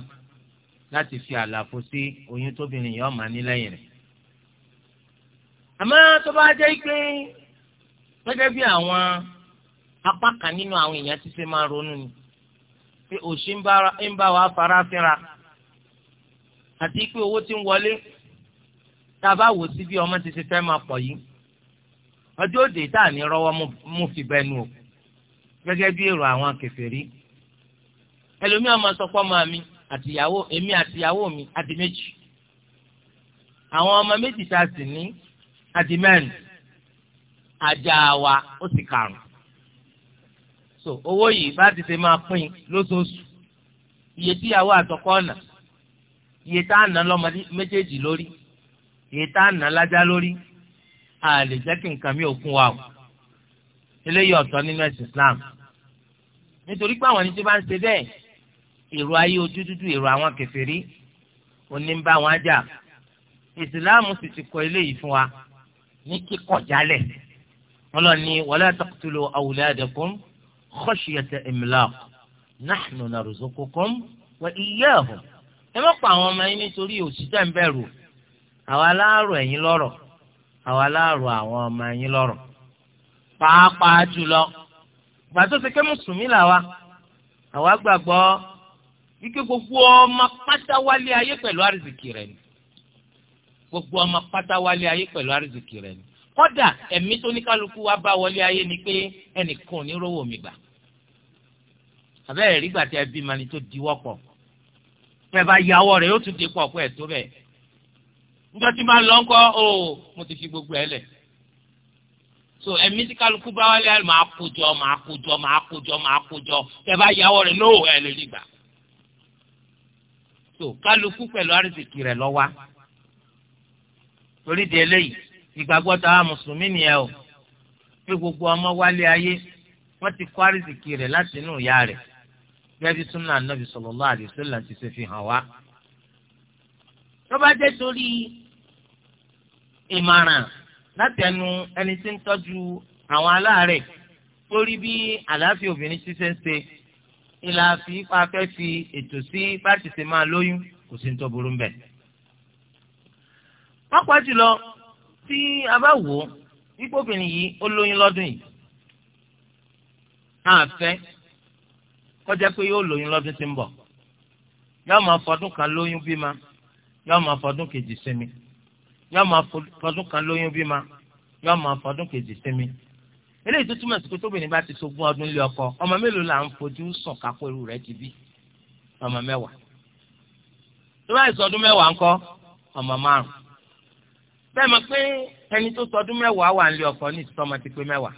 láti fi àlàfo sí oyún tóbìnrin yìí ọ̀mà ní lẹ́yìn rẹ̀. àmọ́ tó bá jẹ́ pé gẹ́gẹ́ bí àwọn apá kan nínú àwọn èèyàn ti ṣe máa ronú ni pé òṣì ń bá wa fara fínra àti pé owó tí ń wọlé tá a bá wò sí bí ọmọ ti ṣe fẹ́ máa pọ̀ yìí ọjọ́ òde tá à ní rọ́wọ́ mú fi bẹnu o gẹ́gẹ́ bí èrò àwọn kèfèrí ẹlòmíà máa sọ pọ́ máa mi àtìyàwó èmi àtìyàwó mi àti méjì àwọn ọmọ méjì tá a sì ní àti mẹ́rin àjà wa ó sì karùn so owó yìí bá ti ṣe máa pín lóṣooṣù iye tíyàwó àtọkọ ọ̀nà iye tá à ná lọ́mọ méjèèjì lórí iye tá à ná lájá lórí a lè jẹ́ kí nǹkan mi ò kún wa o eléyìí ọ̀tọ̀ nínú ẹ̀sìn Islam nítorí pé àwọn ẹni bá ń ṣe bẹ́ẹ̀ èrò ayé ojú dúdú èrò àwọn kèfèrí òní ń bá wọn jà ìsìláàmù sì ti kọ eléyìí fún wa ní kíkọ̀ jálẹ̀ wọn lọ ní wala taqtulu awladakum khashyata imlaq nahnu narzuqukum wa iyyahum ẹ má pa àwọn ọmọ yín nítorí òṣìṣẹ́ ń bẹ̀rù àwa láàrọ̀ ẹ̀yin lọ́rọ̀ àwa láàrọ̀ àwọn ọmọ ẹ̀yin lọ́rọ̀ pàápàá jùlọ ìgbà tó ṣe ké mùsùlùmí làwa àwa gbàgbọ́ wíkẹ́ gbogbo ọmọ pátá wálé ayé pẹ̀lú àrìsìkì rẹ̀ ni gbogbo ọmọ pátá wálé ayé pẹ̀lú àrìsìkì rẹ̀ ni kódà ẹ̀mí tó ní kálukú wa bá wọlé ayé ni pé ẹnìkan ò ní rówó mi gbà abẹ́rẹ́ rí gbàtẹ́ bí mani tó diwọ́ pọ̀ bẹ́ẹ̀ bá yàwọ́ rẹ̀ yóò tún di pọ̀ pẹ́ tó bẹ́ẹ̀ níjọ́ tí máa lọ ń kọ́ o mo ti fi gbogbo ẹ lẹ̀ so ẹ̀mí tí kálukú bá wálé máa kójọ máa kójọ máa kójọ máa kójọ bẹ́ẹ̀ bá yàwọ́ rẹ̀ lóò ẹ̀ lè rí so kálukú pẹ̀lú àrísìkì rẹ̀ lọ́wọ́ torí di eléyìí ìgbàgbọ́ táwa mùsùlùmí nìyẹn o pé gbogbo ọmọ wálé ayé wọ́n ti kọ́ àrísìkì rẹ̀ látinú ìyá rẹ̀ gẹ́gẹ́ súnà nàbì sallallahu alaihi wasallam ti ṣe fi hàn wá. tó bá jẹ́ torí ìmọ̀ràn láti ẹnu ẹni tí ń tọ́jú àwọn aláàárẹ̀ lórí bí àlàáfíà obìnrin ṣiṣẹ́ ń ṣe ìlà fífa fẹ́ fi ètò sí bá ti ṣe máa lóyún kò sí ní tó burú mbẹ̀. pápá jùlọ tí a bá wò ó ipò obìnrin yìí ó lóyún lọ́dún yìí. àfẹ́ kọjá pé yóò lóyún lọ́dún tí ń bọ̀ yóò máa fọdún kan lóyún bímọ yóò máa fọdún kejì sinmi yóò máa fọdún kan lóyún bímọ yóò máa fọdún kejì sinmi eléyìí tó túmọ̀ sí pé tóbìnrin bá ti sogún ọdún lé ọkọ ọmọ mélòó là ń fojú sùn kápò irú rẹ̀ ti bí ọmọ mẹ́wàá tó bá ìsọdún mẹ́wàá ńkọ́ ọmọ márùn bẹ́ẹ̀ mọ̀ pé ẹni tó sọdún mẹ́wàá wà ń lé ọkọ ní ìtọ́mọ ti pé mẹ́wàá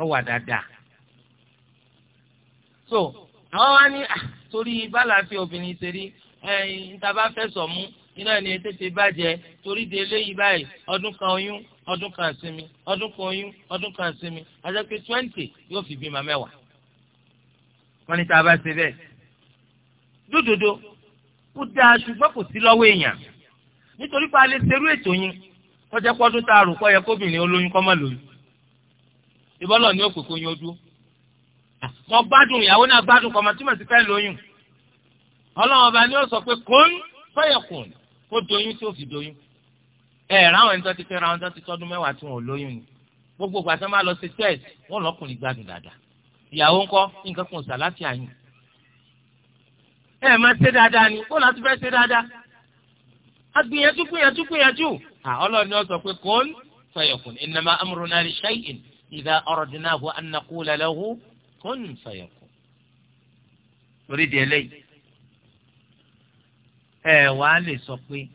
ó wà dáadáa so àwọn wá ní ah, torí bálàfin obìnrin ṣe rí níta bá fẹ́ sọ̀mú iná ni tètè bàjẹ́ torí de eléyìí báyìí ọdún kan oyún ọdún kan sinmi ọdún kan oyún ọdún kan sinmi àjẹpẹ́ twenty yóò fi bímọ mẹ́wàá wọ́n ní tá a bá ṣe bẹ́ẹ̀ dódòdó ó dáa ṣùgbọ́n kò sí lọ́wọ́ èèyàn nítorí pé a lè ètò yín wọ́n jẹ́ pọ́dún tá a rò kọ́ yẹ kóbìnrin olóyún kọ́ mọ́ lóyún ìbọ́lọ̀ ni ó pè kó yín ó dúró kọ́ gbádùn ìyàwó náà gbádùn kọ́ màtí màtí fẹ́ lóyún ọlọ́run ọba ni ó sọ pé kún fẹ́yẹ̀ kùn kó doyún tí ó fi doyún ẹ ráwọn ẹni tó ti fẹ́ ráwọn tó ti tọ́dún mẹ́wàá tí wọn ò lóyún ni gbogbo ìgbà tó máa lọ sí test wọn lọkùnrin gbádùn dáadáa ìyàwó ńkọ́ nǹkan kan ọ̀sà láti àyìn
ẹ máa ṣe dáadáa ni
kó láti fẹ́ ṣe dáadáa agbìyànjú gbìyànjú gbìyànjú ọlọ́run ni ó sọ pé kún fẹ́yẹ̀ kùn innama amruna li shay'in idha kun fayakun orí di eléyìí ẹ wà á lè sọ pé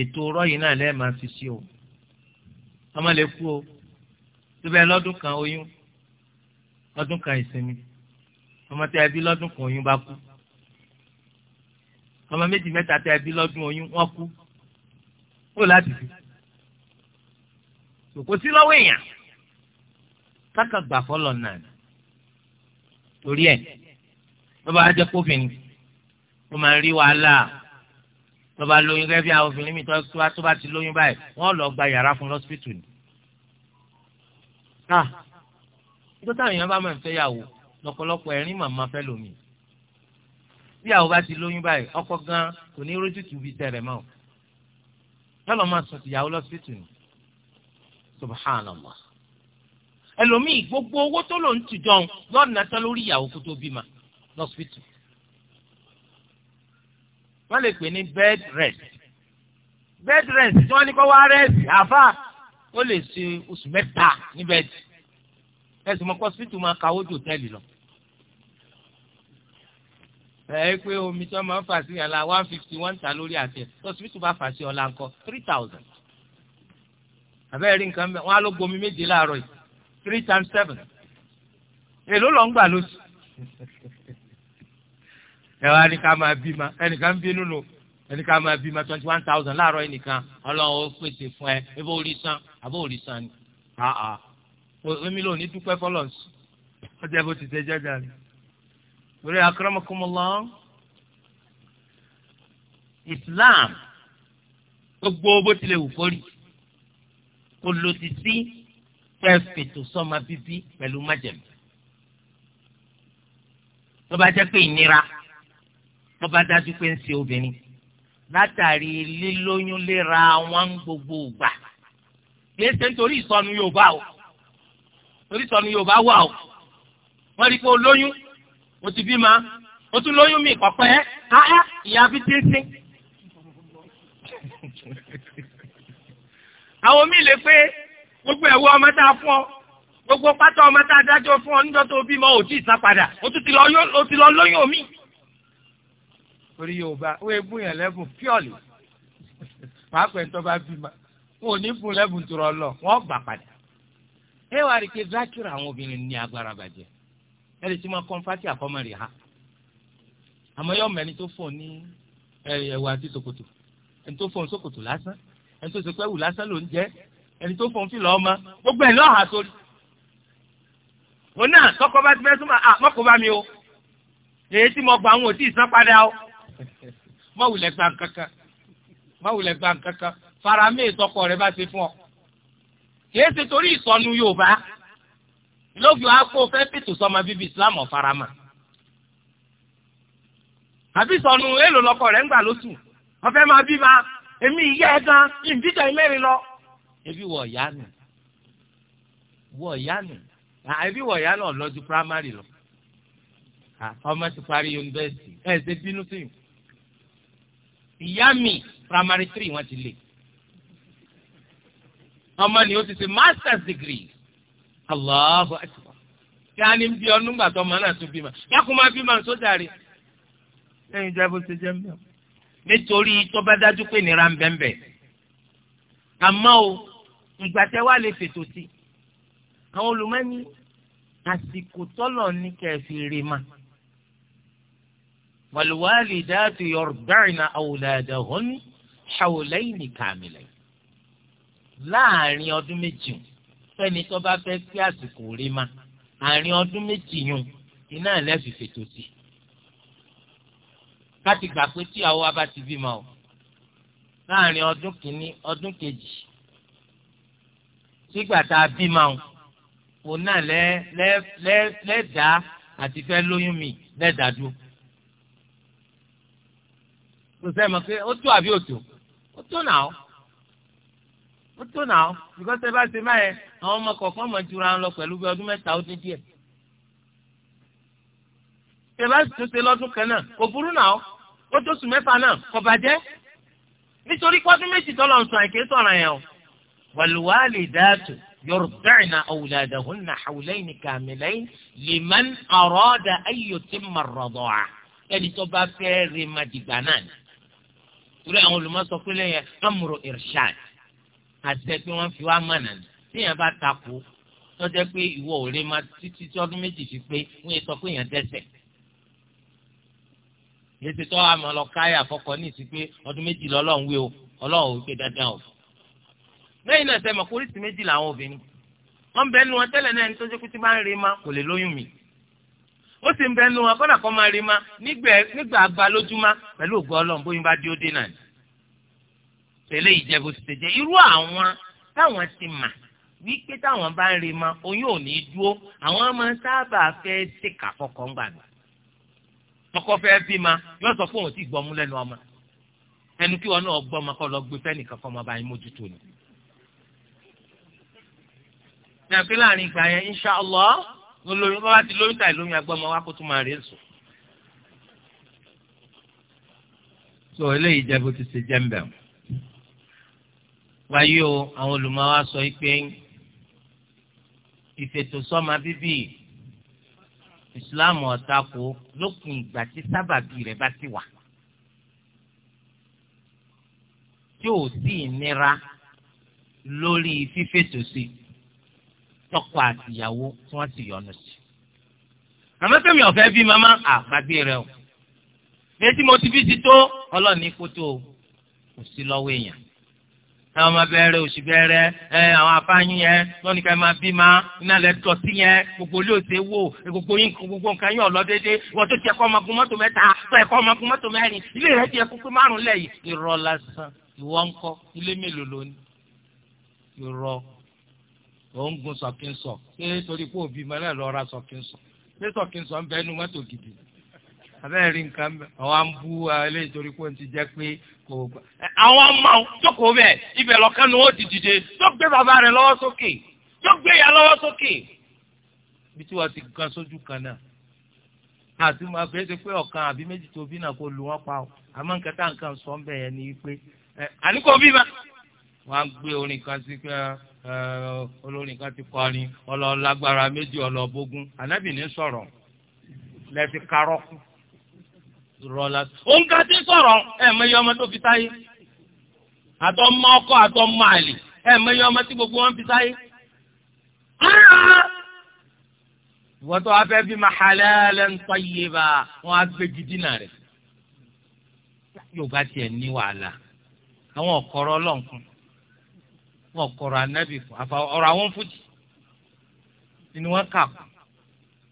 ètò rọ́yìn náà lẹ́ẹ̀ máa fi sí o ọmọ lè kú o síbẹ̀ lọ́dún kan oyún lọ́dún kan ìsinmi ọmọ tẹ́ ẹ bí lọ́dún kan oyún bá kú ọmọ méjì mẹ́ta tẹ́ ẹ bí lọ́dún oyún wọ́n kú ó láti fi kò sí lọ́wọ́ èèyàn kákà gbà fọlọ́ náà torí ẹ̀ ló bá jẹ́ kófin ó máa ń rí wàhálà ló bá lóyún gẹ́gẹ́ bí àwọn obìnrin mi tó bá ti lóyún báyìí wọ́n lọ gba yàrá fún lọ́sípítù ni. Ah! nítorí táwọn èèyàn bá máa ń fẹ́ yàwó lọ́pọ̀lọpọ̀ ẹ̀rín màmá fẹ́ lómi. bí àwọn bá ti lóyún báyìí ọkọ gan kò ní rójú tù bí tẹ̀rẹ̀ mọ́. yọ́lọ́ máa sùn tìyàwó lọ́sípítù ni. subhanallah ẹlòmíì gbogbo owó tó lò ń tìjọ ń yọ nàta lórí ìyàwó kó tó bímọ lọ́sibítù wọ́n lè pè ní bed rest bed rest tí wọ́n ní kó wá rest àfa ó lè ṣe oṣù mẹ́ta ní bẹ́ẹ̀dì ẹ̀sìn mọ́ kọ́sìpítù máa ka owó jòtẹ́ẹ̀lì lọ. ẹ pé omi tí wọ́n máa ń fà sí yàrá one fifty one ta lórí àtẹ kọ́sìpítù bá fà sí ọ̀la ńkọ three thousand. àbẹ́rẹ́ rí nǹkan bẹ́ẹ̀ wọ́n á ló gbomi méje láàárọ̀ yìí three times seven èló lọ ń gbà lóṣù ẹ wá ní ká máa bímọ ẹnìkan bínú lò ẹnìkan máa bímọ twenty one thousand láàárọ̀ ẹnìkan ọlọ́run ó pèsè fún ẹ ebó orí san àbó orí san ni àà èmi ló ní dúpẹ́ fọlọ́ọ̀sì ọjà bó ti tẹ jáde àná lórí akramakumullah Islam gbogbo bó tilẹ̀ wù kórì kò lòdì sí fẹ́ fètò sọ́mọ bíbí pẹ̀lú májẹ̀mú. tó bá jẹ́ pé ìnira tó bá dájú pé ń ṣe obìnrin látàrí lílóyún léra wọn gbogbo ìgbà kìí ṣe nítorí ìsọnù Yorùbá o torí ìsọnù Yorùbá wà o wọ́n rí i pé o lóyún o ti bímọ o tún lóyún mi pọ̀pẹ́ áá ìyá fi ti ń sìn. àwọn míì lè pé gbogbo ẹ̀wọ́ ọmọ tá a fún ọ gbogbo pátá ọmọ tá a dájọ́ fún ọ níjọ́ tó bímọ ò tí ì sá o ó tún ti lọ lóyún omi. orí yorùbá ó ebú yẹn lẹ́bùn píọ̀lì pàápàá ẹ̀tọ́ bá bímọ wọn ò ní bùn lẹ́bùn tó rọ lọ wọ́n gbà padà. ẹ wá rí i pé zákìrì àwọn obìnrin ní agbára bàjẹ́ ẹ lè ti máa kọ́ fátì àkọ́mọ rè ha àmọ́ yọ mẹ́ni tó fò ní ẹ̀wà àti ṣòkòtò ẹni tó fò ní ṣòkòtò lásán ẹni tó ṣe pé ẹ̀wù ẹni tó fọn fìlà ọmọ gbogbo ẹ̀ lọ́hà sórí. òun náà tọkọ bá ti fẹ́ súnmọ́ à mọ́kò bá mi o èyí tí mo gbà wọn ò tí ì san padà o [LAUGHS] má wulẹ̀ gbà kankan má wulẹ̀ gbà kankan faramé ìtọkọ rẹ bá ti fún ọ. kìí ṣe torí ìsọnù Yorùbá lóbi wàá kó fẹ́ pètò sọmọ bíbí Islam ọ̀farama àbí sọnù èèlò lọkọ rẹ ń gbà lóṣù ọfẹ máa bí ma èmi ìyá ẹ gan ìbíjà mẹ́rin lọ ebi wọ ọ̀yá nù wọ ọ̀yá nù ebi wọ ọ̀yá náà lọ́jú primary lọ ọmọ ti parí yunifásitì ẹ ṣe bínú sí ìyá mi primary three wọ́n ti lè ọmọ ni ó ti ṣe masters degree Allahu akbar kí á ní bí ọdún gbà tó ọmọ náà tún bímọ yàkùn máa bímọ sójà rẹ lẹ́yìn ìjà bó ṣe jẹ mí. nítorí tó bá dájú pé nira ń bẹ́ẹ̀ bẹ́ẹ̀ àmọ́ o ìgbà tẹ wá lè fètò sí àwọn olùmọ́ni àsìkò tọ́lọ̀ ní kẹfì rè ma wàlúwàlì dáàtú yọrùbẹ́rìnà àwòlàdà hón ṣàwòlẹ́yìn kàmìlẹ̀ láàrin ọdún méjì fẹ́ni tó bá fẹ́ sí àsìkò rè ma àárín ọdún méjì yùn iná ẹlẹ́fì fètò sí láti gbà pé tíyàwó wa bá ti bímọ o láàrin ọdún kìíní ọdún kejì sígbà tá a bí máa òun náà lẹ lẹ lẹ lẹdá àti fẹ́ lóyún mi lẹdá dúró. sọsẹ mọ̀ pé ó tó àbí òtò ó tó nà ó ó tó nà ó bíkọ́sì ẹ bá ṣe máa yẹ àwọn ọmọ kọ̀ọ̀kan mọ̀ jura ń lọ pẹ̀lú bí ọdún mẹ́ta ó dín díẹ̀. ṣe bá tún ṣe lọ́dún kan náà kò burú nà ó ó tó sùn mẹ́fà náà kò bàjẹ́ nítorí pọ́dún méjì tọ́lọ̀ ń sọ àìké sọ̀rọ̀ yẹn o. والوالدات يرضعن أولادهن حولين كاملين لمن أراد أن يتم الرضاعة ẹni tó bá fẹ́ rí màdìgbà náà ni torí àwọn olùmọ̀sọ pé lẹ́yìn amúrò irshad àti pé wọ́n fi wá mọ̀nà ni téèyàn bá takò tọ́jẹ́ pé ìwọ ò rí ma títí tí ọdún méjì fi pé wọ́n yẹ sọ pé èèyàn dẹ́sẹ̀ yẹtí tọ́ àmọ́ lọ káyà fọkọ ní ìsìn pé ọdún méjì lọ́lọ́run wí o ọlọ́run ò gbé dandan o lẹ́yìn náà sẹ́mi oríṣi méjì làwọn obìnrin wọ́n bẹ́ẹ̀ nu wọn tẹ́lẹ̀ náà ẹni tó ṣe kú tí máa ń re ma kò lè lóyún mi ó sì ń bẹ́ẹ̀ nu wọn kọ́nà kan máa re ma nígbà àgbà lójúmọ́ pẹ̀lú ògbó ọlọ́run bóyún bá dé ó dé náà ni tẹ̀lé ìjẹ́bù ti tẹ̀jẹ́ irú àwọn táwọn ti mà wípé táwọn bá ń re ma oyún ò ní dúró àwọn máa sábà fẹ́ ṣèkà fọkàn gbàgbà ọkọ fẹ́ bí ma yóò sọ fún òun tí gbọmú lẹ́nu ọmọ ẹnu kí wọn náà gbọ́ ọmọ kọ́ lọ gbé fẹ́ nìkan kọ́ ọmọ mójútó ni ní àpé láàrin ìgbà yẹn insha Allah mo lóyún bá wá ti lóyún tàì lóyún agbọ́n ọmọ wa kó tún máa rí èso. so eléyìí jẹ́ bó ti ṣe jẹ́ ń bẹ̀ wọ́n. wáyé o àwọn olùmọ̀ sọ pé ìfètòsọ́mọ bíbí ìsìláàmù ọ̀tako lópin ìgbà tí sábàbí rẹ̀ bá ti wà. tí ò sí ìnira lórí fífètòsí. Si tọkọ àtìyàwó tí wọ́n sì yọnu sí. àmọ́ sẹ́mi ọ̀fẹ́ bíi mama àgbàgbé rẹ o létí mo ti fi ti tó ọlọ́ọ̀ni kó tó o kò sí lọ́wọ́ èèyàn ẹ ọmọ bẹ̀rẹ̀ oṣù bẹ̀rẹ̀ ẹ àwọn afáyín yẹn lọ́nìí ká máa bí ma iná lẹ tọ́ sí yẹn gbogbo ilé òsè wò gbogbo yín gbogbo nǹkan yín ọ̀lọ́ déédéé wọ́n tó tiẹ̀ kọ́ ọmọkùn mọ́tò mẹ́ta tó ẹ̀kọ́ ọmọkùn mọ́tò mẹ́rin ilé rẹ̀ tiẹ̀ kúkú márùn-ún lẹ̀ yìí irọ́ lásán ìwọ ńkọ́ ilé mélòó lónìí irọ́ òun gun sọ̀kínsọ̀ ṣé torí pé òbí mọ́ náà ra sọ̀kínsọ̀ ṣé sọ̀kínsọ̀ ń mọ́tò gidi abẹ́rẹ́ nǹkan àwọn ń bú eléyìí torí pé ó ti jẹ́ pé kò gbà. àwọn ọmọ jókòó bẹ́ẹ̀ ibẹ̀ lọ́kàn ni ó ti dìde tó gbé bàbá rẹ lọ́wọ́ sókè tó gbé lọ́wọ́ sókè. bí tí wọ́n ti gan sójú kan náà àti máa fẹ́ pé ọ̀kan àbí méjì tó bí náà ọ́ àmọ́ nǹkan Eh, olórin kan ti kọrin ọlọ́lágbára méjì ọlọ́bógún ànábì ní sọ̀rọ̀ lẹ́ẹ̀fi karọ́ rọ́lá òun ká ti sọ̀rọ̀ ẹ̀ mọ iye ọmọ tó fi táyé àtọ́mọ ọkọ àtọ́mọ àlè ẹ̀ mọ iye ọmọ tí gbogbo wọn fi táyé. Ah! ìwọ́n tó wá fẹ́ bí mahalalan tayyiba wọ́n á gbé gidi náà rẹ̀ yóò bá tiẹ̀ ní wàhálà àwọn ọ̀kọ́rọ̀ ọlọ́nkún wọn kọ̀rọ̀ anábì fún àfa ọ̀rọ̀ àwọn fújì ni wọ́n kà kù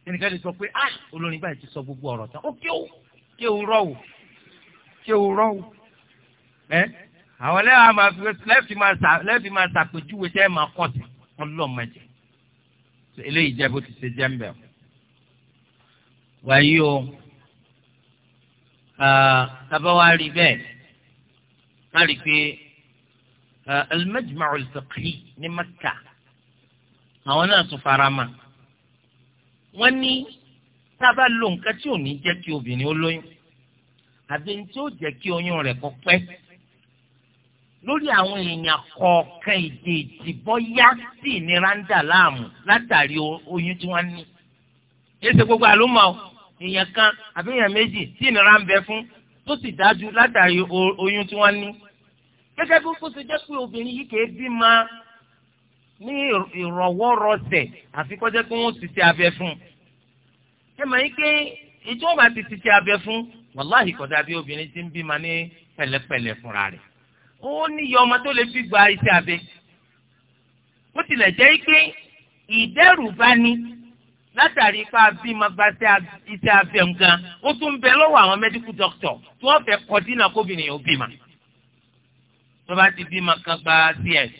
ẹnìkan lè sọ pé ah olórin báyìí ti sọ gbogbo ọ̀rọ̀ tán ó kéwù kéwù rọ̀wù kéwù rọ̀wù ẹ àwọn lẹ́wọ̀n máa fi lẹ́ẹ̀fì máa sà lẹ́ẹ̀fì máa sàpèjúwe tẹ́ ẹ máa kọ́ sí ọlọ́mọdé eléyìí jẹ́ bó ti ṣe jẹ́ ń bẹ̀ wáyé o ah, tábà wá rí bẹ́ẹ̀ má rí pé al-Majma' al-Fiqhi ní Mẹ́kà àwọn náà tún farama wọ́n ní tá a bá lo nǹkan tí ò ní jẹ́ kí obìnrin ó lóyún àbí ní tí ó jẹ́ kí oyún rẹ̀ kó pẹ́ lórí àwọn èèyàn kọ̀ọ̀kan èdè ìdìbọ́ yá sí ìnira ń dà láàmú látàrí oyún tí wọ́n ní. èsì gbogbo àlùmọ̀ èèyàn kan àbí èèyàn méjì tí ìnira ń bẹ fún tó sì dájú látàrí oyún tí wọ́n ní gẹ́gẹ́ bí kó ṣe jẹ́ pé obìnrin yìí kìí bímọ ní ìrọ̀wọ́rọ̀sẹ̀ àfi kó jẹ́ pé wọ́n ti ṣe abẹ fún un. ẹ mọ̀ yín pé ìjọba ti ti ṣe abẹ fún wàláhì kọjá bí obìnrin ti ń bímọ ní pẹ̀lẹ́pẹ̀lẹ́ fúnra rẹ̀. ó ní iye ọmọ tó lè fi gba iṣẹ́ abẹ. ó tilẹ̀ jẹ́ pé ìdẹ́rùbani látàrí ipá bímọ gba iṣẹ́ abẹ nǹkan ó tún bẹ lọ́wọ́ àwọn mẹ́díkù dọ́kítọ̀ tí wọ́n fẹ́ kọ́ dínà kóbìnrin ò bímọ tó bá ti bímọ kan gba cs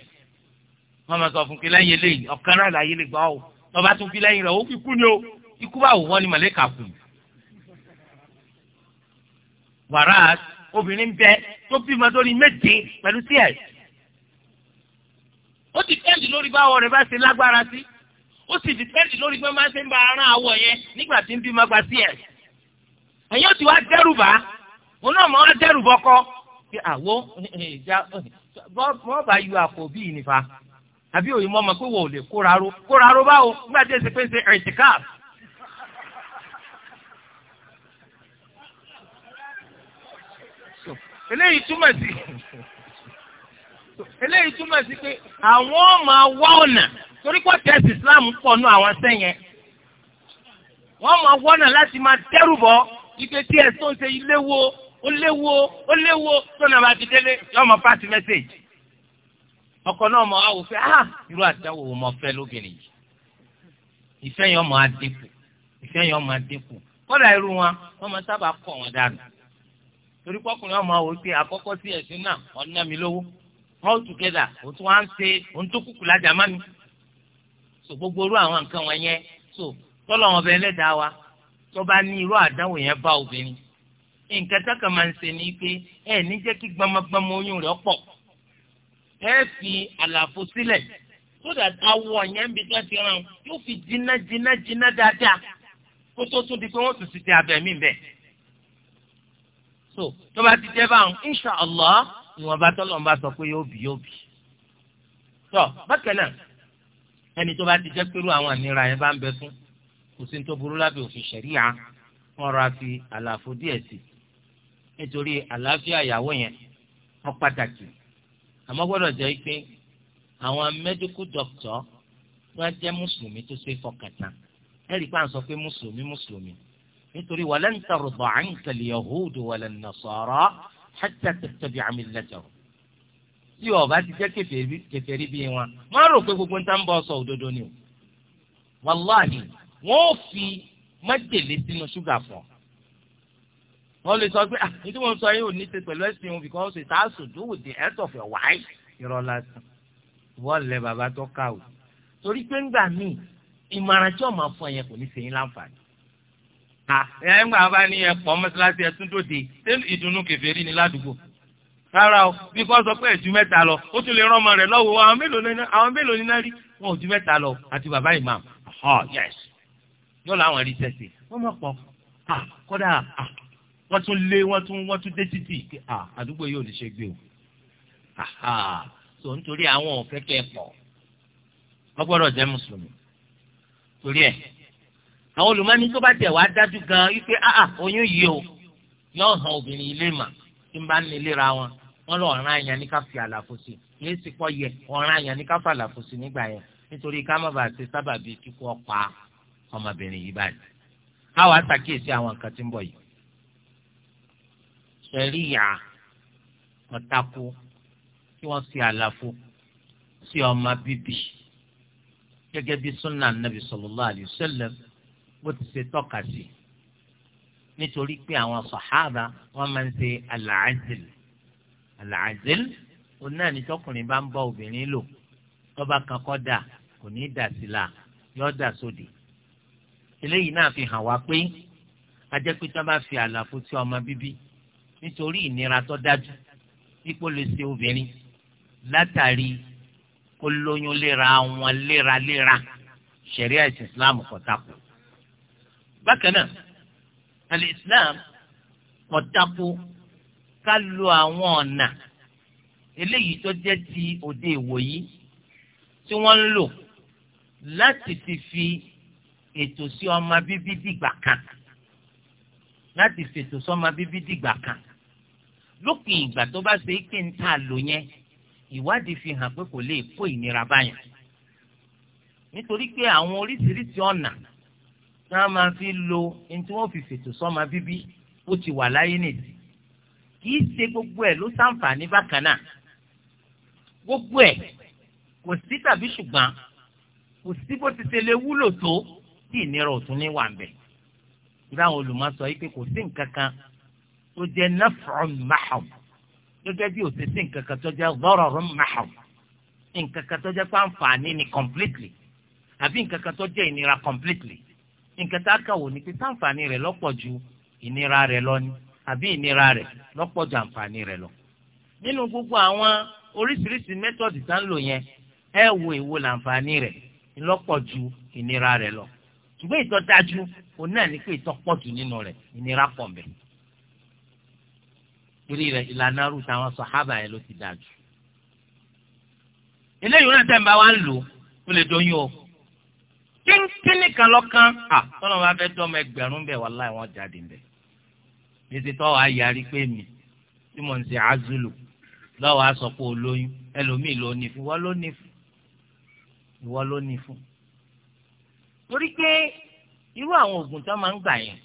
wọn máa sọ fún kí lẹ́yìn eléyìí ọ̀kan náà láyé lè gbà ó tó bá tún bí lẹ́yìn rẹ̀ ó fi kú ni ó ikú bá wò wọ́n ni màlẹ́kà kù. wàrà obìnrin bẹ tó bímọ lórí méje pẹ̀lú cs ó ti kẹ́ndì lórí báwọ̀ rẹ̀ bá ṣe lágbára sí ó sì dìpẹ́ǹdì lórí pé máa ṣe ń ba aràn àwọ̀ yẹn nígbà tí ń bímọ gba cs ẹ̀yin ó ti wá dẹ́rù bá òun náà máa wá dẹ́rù bọ́kọ́ pé àwo wọ́n bá yọ àpò bíi àbí ọmọ pé wọ́n ò lè kóra ró báwo nígbà tí èsì pé ṣe eléyìí túmọ̀ sí eléyìí túmọ̀ sí pé àwọn ọmọ wá ọ̀nà torí Islam pọ̀ nù àwọn wọ́n láti máa dẹ́rù bọ́ tí ẹ̀sùn ṣe ilé wo ó léwo ó léwo tónà bá ti délé yọ ọmọ pàṣẹ mẹsẹgì ọkọ náà mọ àwò fẹ ah irú àdáwò wò mọ fẹ lóbìnrin yìí ìfẹ́ yẹn ọmọ adínkù ìfẹ́ yẹn ọmọ adínkù kódà irú wọn wọn máa sábà kọ wọn dànù torí pọkùnrin ọmọ àwò pé àkọ́kọ́ sí ẹ̀sìn náà ọ̀nà mi lówó all together o tún wá ń ṣe ohun tó kúkú lájà má mi so gbogbo irú àwọn nǹkan wọn yẹn so tọ́lọ̀ wọn bẹ ẹlẹ́dàá wa tó bá ní irú àdáwò yẹn bá obìnrin nǹkan tákà máa ń ṣe ni pé ẹ ní jẹ́ kí gbamagbama oyún rẹ̀ pọ̀ ẹ fi àlàfo sílẹ̀ so that awọ yẹn bí tó ti ràn yóò fi jiná jiná jiná dáadáa kó tó tún di pé wọ́n tún ti tẹ abẹ̀mí bẹ̀. so tó bá ti jẹ́ báwọn insha allah ìwọ̀nba tọ́lọ̀ ń bá sọ pé yóò bì yóò bì. tọ́ bákan náà ẹni tó bá ti jẹ́ pẹ̀lú àwọn àníra yẹn bá ń bẹ fún kò sí ní tó burú lábẹ́ òfin ṣẹ̀ríyà wọ́n ra fi àlàfo díẹ̀ sí i nítorí àlàáfíà ìyàwó yẹn wọ́n pàtàkì àmọ́ gbọ́dọ̀ jẹ́ pé àwọn mẹ́díkù dọ́kítọ̀ wọ́n jẹ́ mùsùlùmí tó ṣe fọkàntán ẹ̀rí pa ń sọ pé mùsùlùmí mùsùlùmí nítorí walan tarda anka al-yahud wala nasara hatta tattabi'a millatahum tí ọba ti jẹ́ kèfèrí bí wọn má rò pé gbogbo nǹkan bọ́ sọ òdodo ni o wàláhì wọ́n fi májèlé sínú ṣúgà fún ọ wọ́n lè sọ pé ah, ní tí wọ́n sọ yìí ò ní ṣe pẹ̀lú ẹ̀sìn òun because it has to do with the health of your wife. irọ́ lásán wọ́n lẹ bàbá tó kàwé torí pé ńgbà míì ìmọ̀ràn tí ọmọ fún ẹ̀yẹ kò ní ṣe yín láǹfààní. ẹ ńgbà bá ní ẹ pọ̀ mọ́ṣáláṣí ẹ tún dòde ṣé ìdùnnú kẹfẹ́rí ni ládùúgbò. rárá o bí kò sọ pé ẹ̀jú mẹ́ta lọ ó tún lè rán ọmọ rẹ̀ lọ́wọ́ àwọn mélòó ní náà rí wọn ò ju mẹ́ta lọ àti bàbá ìmáàmù. yóò láwọn rí sẹ́sì wọ́n mọ̀ pọ̀ kódà wọ́n tún lé wọ́n tún wọ́n tún dé títì àdúgbò yóò lè ṣe gbé o so nítorí àwọn òfin kẹ́ẹ̀pọ̀ wọ́n gbọ́dọ̀ jẹ́ mùsùlùmí torí ẹ̀ àwọn olùmọ́ni tó bá tẹ̀ wá dájú gan-an wípé oyún yìí o yóò hàn obìnrin ilé mà tí ń bá ní ilé ra wọn wọn lọ ọ̀ràn àyàn ní ká fi àlàfo sí i yéé sì pọ̀ yẹ ọ̀ràn àyàn ní ká fi àlàfo sí i nígbà yẹn nítorí ká má bàa ṣe sábàbí kíkú ọ̀pá ọmọbìnrin yìí báyìí. káwa ṣàkíyèsí àwọn nǹkan tí ń bọ̀ yìí ṣẹ̀ríyà ọ̀tako kí wọ́n ṣe àlàfo sí ọmọ bíbí gẹ́gẹ́ bí sunna nabi sallallahu alayhi sallam bó ti ṣe tọ́ka sí nítorí pé àwọn sàhábà wọ́n máa ń ṣe al-azl al-azl òun náà ní tọkùnrin bá ń bá obìnrin lò tọ́ba kan kọ́ dà kò ní í dà sí la yọ́ dà sódì eléyìí náà fi hàn wá pé ajẹ́pítọ́ bá fi àlàfo sí ọmọ bíbí nítorí ìnira tó dájú ipò lè ṣe obìnrin látàrí kó lóyún léra wọn léraléra ṣẹ̀ríà ìsìn islam kò tako. bákan náà àlè islam kò tako ká lo àwọn ọ̀nà eléyìí tó jẹ́ ti òde ìwòyí tí wọ́n ń lò láti ti fi ètò sí ọmọ bíbí dìgbà kan láti fètò sọ́mọ bíbí dìgbà kan lópin ìgbà tó bá ṣe pé ń tà lò yẹn ìwádìí fi hàn pé kò lè kó ìnira báyà nítorí pé àwọn oríṣiríṣi ọ̀nà tí wọ́n máa fi lo ní tí wọ́n fi fètò sọ́mọ bíbí ó ti wà láyé nìdí kì í ṣe gbogbo ẹ̀ ló ṣàǹfààní bákan náà gbogbo ẹ̀ kò sí tàbí ṣùgbọ́n kò sí bó ti ṣe lè wúlò tó tí ìnira ò ní wà ń bẹ̀. ìlú àwọn olùmọ̀sọ yìí pé kò sí nǹkan kan tó jẹ́ naf'un mahab gẹ́gẹ́ bí o ti sí nǹkan kan tó jẹ́ dhararun mahab nǹkan kan tó jẹ́ pàǹfààní ni completely àbí nǹkan kan tó jẹ́ ìnira completely nǹkan tá a kà wò ní pé pàǹfààní rẹ̀ lọ́pọ̀ ju ìnira rẹ̀ lọ ni àbí ìnira rẹ̀ lọ́pọ̀ ju àǹfààní rẹ̀ lọ. nínú gbogbo àwọn oríṣiríṣi mẹ́tọ̀dì tá ń lò yẹn ẹ wo èwo làǹfààní rẹ̀ lọ́pọ̀ ju ìnira rẹ̀ lọ ṣùgbọ́n ìtọ́jú òun náà ní pé ìtọ́pọ̀ nínú rẹ̀ ìnira pọ̀ bẹ́ẹ̀ torí rẹ̀ ìlànà rú táwọn sọ̀hábà yẹn ló ti dà jù. eléyìí náà tẹ̀m̀bá wa ń lò ó lè doyún o kínkínní kan lọ́kàn à tọ́nà bá fẹ́ tọ́ ọmọ ẹgbẹ̀rún bẹ̀ wàláhì wọ́n jáde bẹ̀. títí tọ́wọ́ ayarí pé mi tí mò ń ṣe azulu lọ́wọ́ a sọ pé o lóyún ẹlòmíì ló ní fún ìwọ ló ní fún ìwọ ló ní fún. torí pé irú àwọn oògùn tó máa ń gbà yẹn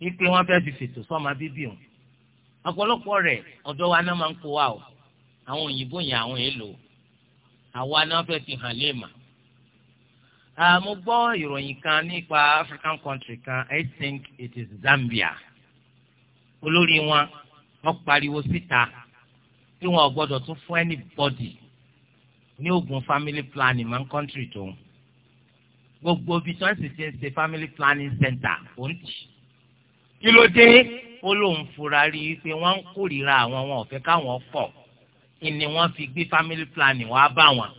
ni pé wọ́n fẹ́ fi fètò sọ́mọ bíbí òun ọ̀pọ̀lọpọ̀ rẹ̀ ọ̀dọ̀ wa náà máa ń kó wa o àwọn òyìnbó yẹn àwọn èèlò àwa náà fẹ́ ti hàn léèmà. mo gbọ́ ìròyìn kan nípa African country kan I think it is Zambia olórí wọn wọ́n pariwo síta tí wọn ò gbọ́dọ̀ tún fún anybody ní oògùn family planning man country tó ń gbogbo ibi tí wọ́n sì ti ń ṣe family planning center kò ń tì kí ló dé ó lóun fura rí i pé wọ́n ń kórìíra àwọn wọn ò káwọn kọ̀ ni wọ́n fi gbé family planning wá bá wọn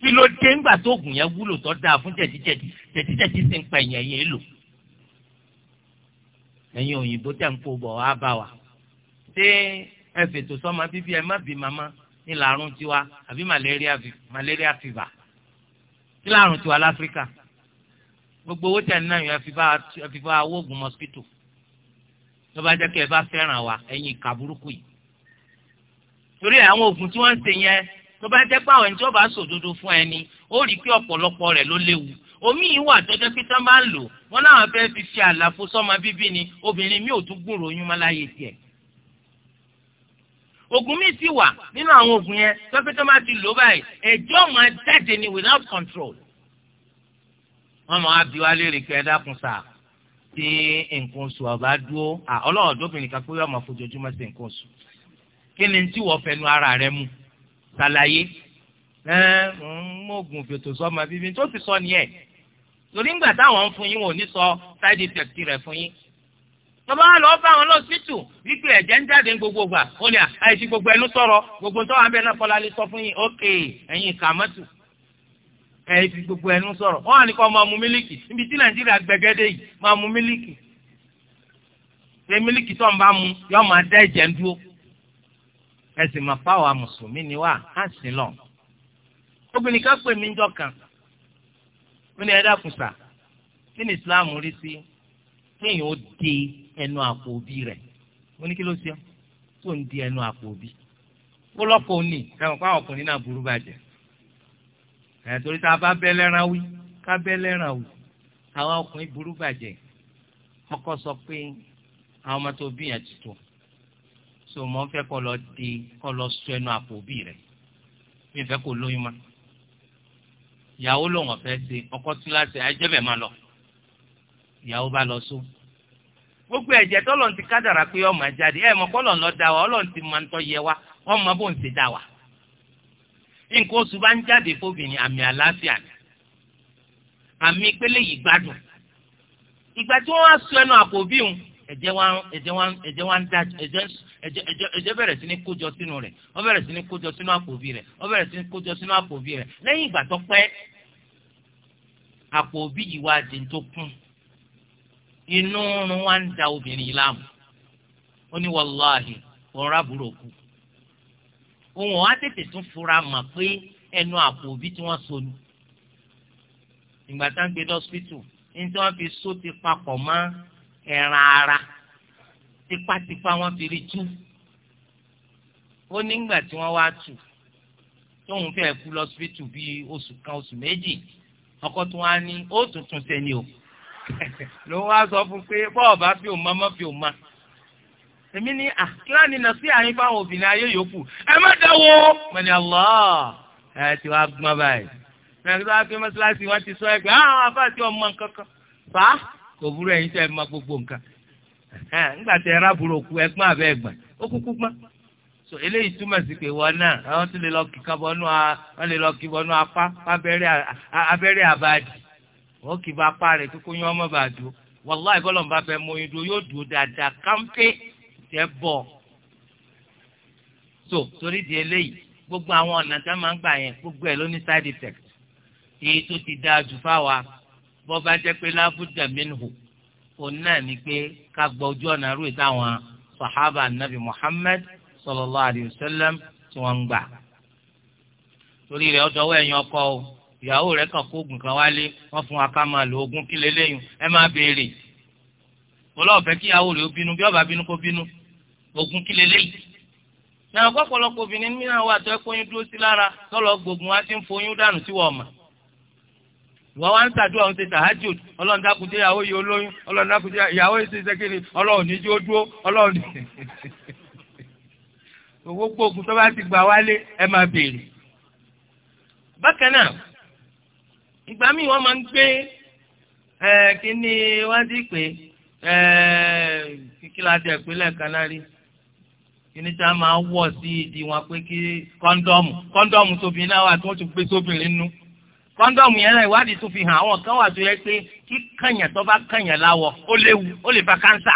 kí ló dé ńgbà tó oògùn yẹn wúlò tó dáa fún jẹ̀díjẹ̀dí jẹ̀díjẹ̀dí sì ń pa ẹ̀yìn ẹ̀yìn èlò ẹ̀yin òyìnbó tẹ̀ ń kó bọ̀ wá bá wa ṣé ẹ fètò sọ́mọ bíbí ẹ má bí màmá ní làárùn tiwa àbí malaria fever kí làárùn tiwa láfíríkà gbogbo owó tẹ̀ ń náà yẹn fi bá owó oògùn tó bá jẹ́ kí ẹ bá fẹ́ràn wa ẹ̀yin ìka burúkú yìí torí àwọn oògùn tí wọ́n ń ṣe yẹn tó bá jẹ́ pé àwọn ẹni tí wọ́n bá sòdodo fún ẹni ó rí i pé ọ̀pọ̀lọpọ̀ rẹ̀ ló léwu omi yìí wà tọ́jọ́ pé tán bá ń lò wọ́n láwọn fẹ́ fi ṣe àlàfo sọ́mọ bíbí ni obìnrin mi ò tún gbòòrò oyún mọ́ láyé tiẹ̀ oògùn mi ti wà nínú àwọn oògùn yẹn tọ́jọ́ pé tán bá ti lò báyìí ẹ̀jọ́ máa jáde ni without control wọ́n máa bí wa léèrè pé ẹ dákun sáà tí nǹkan oṣù ọba dúró ọlọ́run dóbìnrin kan pé yóò máa fojoojúmọ́ sí nǹkan oṣù kí ni tí wọ́n fẹnu ara rẹ mú ṣàlàyé ẹ mọ̀ọ́gùn fètò sọ́mọ bíbí tó ti sọ nìyẹn torí ńgbà táwọn ń fún yín wọn ò ní sọ side effect rẹ̀ fún yín tọ́ba wa lọ bá àwọn lọ́sítù wípé ẹ̀jẹ̀ ń jáde gbogbo gbà ó ní àìsí gbogbo ẹnu sọ̀rọ̀ gbogbo tó wà ń bẹ náà kọ́lá lè sọ fún yín ókè ẹ̀yin kàmọ́tù ẹ̀yin fi gbogbo ẹnu sọ̀rọ̀ wọ́n á ní kọ́ máa mu mílíkì níbi tí nàìjíríà gbẹgẹdẹ yìí máa mu mílíkì pé mílíkì tó ń bá mu yọ máa dá ẹ̀jẹ̀ ń dúró ẹ̀sìn máa pa mùsùlùmí ni wá á sì lọ. obìnrin ká pè mí ń jọkàn ó ní ẹ̀dá kùsà kí ni islam rí sí kéèyàn ó de ẹnu àpò òbí rẹ̀ ó ní kí ló ṣe tó ń di ẹnu àpò òbí ó lọ́kọ̀ọ́ ní ẹ̀wọ̀n pa ọkùnrin náà burú bàjẹ́ ẹ̀ tá a bá bẹ́ lẹ́ran ká bẹ́ lẹ́ran wí ọkùnrin burú bàjẹ́ ọkọ sọ pé àwọn ọmọ tó bí yẹn ti so mọ̀ ń fẹ́ kọ́ lọ di kọ́ lọ sọ ẹnu àpò òbí rẹ̀ mi fẹ́ kó ma ìyàwó lòun ọ̀fẹ́ ṣe ọkọ láti máa lọ ìyàwó bá lọ só gbogbo ẹ̀jẹ̀ ti pé ọmọ jáde ẹ̀ mọ̀ wa ọlọ́run ti máa ń tọ́ yẹ wa nǹkan oṣù bá ń jáde fóbìnrin àmì àlàáfíà ni àmì ìpele yìí gbádùn ìgbà tí wọ́n wá sọ ẹnu àpòbí òun ẹ̀jẹ̀ wa ẹ̀jẹ̀ wa ẹ̀jẹ̀ wa ń da ẹ̀jẹ̀ ẹ̀jẹ̀ ẹ̀jẹ̀ ẹ̀jẹ̀ sí ní kójọ sínú rẹ̀ sí ní kójọ sínú sí ní kójọ òun á tètè tún fura mà pé ẹnu àpò òbí tí wọ́n so ni. ìgbà tá ń gbé lọ́sítù ní tí wọ́n fi so ti papọ̀ mọ́ ẹran ara tipátipá wọ́n fi rí tú. ó nígbà tí wọ́n wá tù tóun fẹ́ kú lọ́sítù bíi oṣù kan oṣù méjì ọkọ tó wá ní ó tuntun sẹ́ni o [LAUGHS] ló wá sọ fún pé bọ́ọ̀ bá fi òun mọ́ mọ́ fi òun mọ́ èmi ní à kí wàá nínà sí àyín fáwọn obìnrin ayé yòókù ẹ má dáwọ́ mo ní Allah ẹ ti wá gbọ́n báyìí mẹ́rin tó wá pé mọ́ṣáláṣí wọn ti sọ ẹ pé ah, àwọn afáà tí ọmọ nǹkan kan fà á kò burú ẹ̀yin tẹ́ ẹ má gbogbo nǹkan nígbà tẹ ẹ rábùrò kú ẹgbọ́n àbẹ́ ẹ̀gbọ́n ó kúkú gbọ́n so eléyìí túmọ̀ sí pé wọn náà àwọn tó lè lọ kíkan bọnú wọn lè lọ kí bọnú apá abẹ́rẹ́ àbáàdì wọn kì bá apá rẹ̀ kókó yín ọmọ bàdó wàláì bọ́lọ̀ ń bá fẹ́ mọ oyún dúró yóò dúró dáadáa káńpé tẹ́ bọ̀ so torí di eléyìí gbogbo àwọn ọ̀nà tá a máa ń gbà yẹn gbogbo ẹ̀ ló ní side effect èyí tó ti dáa jù fáwa bọ́ bá jẹ́ pé láfúdà mínú òun náà ni pé ká gba ojú ọ̀nà rú ìtàwọn sahaba nabi muhammad sallallahu alayhi wa sallam tí wọ́n ń gbà torí rẹ̀ ọ̀dọ̀ ọwọ́ ẹ̀yin ọkọ o ìyàwó rẹ̀ kàn kó oògùn kan wálé wọ́n fún wa ká máa lo oògùn kí leléyìn ẹ má béèrè olóòfẹ́ kíyàwó rẹ̀ ó bínú bí ó bínú kó bínú ogun kí leléyìí náà ọ̀pọ̀lọpọ̀ obìnrin mìíràn wà tó ẹkọ yín dúró sí lára tọlọ gbogbo wa ti ń foyún dànù sí wọn mọ ìwọ wa ń ṣàdúrà ń ṣe tàhájù ọlọ́run dákun jẹ́ ìyàwó yìí olóyún ọlọ́run dákun jẹ́ ìyàwó yìí ṣe sẹ́kìrì ọlọ́run ní jó dúró ọlọ́run ní. [LAUGHS] owó gbóògùn tó bá ti gbà wálé ẹ máa béèrè. bákan náà ìgbà míì wọ́n máa ń gbé kí ni wọ́n ti pè kíkí láti ẹ̀pínlẹ̀ kan kíní tá a máa wọ̀ sí ìdí wọn pé kí kọ́ńdọ́ọ̀mù kọ́ńdọ́ọ̀mù tóbi náà wà tí wọ́n ti gbé sóbìnrin nú kọ́ńdọ́ọ̀mù yẹn náà ìwádìí tó fi hàn àwọn kan wà tó yẹ pé kí kànyàn tó bá kànyàn láwọ̀ ó léwu ó lè fa kánsà.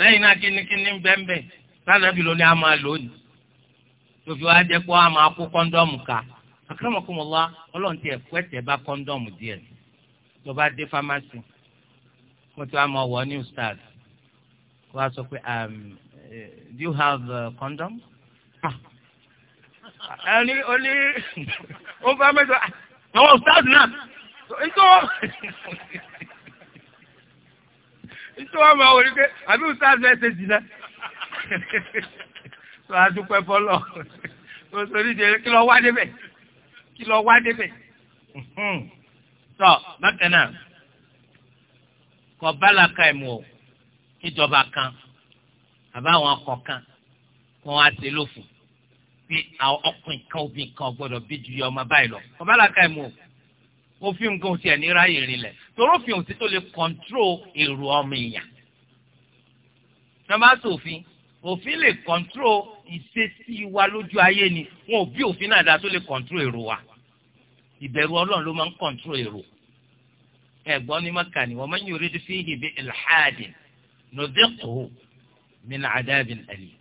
lẹ́yìn náà kíni kíni bẹ́ẹ̀nbẹ́ẹ̀ ló ní a máa lò ní tóbi wá jẹ́ pé a máa kó kọ́ńdọ́ọ̀mù ká akérèmọ́kùnmọ́lá ọlọ́run ti ẹ̀kọ́ ẹ̀tẹ̀ bá kọ́ńdọ́ọ̀mù díẹ̀ tó bá dé fámásì wọ́n ti wá máa wọ̀ ní ustaz wọ́n sọ pé um, eh, do you have uh, condom? Ah. ẹni olè ó bá mẹ́tọ́ àwọn ọ̀sáàdì náà ìtọ́ ìtọ́ wọn máa wọlé pé àbí ọ̀sáàdì náà ṣe jìnnà tó a dúpẹ́ fọlọ́ tó sori jẹ kí lọ wá débẹ̀ kí lọ wá débẹ̀ tọ́ bákan náà kọ bá la ẹ̀ mú o níjọba kan àbáwọn kọ̀ọ̀kan kí wọ́n á ṣe lófin pé àwọn ọkùnrin kan obìnrin kan gbọ́dọ̀ bí ju ọmọ báyìí lọ ọba làkà ẹ̀ mú o òfin nǹkan oṣù ẹ̀ ní ráyè rinlẹ̀ torófin òsì tó lè kọ́ńtró èrò ọmọ èèyàn tọ́ba sòfin òfin lè kọ́ńtró ìṣesí wa lójú ayé ni wọn ò bí òfin náà dá tó lè kọ́ńtró èrò wa ìbẹ̀rù ọlọ́run ló máa ń kọ́ńtró èrò ẹ̀gbọ́n ní mọ́kànnì wọ́n máa ń yọrí fi ìhìbẹ́ ìlhádìn nuzikhu min adabin alim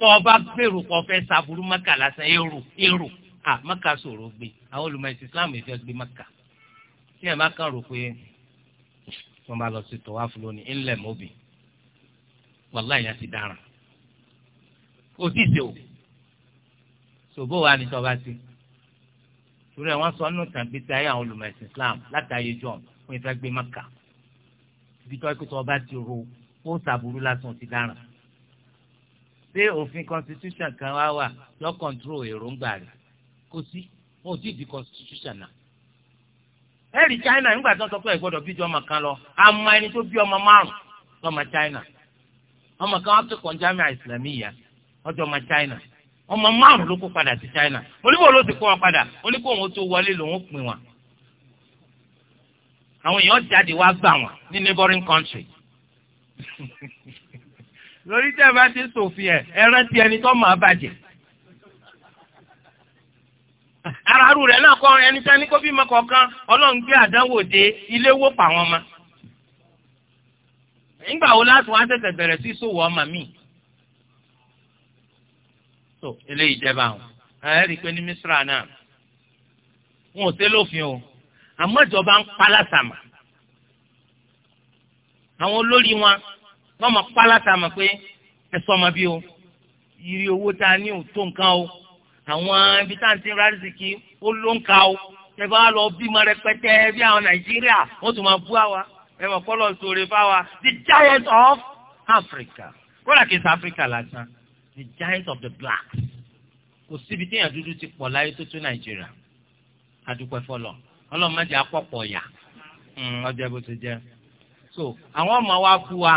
tọ́ ọ bá gbèrò kọ́ fẹ́ sàbúrú mẹ́kà lásán èrò èrò à mẹ́kà sọ̀rọ̀ gbé àwọn olùmọ̀ ẹ̀sìn islam ẹ̀fẹ́ gbé mẹ́kà tí ẹ̀ má kàn rò pé wọ́n bá lọ sí tọ́wá fúlóní ńlẹ̀ mọ́bì wàláhì yẹn ti dára kò tí ì sè o ṣòbó wa ni tọ́ba sí torí ẹ̀ wọ́n sọ ọ́nù tàbí tí ayé àwọn olùmọ̀ ẹ̀sìn islam látàyè john wọ́n ìfẹ́ gbé ibi tó ẹ pé tó ọba ti ro ó sàbúrú lásán ti dáràn ṣé òfin constitution kan wá wà lọ control èròǹgbà rẹ̀ kò sí wọn ò tí ì di constitution náà ẹ̀rí China nígbà tó ń sọ pé ẹ gbọ́dọ̀ bíjọ́ ọmọ kan lọ àmọ́ ẹni tó bí ọmọ márùn lọ́mọ China ọmọ kan wá pé kọ̀ǹjámíà ìsìlámíyà ọjọ́ ọmọ China ọmọ márùn ló kó padà sí China oníbò ló ti kó wọn padà oníkó wọn tó wọlé lòun pin wọn àwọn èèyàn jáde wá gbà wọn ní neighboring country. [LAUGHS] lórí tẹ́ ẹ bá ti sòfin ẹ̀ ẹ rántí ẹni tó máa bàjẹ́. [LAUGHS] araru rẹ̀ náà kọ́ ẹni tẹ́ ní kó bímọ kọ̀ọ̀kan ọlọ́run gbé àdánwò dé ilé wó pa wọn mọ́. nígbà wo láti wá ṣẹ̀ṣẹ̀ bẹ̀rẹ̀ sí sòwò ọmọ mi. tó eléyìí jẹ́ báwọn ẹ rí i pé ní misra náà wọn ò sí lófin o. àmọ́ ìjọba ń palásàmà àwọn olórí wọn wọ́n mọ̀ palásàmà pé ẹ sọmọ bí o ìrì owó tá a ní ò tó nǹkan o àwọn ibi tá à ń sin rárìsìkì ó ló ń ka o ẹ bá lọ bímọ rẹpẹtẹ bí àwọn nàìjíríà wọ́n tún máa bú àwa ẹ mọ̀ kọ́lọ̀ sọ̀rọ̀ fáwa the giant of Africa kọ́lá kìí sọ Africa lásán the giant of the blacks kò síbi téèyàn dúdú ti pọ̀ láyé tó tó nàìjíríà adúpẹ́ fọlọ́ọ̀ ọlọ́mọdé akọ́pọ̀ yà ọjọ́ hmm, bó ti jẹ́ so àwọn ọmọ wa fún wa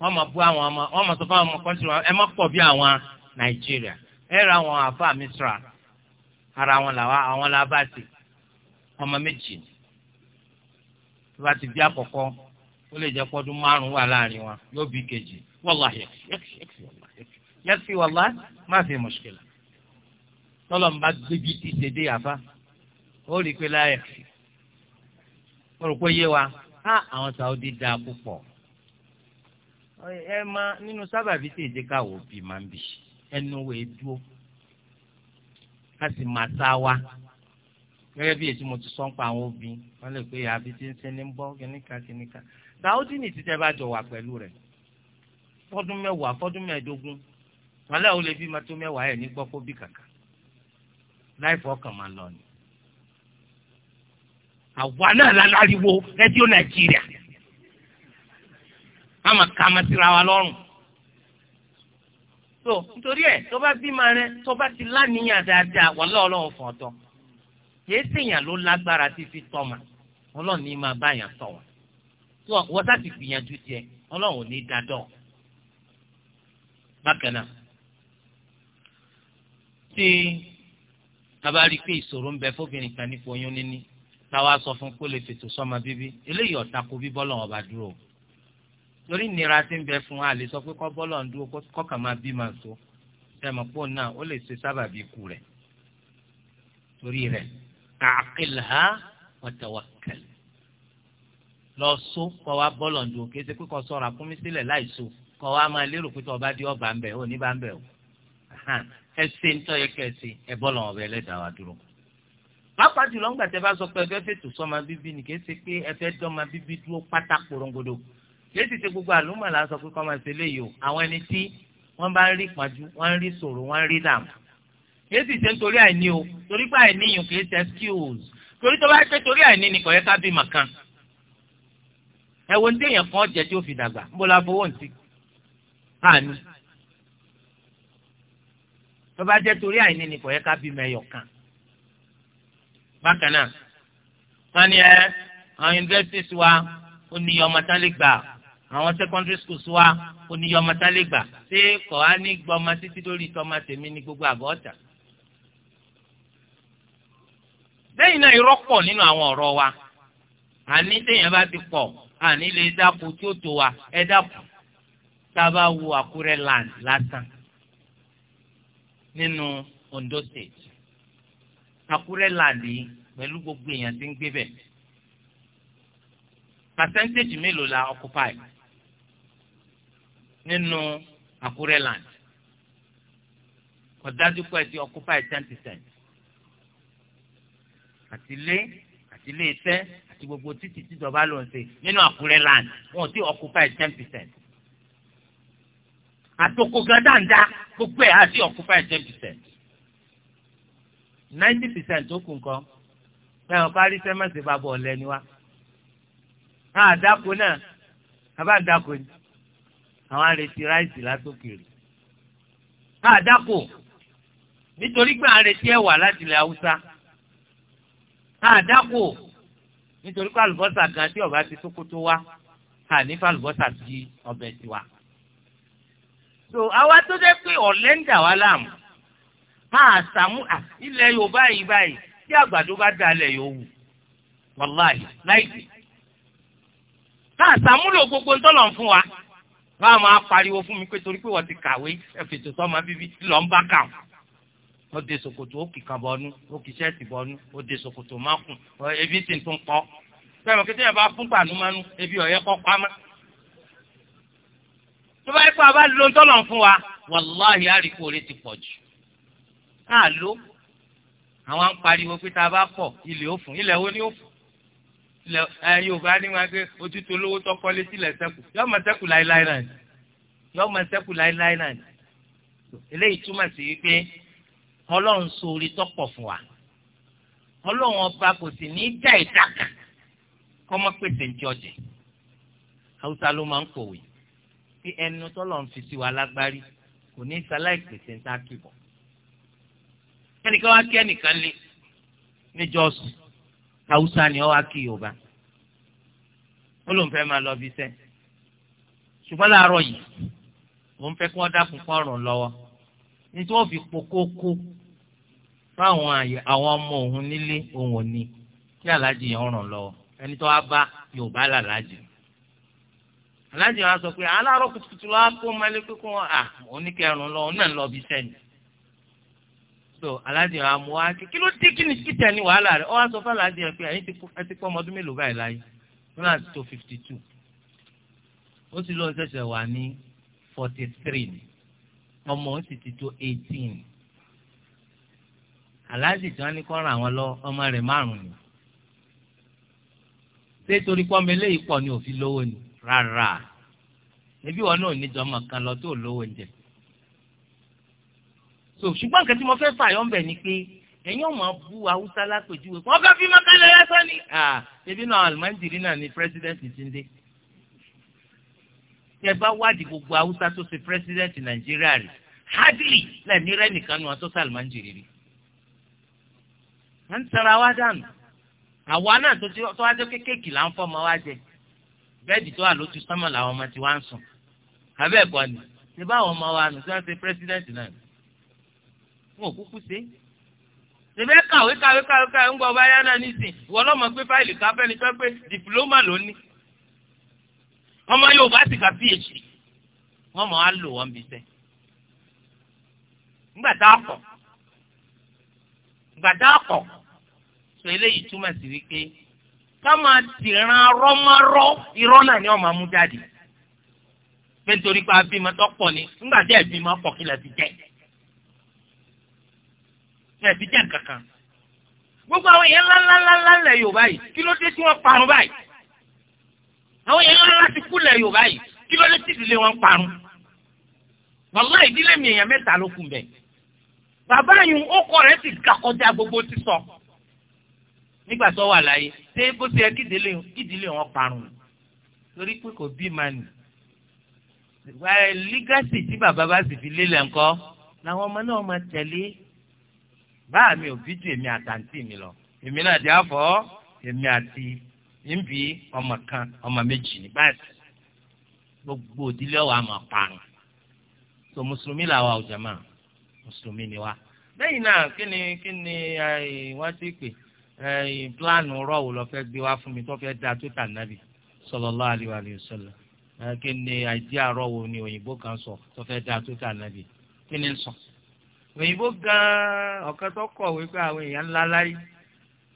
wọ́n mọ̀ bú àwọn ọmọ wọ́n mọ̀ sọ fún àwọn ọmọ kọ́ńtì wọn ẹ má pọ̀ bí àwọn nàìjíríà ẹ ra àwọn àfa misra ara wọn làwa àwọn làbàtì ọmọ méjì tó bá ti bí àkọ́kọ́ ó lè jẹ́ pọ́dún márùn-ún wà láàrin wọn yóò bí kejì wàláhì yẹ́sì wàláhì má fi mùṣkílà tọ́lọ̀ ń bá gbégi ti ṣe dé àfa ó rí i pé láyà mo rò pé yé wa á àwọn Saudi dáa púpọ̀ ẹ máa nínú sábàbí tí èdè káwọ́ bí máa ń bì ẹnu wo é dúró ká sì máa sá wa gẹ́gẹ́ bí èsì mo ti sọ ń pa àwọn obìnrin wọ́n lè pe àbí tí ń sin ní bọ́ kìnnìkan kìnnìkan Saudi ní títẹ́ bá jọ wà pẹ̀lú rẹ̀ fọ́dún mẹ́wàá fọ́dún mẹ́ẹ̀ẹ́dógún wọ́n lẹ́wọ́ lè bí ma tó mẹ́wàá ẹ̀ ní gbọ́ bí kàkà láìfọ́ kàn máa lọ ni àwa náà lálàríwo rédíò nàìjíríà àmà ká máa tira wa lọ́rùn. so nítorí ẹ tó bá bímọ rẹ tó bá ti láníyàn dáadáa wà lọ́ọ̀lọ́wọ́ fún ọ̀tọ̀ kìí ṣèyàn ló lágbára tí fi tọ́mà ọlọ́run ní máa báyàn tọ̀ wá tó wọ́n sá ti gbìyànjú tiẹ̀ ọlọ́run ò ní dadọ́ bákan náà tí a bá rí i pé ìṣòro ń bẹ fóbìnrin kan nípa oyún níní táwa sọ fún kó lè fètò sọmọ bíbí eléyìí ọ̀tá kó bí bọ́lọ̀ ọba dúró torí ìnira tí ń bẹ fún wa lè sọ pé kọ́ bọ́lọ̀ ń dúró kọ́kàn máa bí màá so sẹ́mi pò náà ó lè ṣe sábàbí ikú rẹ̀ torí rẹ̀ àkìlá wa tawakkal lọ so kọ́ wa bọ́lọ̀ ń dúró kéde pé kọ́ sọ̀rọ̀ àkúnmí sílẹ̀ láì so kọ́ wa máa lérò pé tọ́ ọba dé ọba ń bẹ̀ ò ní bá ń bẹ̀ ò ẹ ṣe ń tọ́ yẹ kẹ́ ẹ ṣe ẹ bọ́lọ̀ ọ̀bẹ ẹlẹ́dàá wa dúró pàápàá jùlọ ńgbà tẹ́ bá sọ pé ẹfẹ́ fètò sọ́mọ bíbí ni kì í ṣe pé ẹfẹ́ dọ́mọ bíbí dúró pátá korongodo kìí sì ṣe gbogbo àlùmọ̀ là ń sọ pé kọ́ máa ṣe léyìí o àwọn ẹni tí wọ́n bá ń rí ìpọ́njú wọ́n ń rí ṣòro wọ́n ń rí dààmú kìí sì ṣe nítorí àìní o torí pé àìní yìí kìí ṣe skills torí tó bá ṣe torí àìní ni kò yẹ ká bí màkan ẹ wo ní téèyàn kan jẹ tí ó fi dàgbà ń bọ́ la fowó ntí tó bá jẹ́ torí àìní ni kò yẹ ká bí mẹ́yọ̀ kan bákan náà wọ́n ní ẹ àwọn universities wa ó ní iye ọmọ tán lè gbà àwọn secondary schools wa ó ní iye ọmọ tán lè gbà ṣé kò á ní gbọ́ ọmọ títí lórí ìtọ́mọ tèmi ní gbogbo àgọ́ ọ̀tà. lẹ́yìn náà irọ́ pọ̀ nínú àwọn ọ̀rọ̀ wa àní téèyàn bá ti pọ̀ àní lè dákú tí ó tó wa ẹ dákú tá a bá wo Àkúrẹ́ land lásán nínú Ondo state Àkúrẹ́ làlẹ́ pẹ̀lú gbogbo èèyàn tí ń gbé bẹ̀. percentage mélòó la occupy nínú Àkúrẹ́ land ọ̀dájú pẹ̀ ti occupy ten percent àtìlé àtìlé iṣẹ́ àti gbogbo títí tíjọba ló ń ṣe nínú Àkúrẹ́ land wọn ò tí occupy ten percent àtòkò gàdáǹdà gbogbo ẹ̀ àti occupy ten percent ninety percent tó kù nǹkan ẹ̀hàn parí sẹ́mẹ̀sì bàbọ̀ ọ̀lẹ́ ni wa. náà àdàkọ náà àbá àdàkọ ni àwọn àrètí ráìsì látòkèrè. náà àdàkọ nítorí pé àrètí ẹ̀wà láti ilẹ̀ haúsá. náà àdàkọ nítorí pé àlùbọ́sà gan tí ọba ti Sókótó wá àní fàlùbọ́sà ti ọbẹ̀ tiwa. so àwa tó jẹ́ pé ọ̀lẹ́ ń dà wá láàmú máa sàmú ilẹ̀ yorùbá yìí báyìí tí àgbàdo bá dalẹ̀ yóò wù wàláhì láìpẹ́ máa sàmúlò gbogbo ńtọ́lọ̀ fún wa wọ́n á máa pariwo fún mi pé torí pé wọ́n ti kàwé ẹ̀fẹ̀tò sọ́mọ bíbí lọ́ ń bá kà ó de ṣòkòtò ó kìkan bọ́nú ó kì ṣẹ́ẹ̀tì bọ́nú ó de ṣòkòtò má kùn ebi sì tún pọ́ fẹ́ràn kí tẹ́yà bá fún pàánumánú ebi ọ̀yẹ́ kọ́ pamọ́ tó bá yẹ kó a bá lo ńtọ́lọ̀ fún wa wàláhì àríkò rẹ ti pọ̀ jù náà ló àwọn ń pariwo pé tá a bá pọ̀ ilẹ̀ ó fún ilẹ̀ wo ni ó fún ilẹ̀ ẹ yorùbá ni wọn gbé ojútùú olówó tọkọlé sílẹ̀ sẹ́kù yọọ máa sẹ́kù láéláé náà ni yọọ máa sẹ́kù láéláé náà ni eléyìí túmọ̀ sí wípé ọlọ́run sori tọ́pọ̀ fún wa ọlọ́run ọba kò sì ní í já ìdáka kọ́mọ pèsè ní ọ̀jẹ̀ haúsá ló máa ń kọ̀wé kí ẹnu tọ́lọ̀ ń fi sí wa lágbárí kò ní í sáláì pèsè ní ẹnìkan wá kí ẹnìkan lé níjọ́sùn haúsá ni ọ wá kí yorùbá ó lóun fẹ́ máa lọ bí sẹ́ ṣùgbọ́n láàárọ̀ yìí òun fẹ́ kí wọ́n dákun kọ́ ràn lọ́wọ́ nítorí wọ́n fi pokókó fáwọn àwọn ọmọ òun nílé òun ò ní kí aláàjì yẹn ràn lọ́wọ́ ẹni tó wá bá yorùbá làlájì aláàjì wọn sọ pé aláàárọ̀ kùtùkùtù lọ́wọ́ kó máa lé pé kó wọn à oníkẹrùn lọ́wọ́ náà lọ bí sẹ́yìn so aláàjì wa mú wa kí ló dé kí ni títẹ ní wàhálà rẹ ọ wá sọ fún aláàjì rẹ pé ẹ̀yin ti pọ ọmọdún mélòó báyìí láyé wọn náà tó fifty two ó sì lóun ṣẹ̀ṣẹ̀ wà ní forty three ni ọmọ ó sì ti tó eighteen aláàjì tí wọn ní kọ́ ràn wọn lọ ọmọ rẹ̀ márùn ni ṣé torí pọ́nmi eléyìí pọ̀ ni òfin lówó ni rárá ẹbí wọn náà níjọ́ ọmọ kan lọ tó lówó ń jẹ so ṣùgbọ́n nǹkan tí mo fẹ́ fààyàn bẹ̀ ni pé ẹ̀yin ọmọ bú haúsá lápèjúwe wọ́n fẹ́ fi mọ́kànlá lásán ni. ṣebí náà alimandiri náà ni pírẹsidẹ́ǹtì ti ń dé. tẹ bá wádìí gbogbo haúsá tó ṣe pírẹsidẹ́ǹtì nàìjíríà rẹ̀ hardly lẹ́ẹ̀ni rẹ̀ nìkan ni wọ́n tó ṣe alimandiri rí. à ń tara wá dànù àwa náà tó tó wájú kéékèèkì là ń fọmọ wá jẹ bẹ́ẹ̀dì tó wà lójú sánmà làwọn ọmọ ti wá ń sùn àbẹ́ẹ̀kọ́ ni ṣe báwọn ọmọ ni wọn ò kúkú ṣe. ṣèbẹ́ kàwé kàwé kàwé kàwé ń gbọ́ ọba yá náà nísìn ìwọ lọ́mọ pé fáìlì káfẹ́ ni pé dìpìlómà ló ní. ọmọ Yorùbá sì ka phd wọn mọ̀ á lò wọn bí sẹ́. nígbà tá a kọ̀ nígbà tá a kọ̀ sọ eléyìí túmọ̀ sí wípé ká máa tìran rọ́mọ́rọ́ irọ́ náà ni wọ́n máa jáde pé nítorí pé abímọ tó pọ̀ ni nígbà tí ẹ̀bímọ pọ̀ kí lè ti jẹ́ ẹ̀ fi jẹ́ nǹkan kan gbogbo àwọn èèyàn ńláńláńlá lẹ̀ Yorùbá yìí kí ló dé tí wọ́n parun báyìí àwọn èèyàn ńláńlá ti kú lẹ̀ Yorùbá yìí kí ló dé tí ìdílé wọn parun wàlúwà ìdílé mi èèyàn mẹ́ta ló kù bẹ́ẹ̀ bàbá yìí ó kọ rẹ̀ ti ga kọjá gbogbo ti sọ nígbà tó wà láyé ṣé bó ti yẹ kí ìdílé wọn parun torí pé kò bí mànì wàá lígásì tí bàbá bá sì fi lélẹ̀ ńkọ́ làwọn ọmọ náà máa tẹ̀lé báà mi ò bí ju èmi àtàǹtì mi lọ èmi náà di àfọ èmi àti níbi ọmọ kan ọmọ méjì ní báyìí gbogbo òdílé ọwọ àmọ parun so mùsùlùmí làwa ò jàmá mùsùlùmí ni wa lẹ́yìn náà kí ni kí ni eh, wọ́n ti pè eh, pílánù rọ́ọ̀wù lọ fẹ́ gbé wá fún mi tó fẹ́ da tó tà nàbì sallallahu alaihi wa sallam eh, kí ni àìdí àrọ́wù ni òyìnbó kan sọ tó fẹ́ da tó tà nàbì kí ni sọ. So òyìnbó gan-an ọ̀kan tó kọ̀wé pé àwọn èèyàn ńlá láyé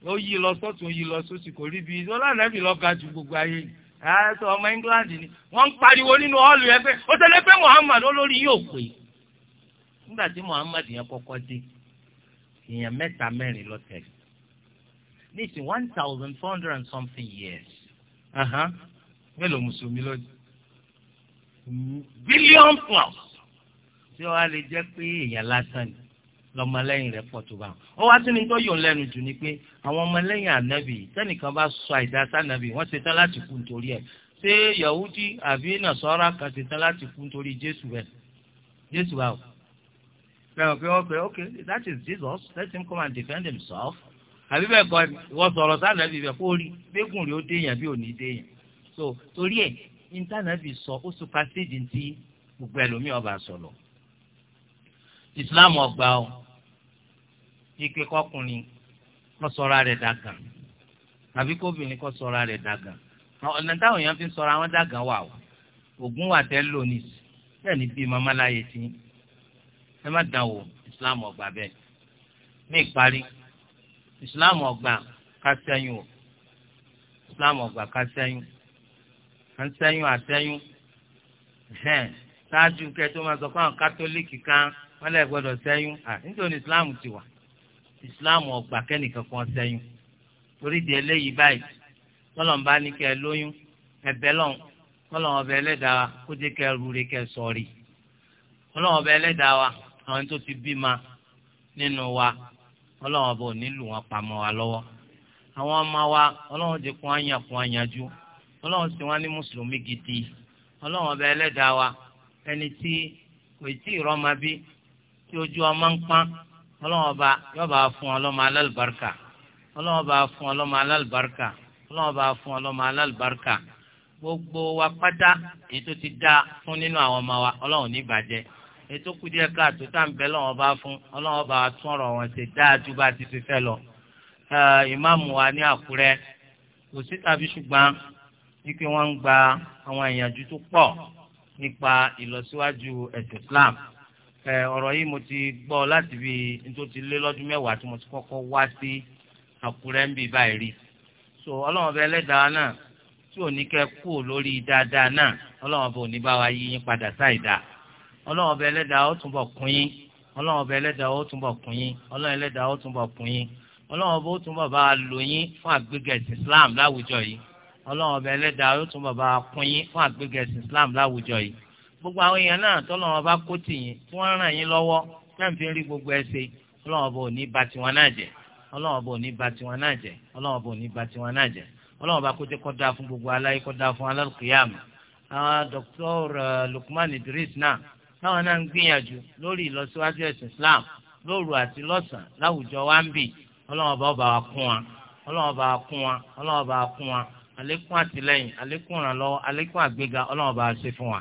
ó yí lọ sọ́tún ó yí lọ sósì kò rí bíi ọlọ́run lọ ga gbogbo ayé yìí ọmọ England ni wọ́n ń pariwo nínú ọ́ọ̀lù yẹn ó tẹ́lẹ̀ Muhammad olórí yóò pè nígbà Muhammad yẹn kọ́kọ́ dé èèyàn mẹ́ta mẹ́rin lọ tẹ̀lé ní one thousand four hundred something years mélòó mùsùlùmí billion plus tí ó wá lè jẹ́ pé èèyàn lásán ni lọ́mọlẹ́yìn rẹ̀ pọ̀ tó bá wọn. ó wá sí ni tó yòó lẹ́nu jù ni pé àwọn ọmọlẹ́yìn ànábì tẹ́nìkan bá sọ àìdásá ànábì wọ́n ṣetán láti kú nítorí ẹ̀ ṣé yahudi àbí nasara kan ṣetán láti kú nítorí jésù rẹ̀ jésù wa o. lẹ́wọ̀n pé wọ́n pe okay that is jesus let him come and defend himself. àbí bẹ́ẹ̀ kọ́ wọ́n sọ̀rọ̀ sànàbì bẹ́ẹ̀ kó rí gbégùn rí ó déyàn bí ò ní déyàn. so torí ẹ̀ intanẹ́ẹ̀tì sọ ó supasídìí ti gbogbo ẹlòmíì ọba sọ̀rọ̀ islam ọgbà o ike kọkùnrin kọ sọra rẹ̀ dàgàn tàbí kóbìnrin kọ sọra rẹ̀ dàgàn ọ̀nà táwọn èèyàn fi ń sọra wọn dàgàn wà o ògùn wà tẹ́ lò ní bẹ́ẹ̀ bíi mama láyé sí ẹ má dàn wò islam ọgbà bẹ́ẹ̀ ní ìparí islam ọgbà ká sẹ́yìn o islam ọgbà ká sẹ́yìn à ń sẹ́yìn àtẹ́yìn ṣáájú kẹ́ẹ́ tó máa sọ fún àwọn kátólíìkì kan wọ́n lè gbọ́dọ̀ sẹ́yún nítorí islam ti wà islam ọgbà kẹ́nìkan kan sẹ́yún torí di eléyìí báyìí tọ́lọ̀ ń bá ní kẹ́ ẹ lóyún ẹ̀bẹ̀ lọ́n tọ́lọ̀ ọbẹ̀ ẹlẹ́dàá kó jẹ́ kẹ́ ẹ rúre kẹ́ ẹ sọ̀rí ọlọ́wọ́n ọbẹ̀ ẹlẹ́dàá wa àwọn tó ti bí ma nínú wa ọlọ́wọ́n ọbẹ̀ ò nílù wọn pamọ́ wa lọ́wọ́ àwọn ọmọ wa ọlọ́wọ́n ti kún àyàn kún àyànjú ọlọ́wọ́n ti wọn ní mùsùlùmí gidi ọlọ́wọ́n ọbẹ̀ ẹlẹ́dàá wa ẹni tí kò tí ì rọ́mọ bí tí ojú ọmọ ń pọ́n ọlọ́wọ́n ọba yóò bá fún ọlọ́mọ alálùbáríkà ọlọ́wọ́n ọba fún ọlọ́mọ alálùbáríkà ọlọ́wọ́n ọba fún ọlọ́mọ alálùbáríkà gbogbo wa pátá èyí tó ti dá fún nínú àwọn ọmọ wa ọlọ́wọ́n ní ìbàjẹ́ èyí tó kú díẹ̀ káàtó tá à ń bẹ lọ́wọ́n ọba fún ọlọ́wọ́n ọba tún ọ̀rọ̀ wọn ṣe dáadú bá ti ti fẹ́ lọ. ìmáàmù wa ní àkúrẹ́ kò sí tàbí ṣùgbọ́n wípé wọ́n ń gba àwọn ìyànjú tó pọ̀ nípa ìlọsíwájú ẹ̀sìn Islam ọ̀rọ̀ yìí mo ti gbọ́ láti bí nítorí ti lé lọ́dún mẹ́wàá tí mo ti kọ́kọ́ wá sí Àkúrẹ́ ń bì báyìí rí so ọlọ́run ọba ẹlẹ́dàá náà tí ò ní kẹ́ kú lórí dáadáa náà ọlọ́run ọba ò ní bá wa yí yín padà sáìdá ọlọ́run ọba ẹlẹ́dàá ó túnbọ̀ kún yín ọlọ́run ọba ẹlẹ́dàá ó túnbọ̀ kún yín ọlọ́run ẹlẹ́dàá ó túnbọ̀ kún yín ọlọ́run ọba ó túnbọ̀ bá lò yín fún àgbégẹ̀sì Islam láwùjọ yìí ọlọ́run ọba ẹlẹ́dàá ó túnbọ̀ bá kún yín fún àgbégẹ̀sì Islam láwùjọ yìí gbogbo àwọn èèyàn náà tọ́lọ́ wọn bá kó tì yín tí wọ́n ràn yín lọ́wọ́ náà fi ń rí gbogbo ẹ ṣe ọlọ́wọ́n bò ní ba tiwọn náà jẹ́ ọlọ́wọ́n bò ní ba tiwọn náà jẹ́ ọlọ́wọ́n bò ní ba tiwọn náà jẹ́ ọlọ́wọ́n bá kó tẹ́ kọ́ da fún gbogbo aláyé kọ́ da fún alálùkìyàmù Dr. Lukman Idris náà táwọn náà ń gbìyànjú lórí ìlọsíwájú ẹ̀sìn Islam lóru àti lọ́sàn-án láwùjọ wa ń bì ọlọ́wọ́n bá wa kún wa ọlọ́wọ́n bá wa kún wa ọlọ́wọ́n bá wa kún wa àlékún wa.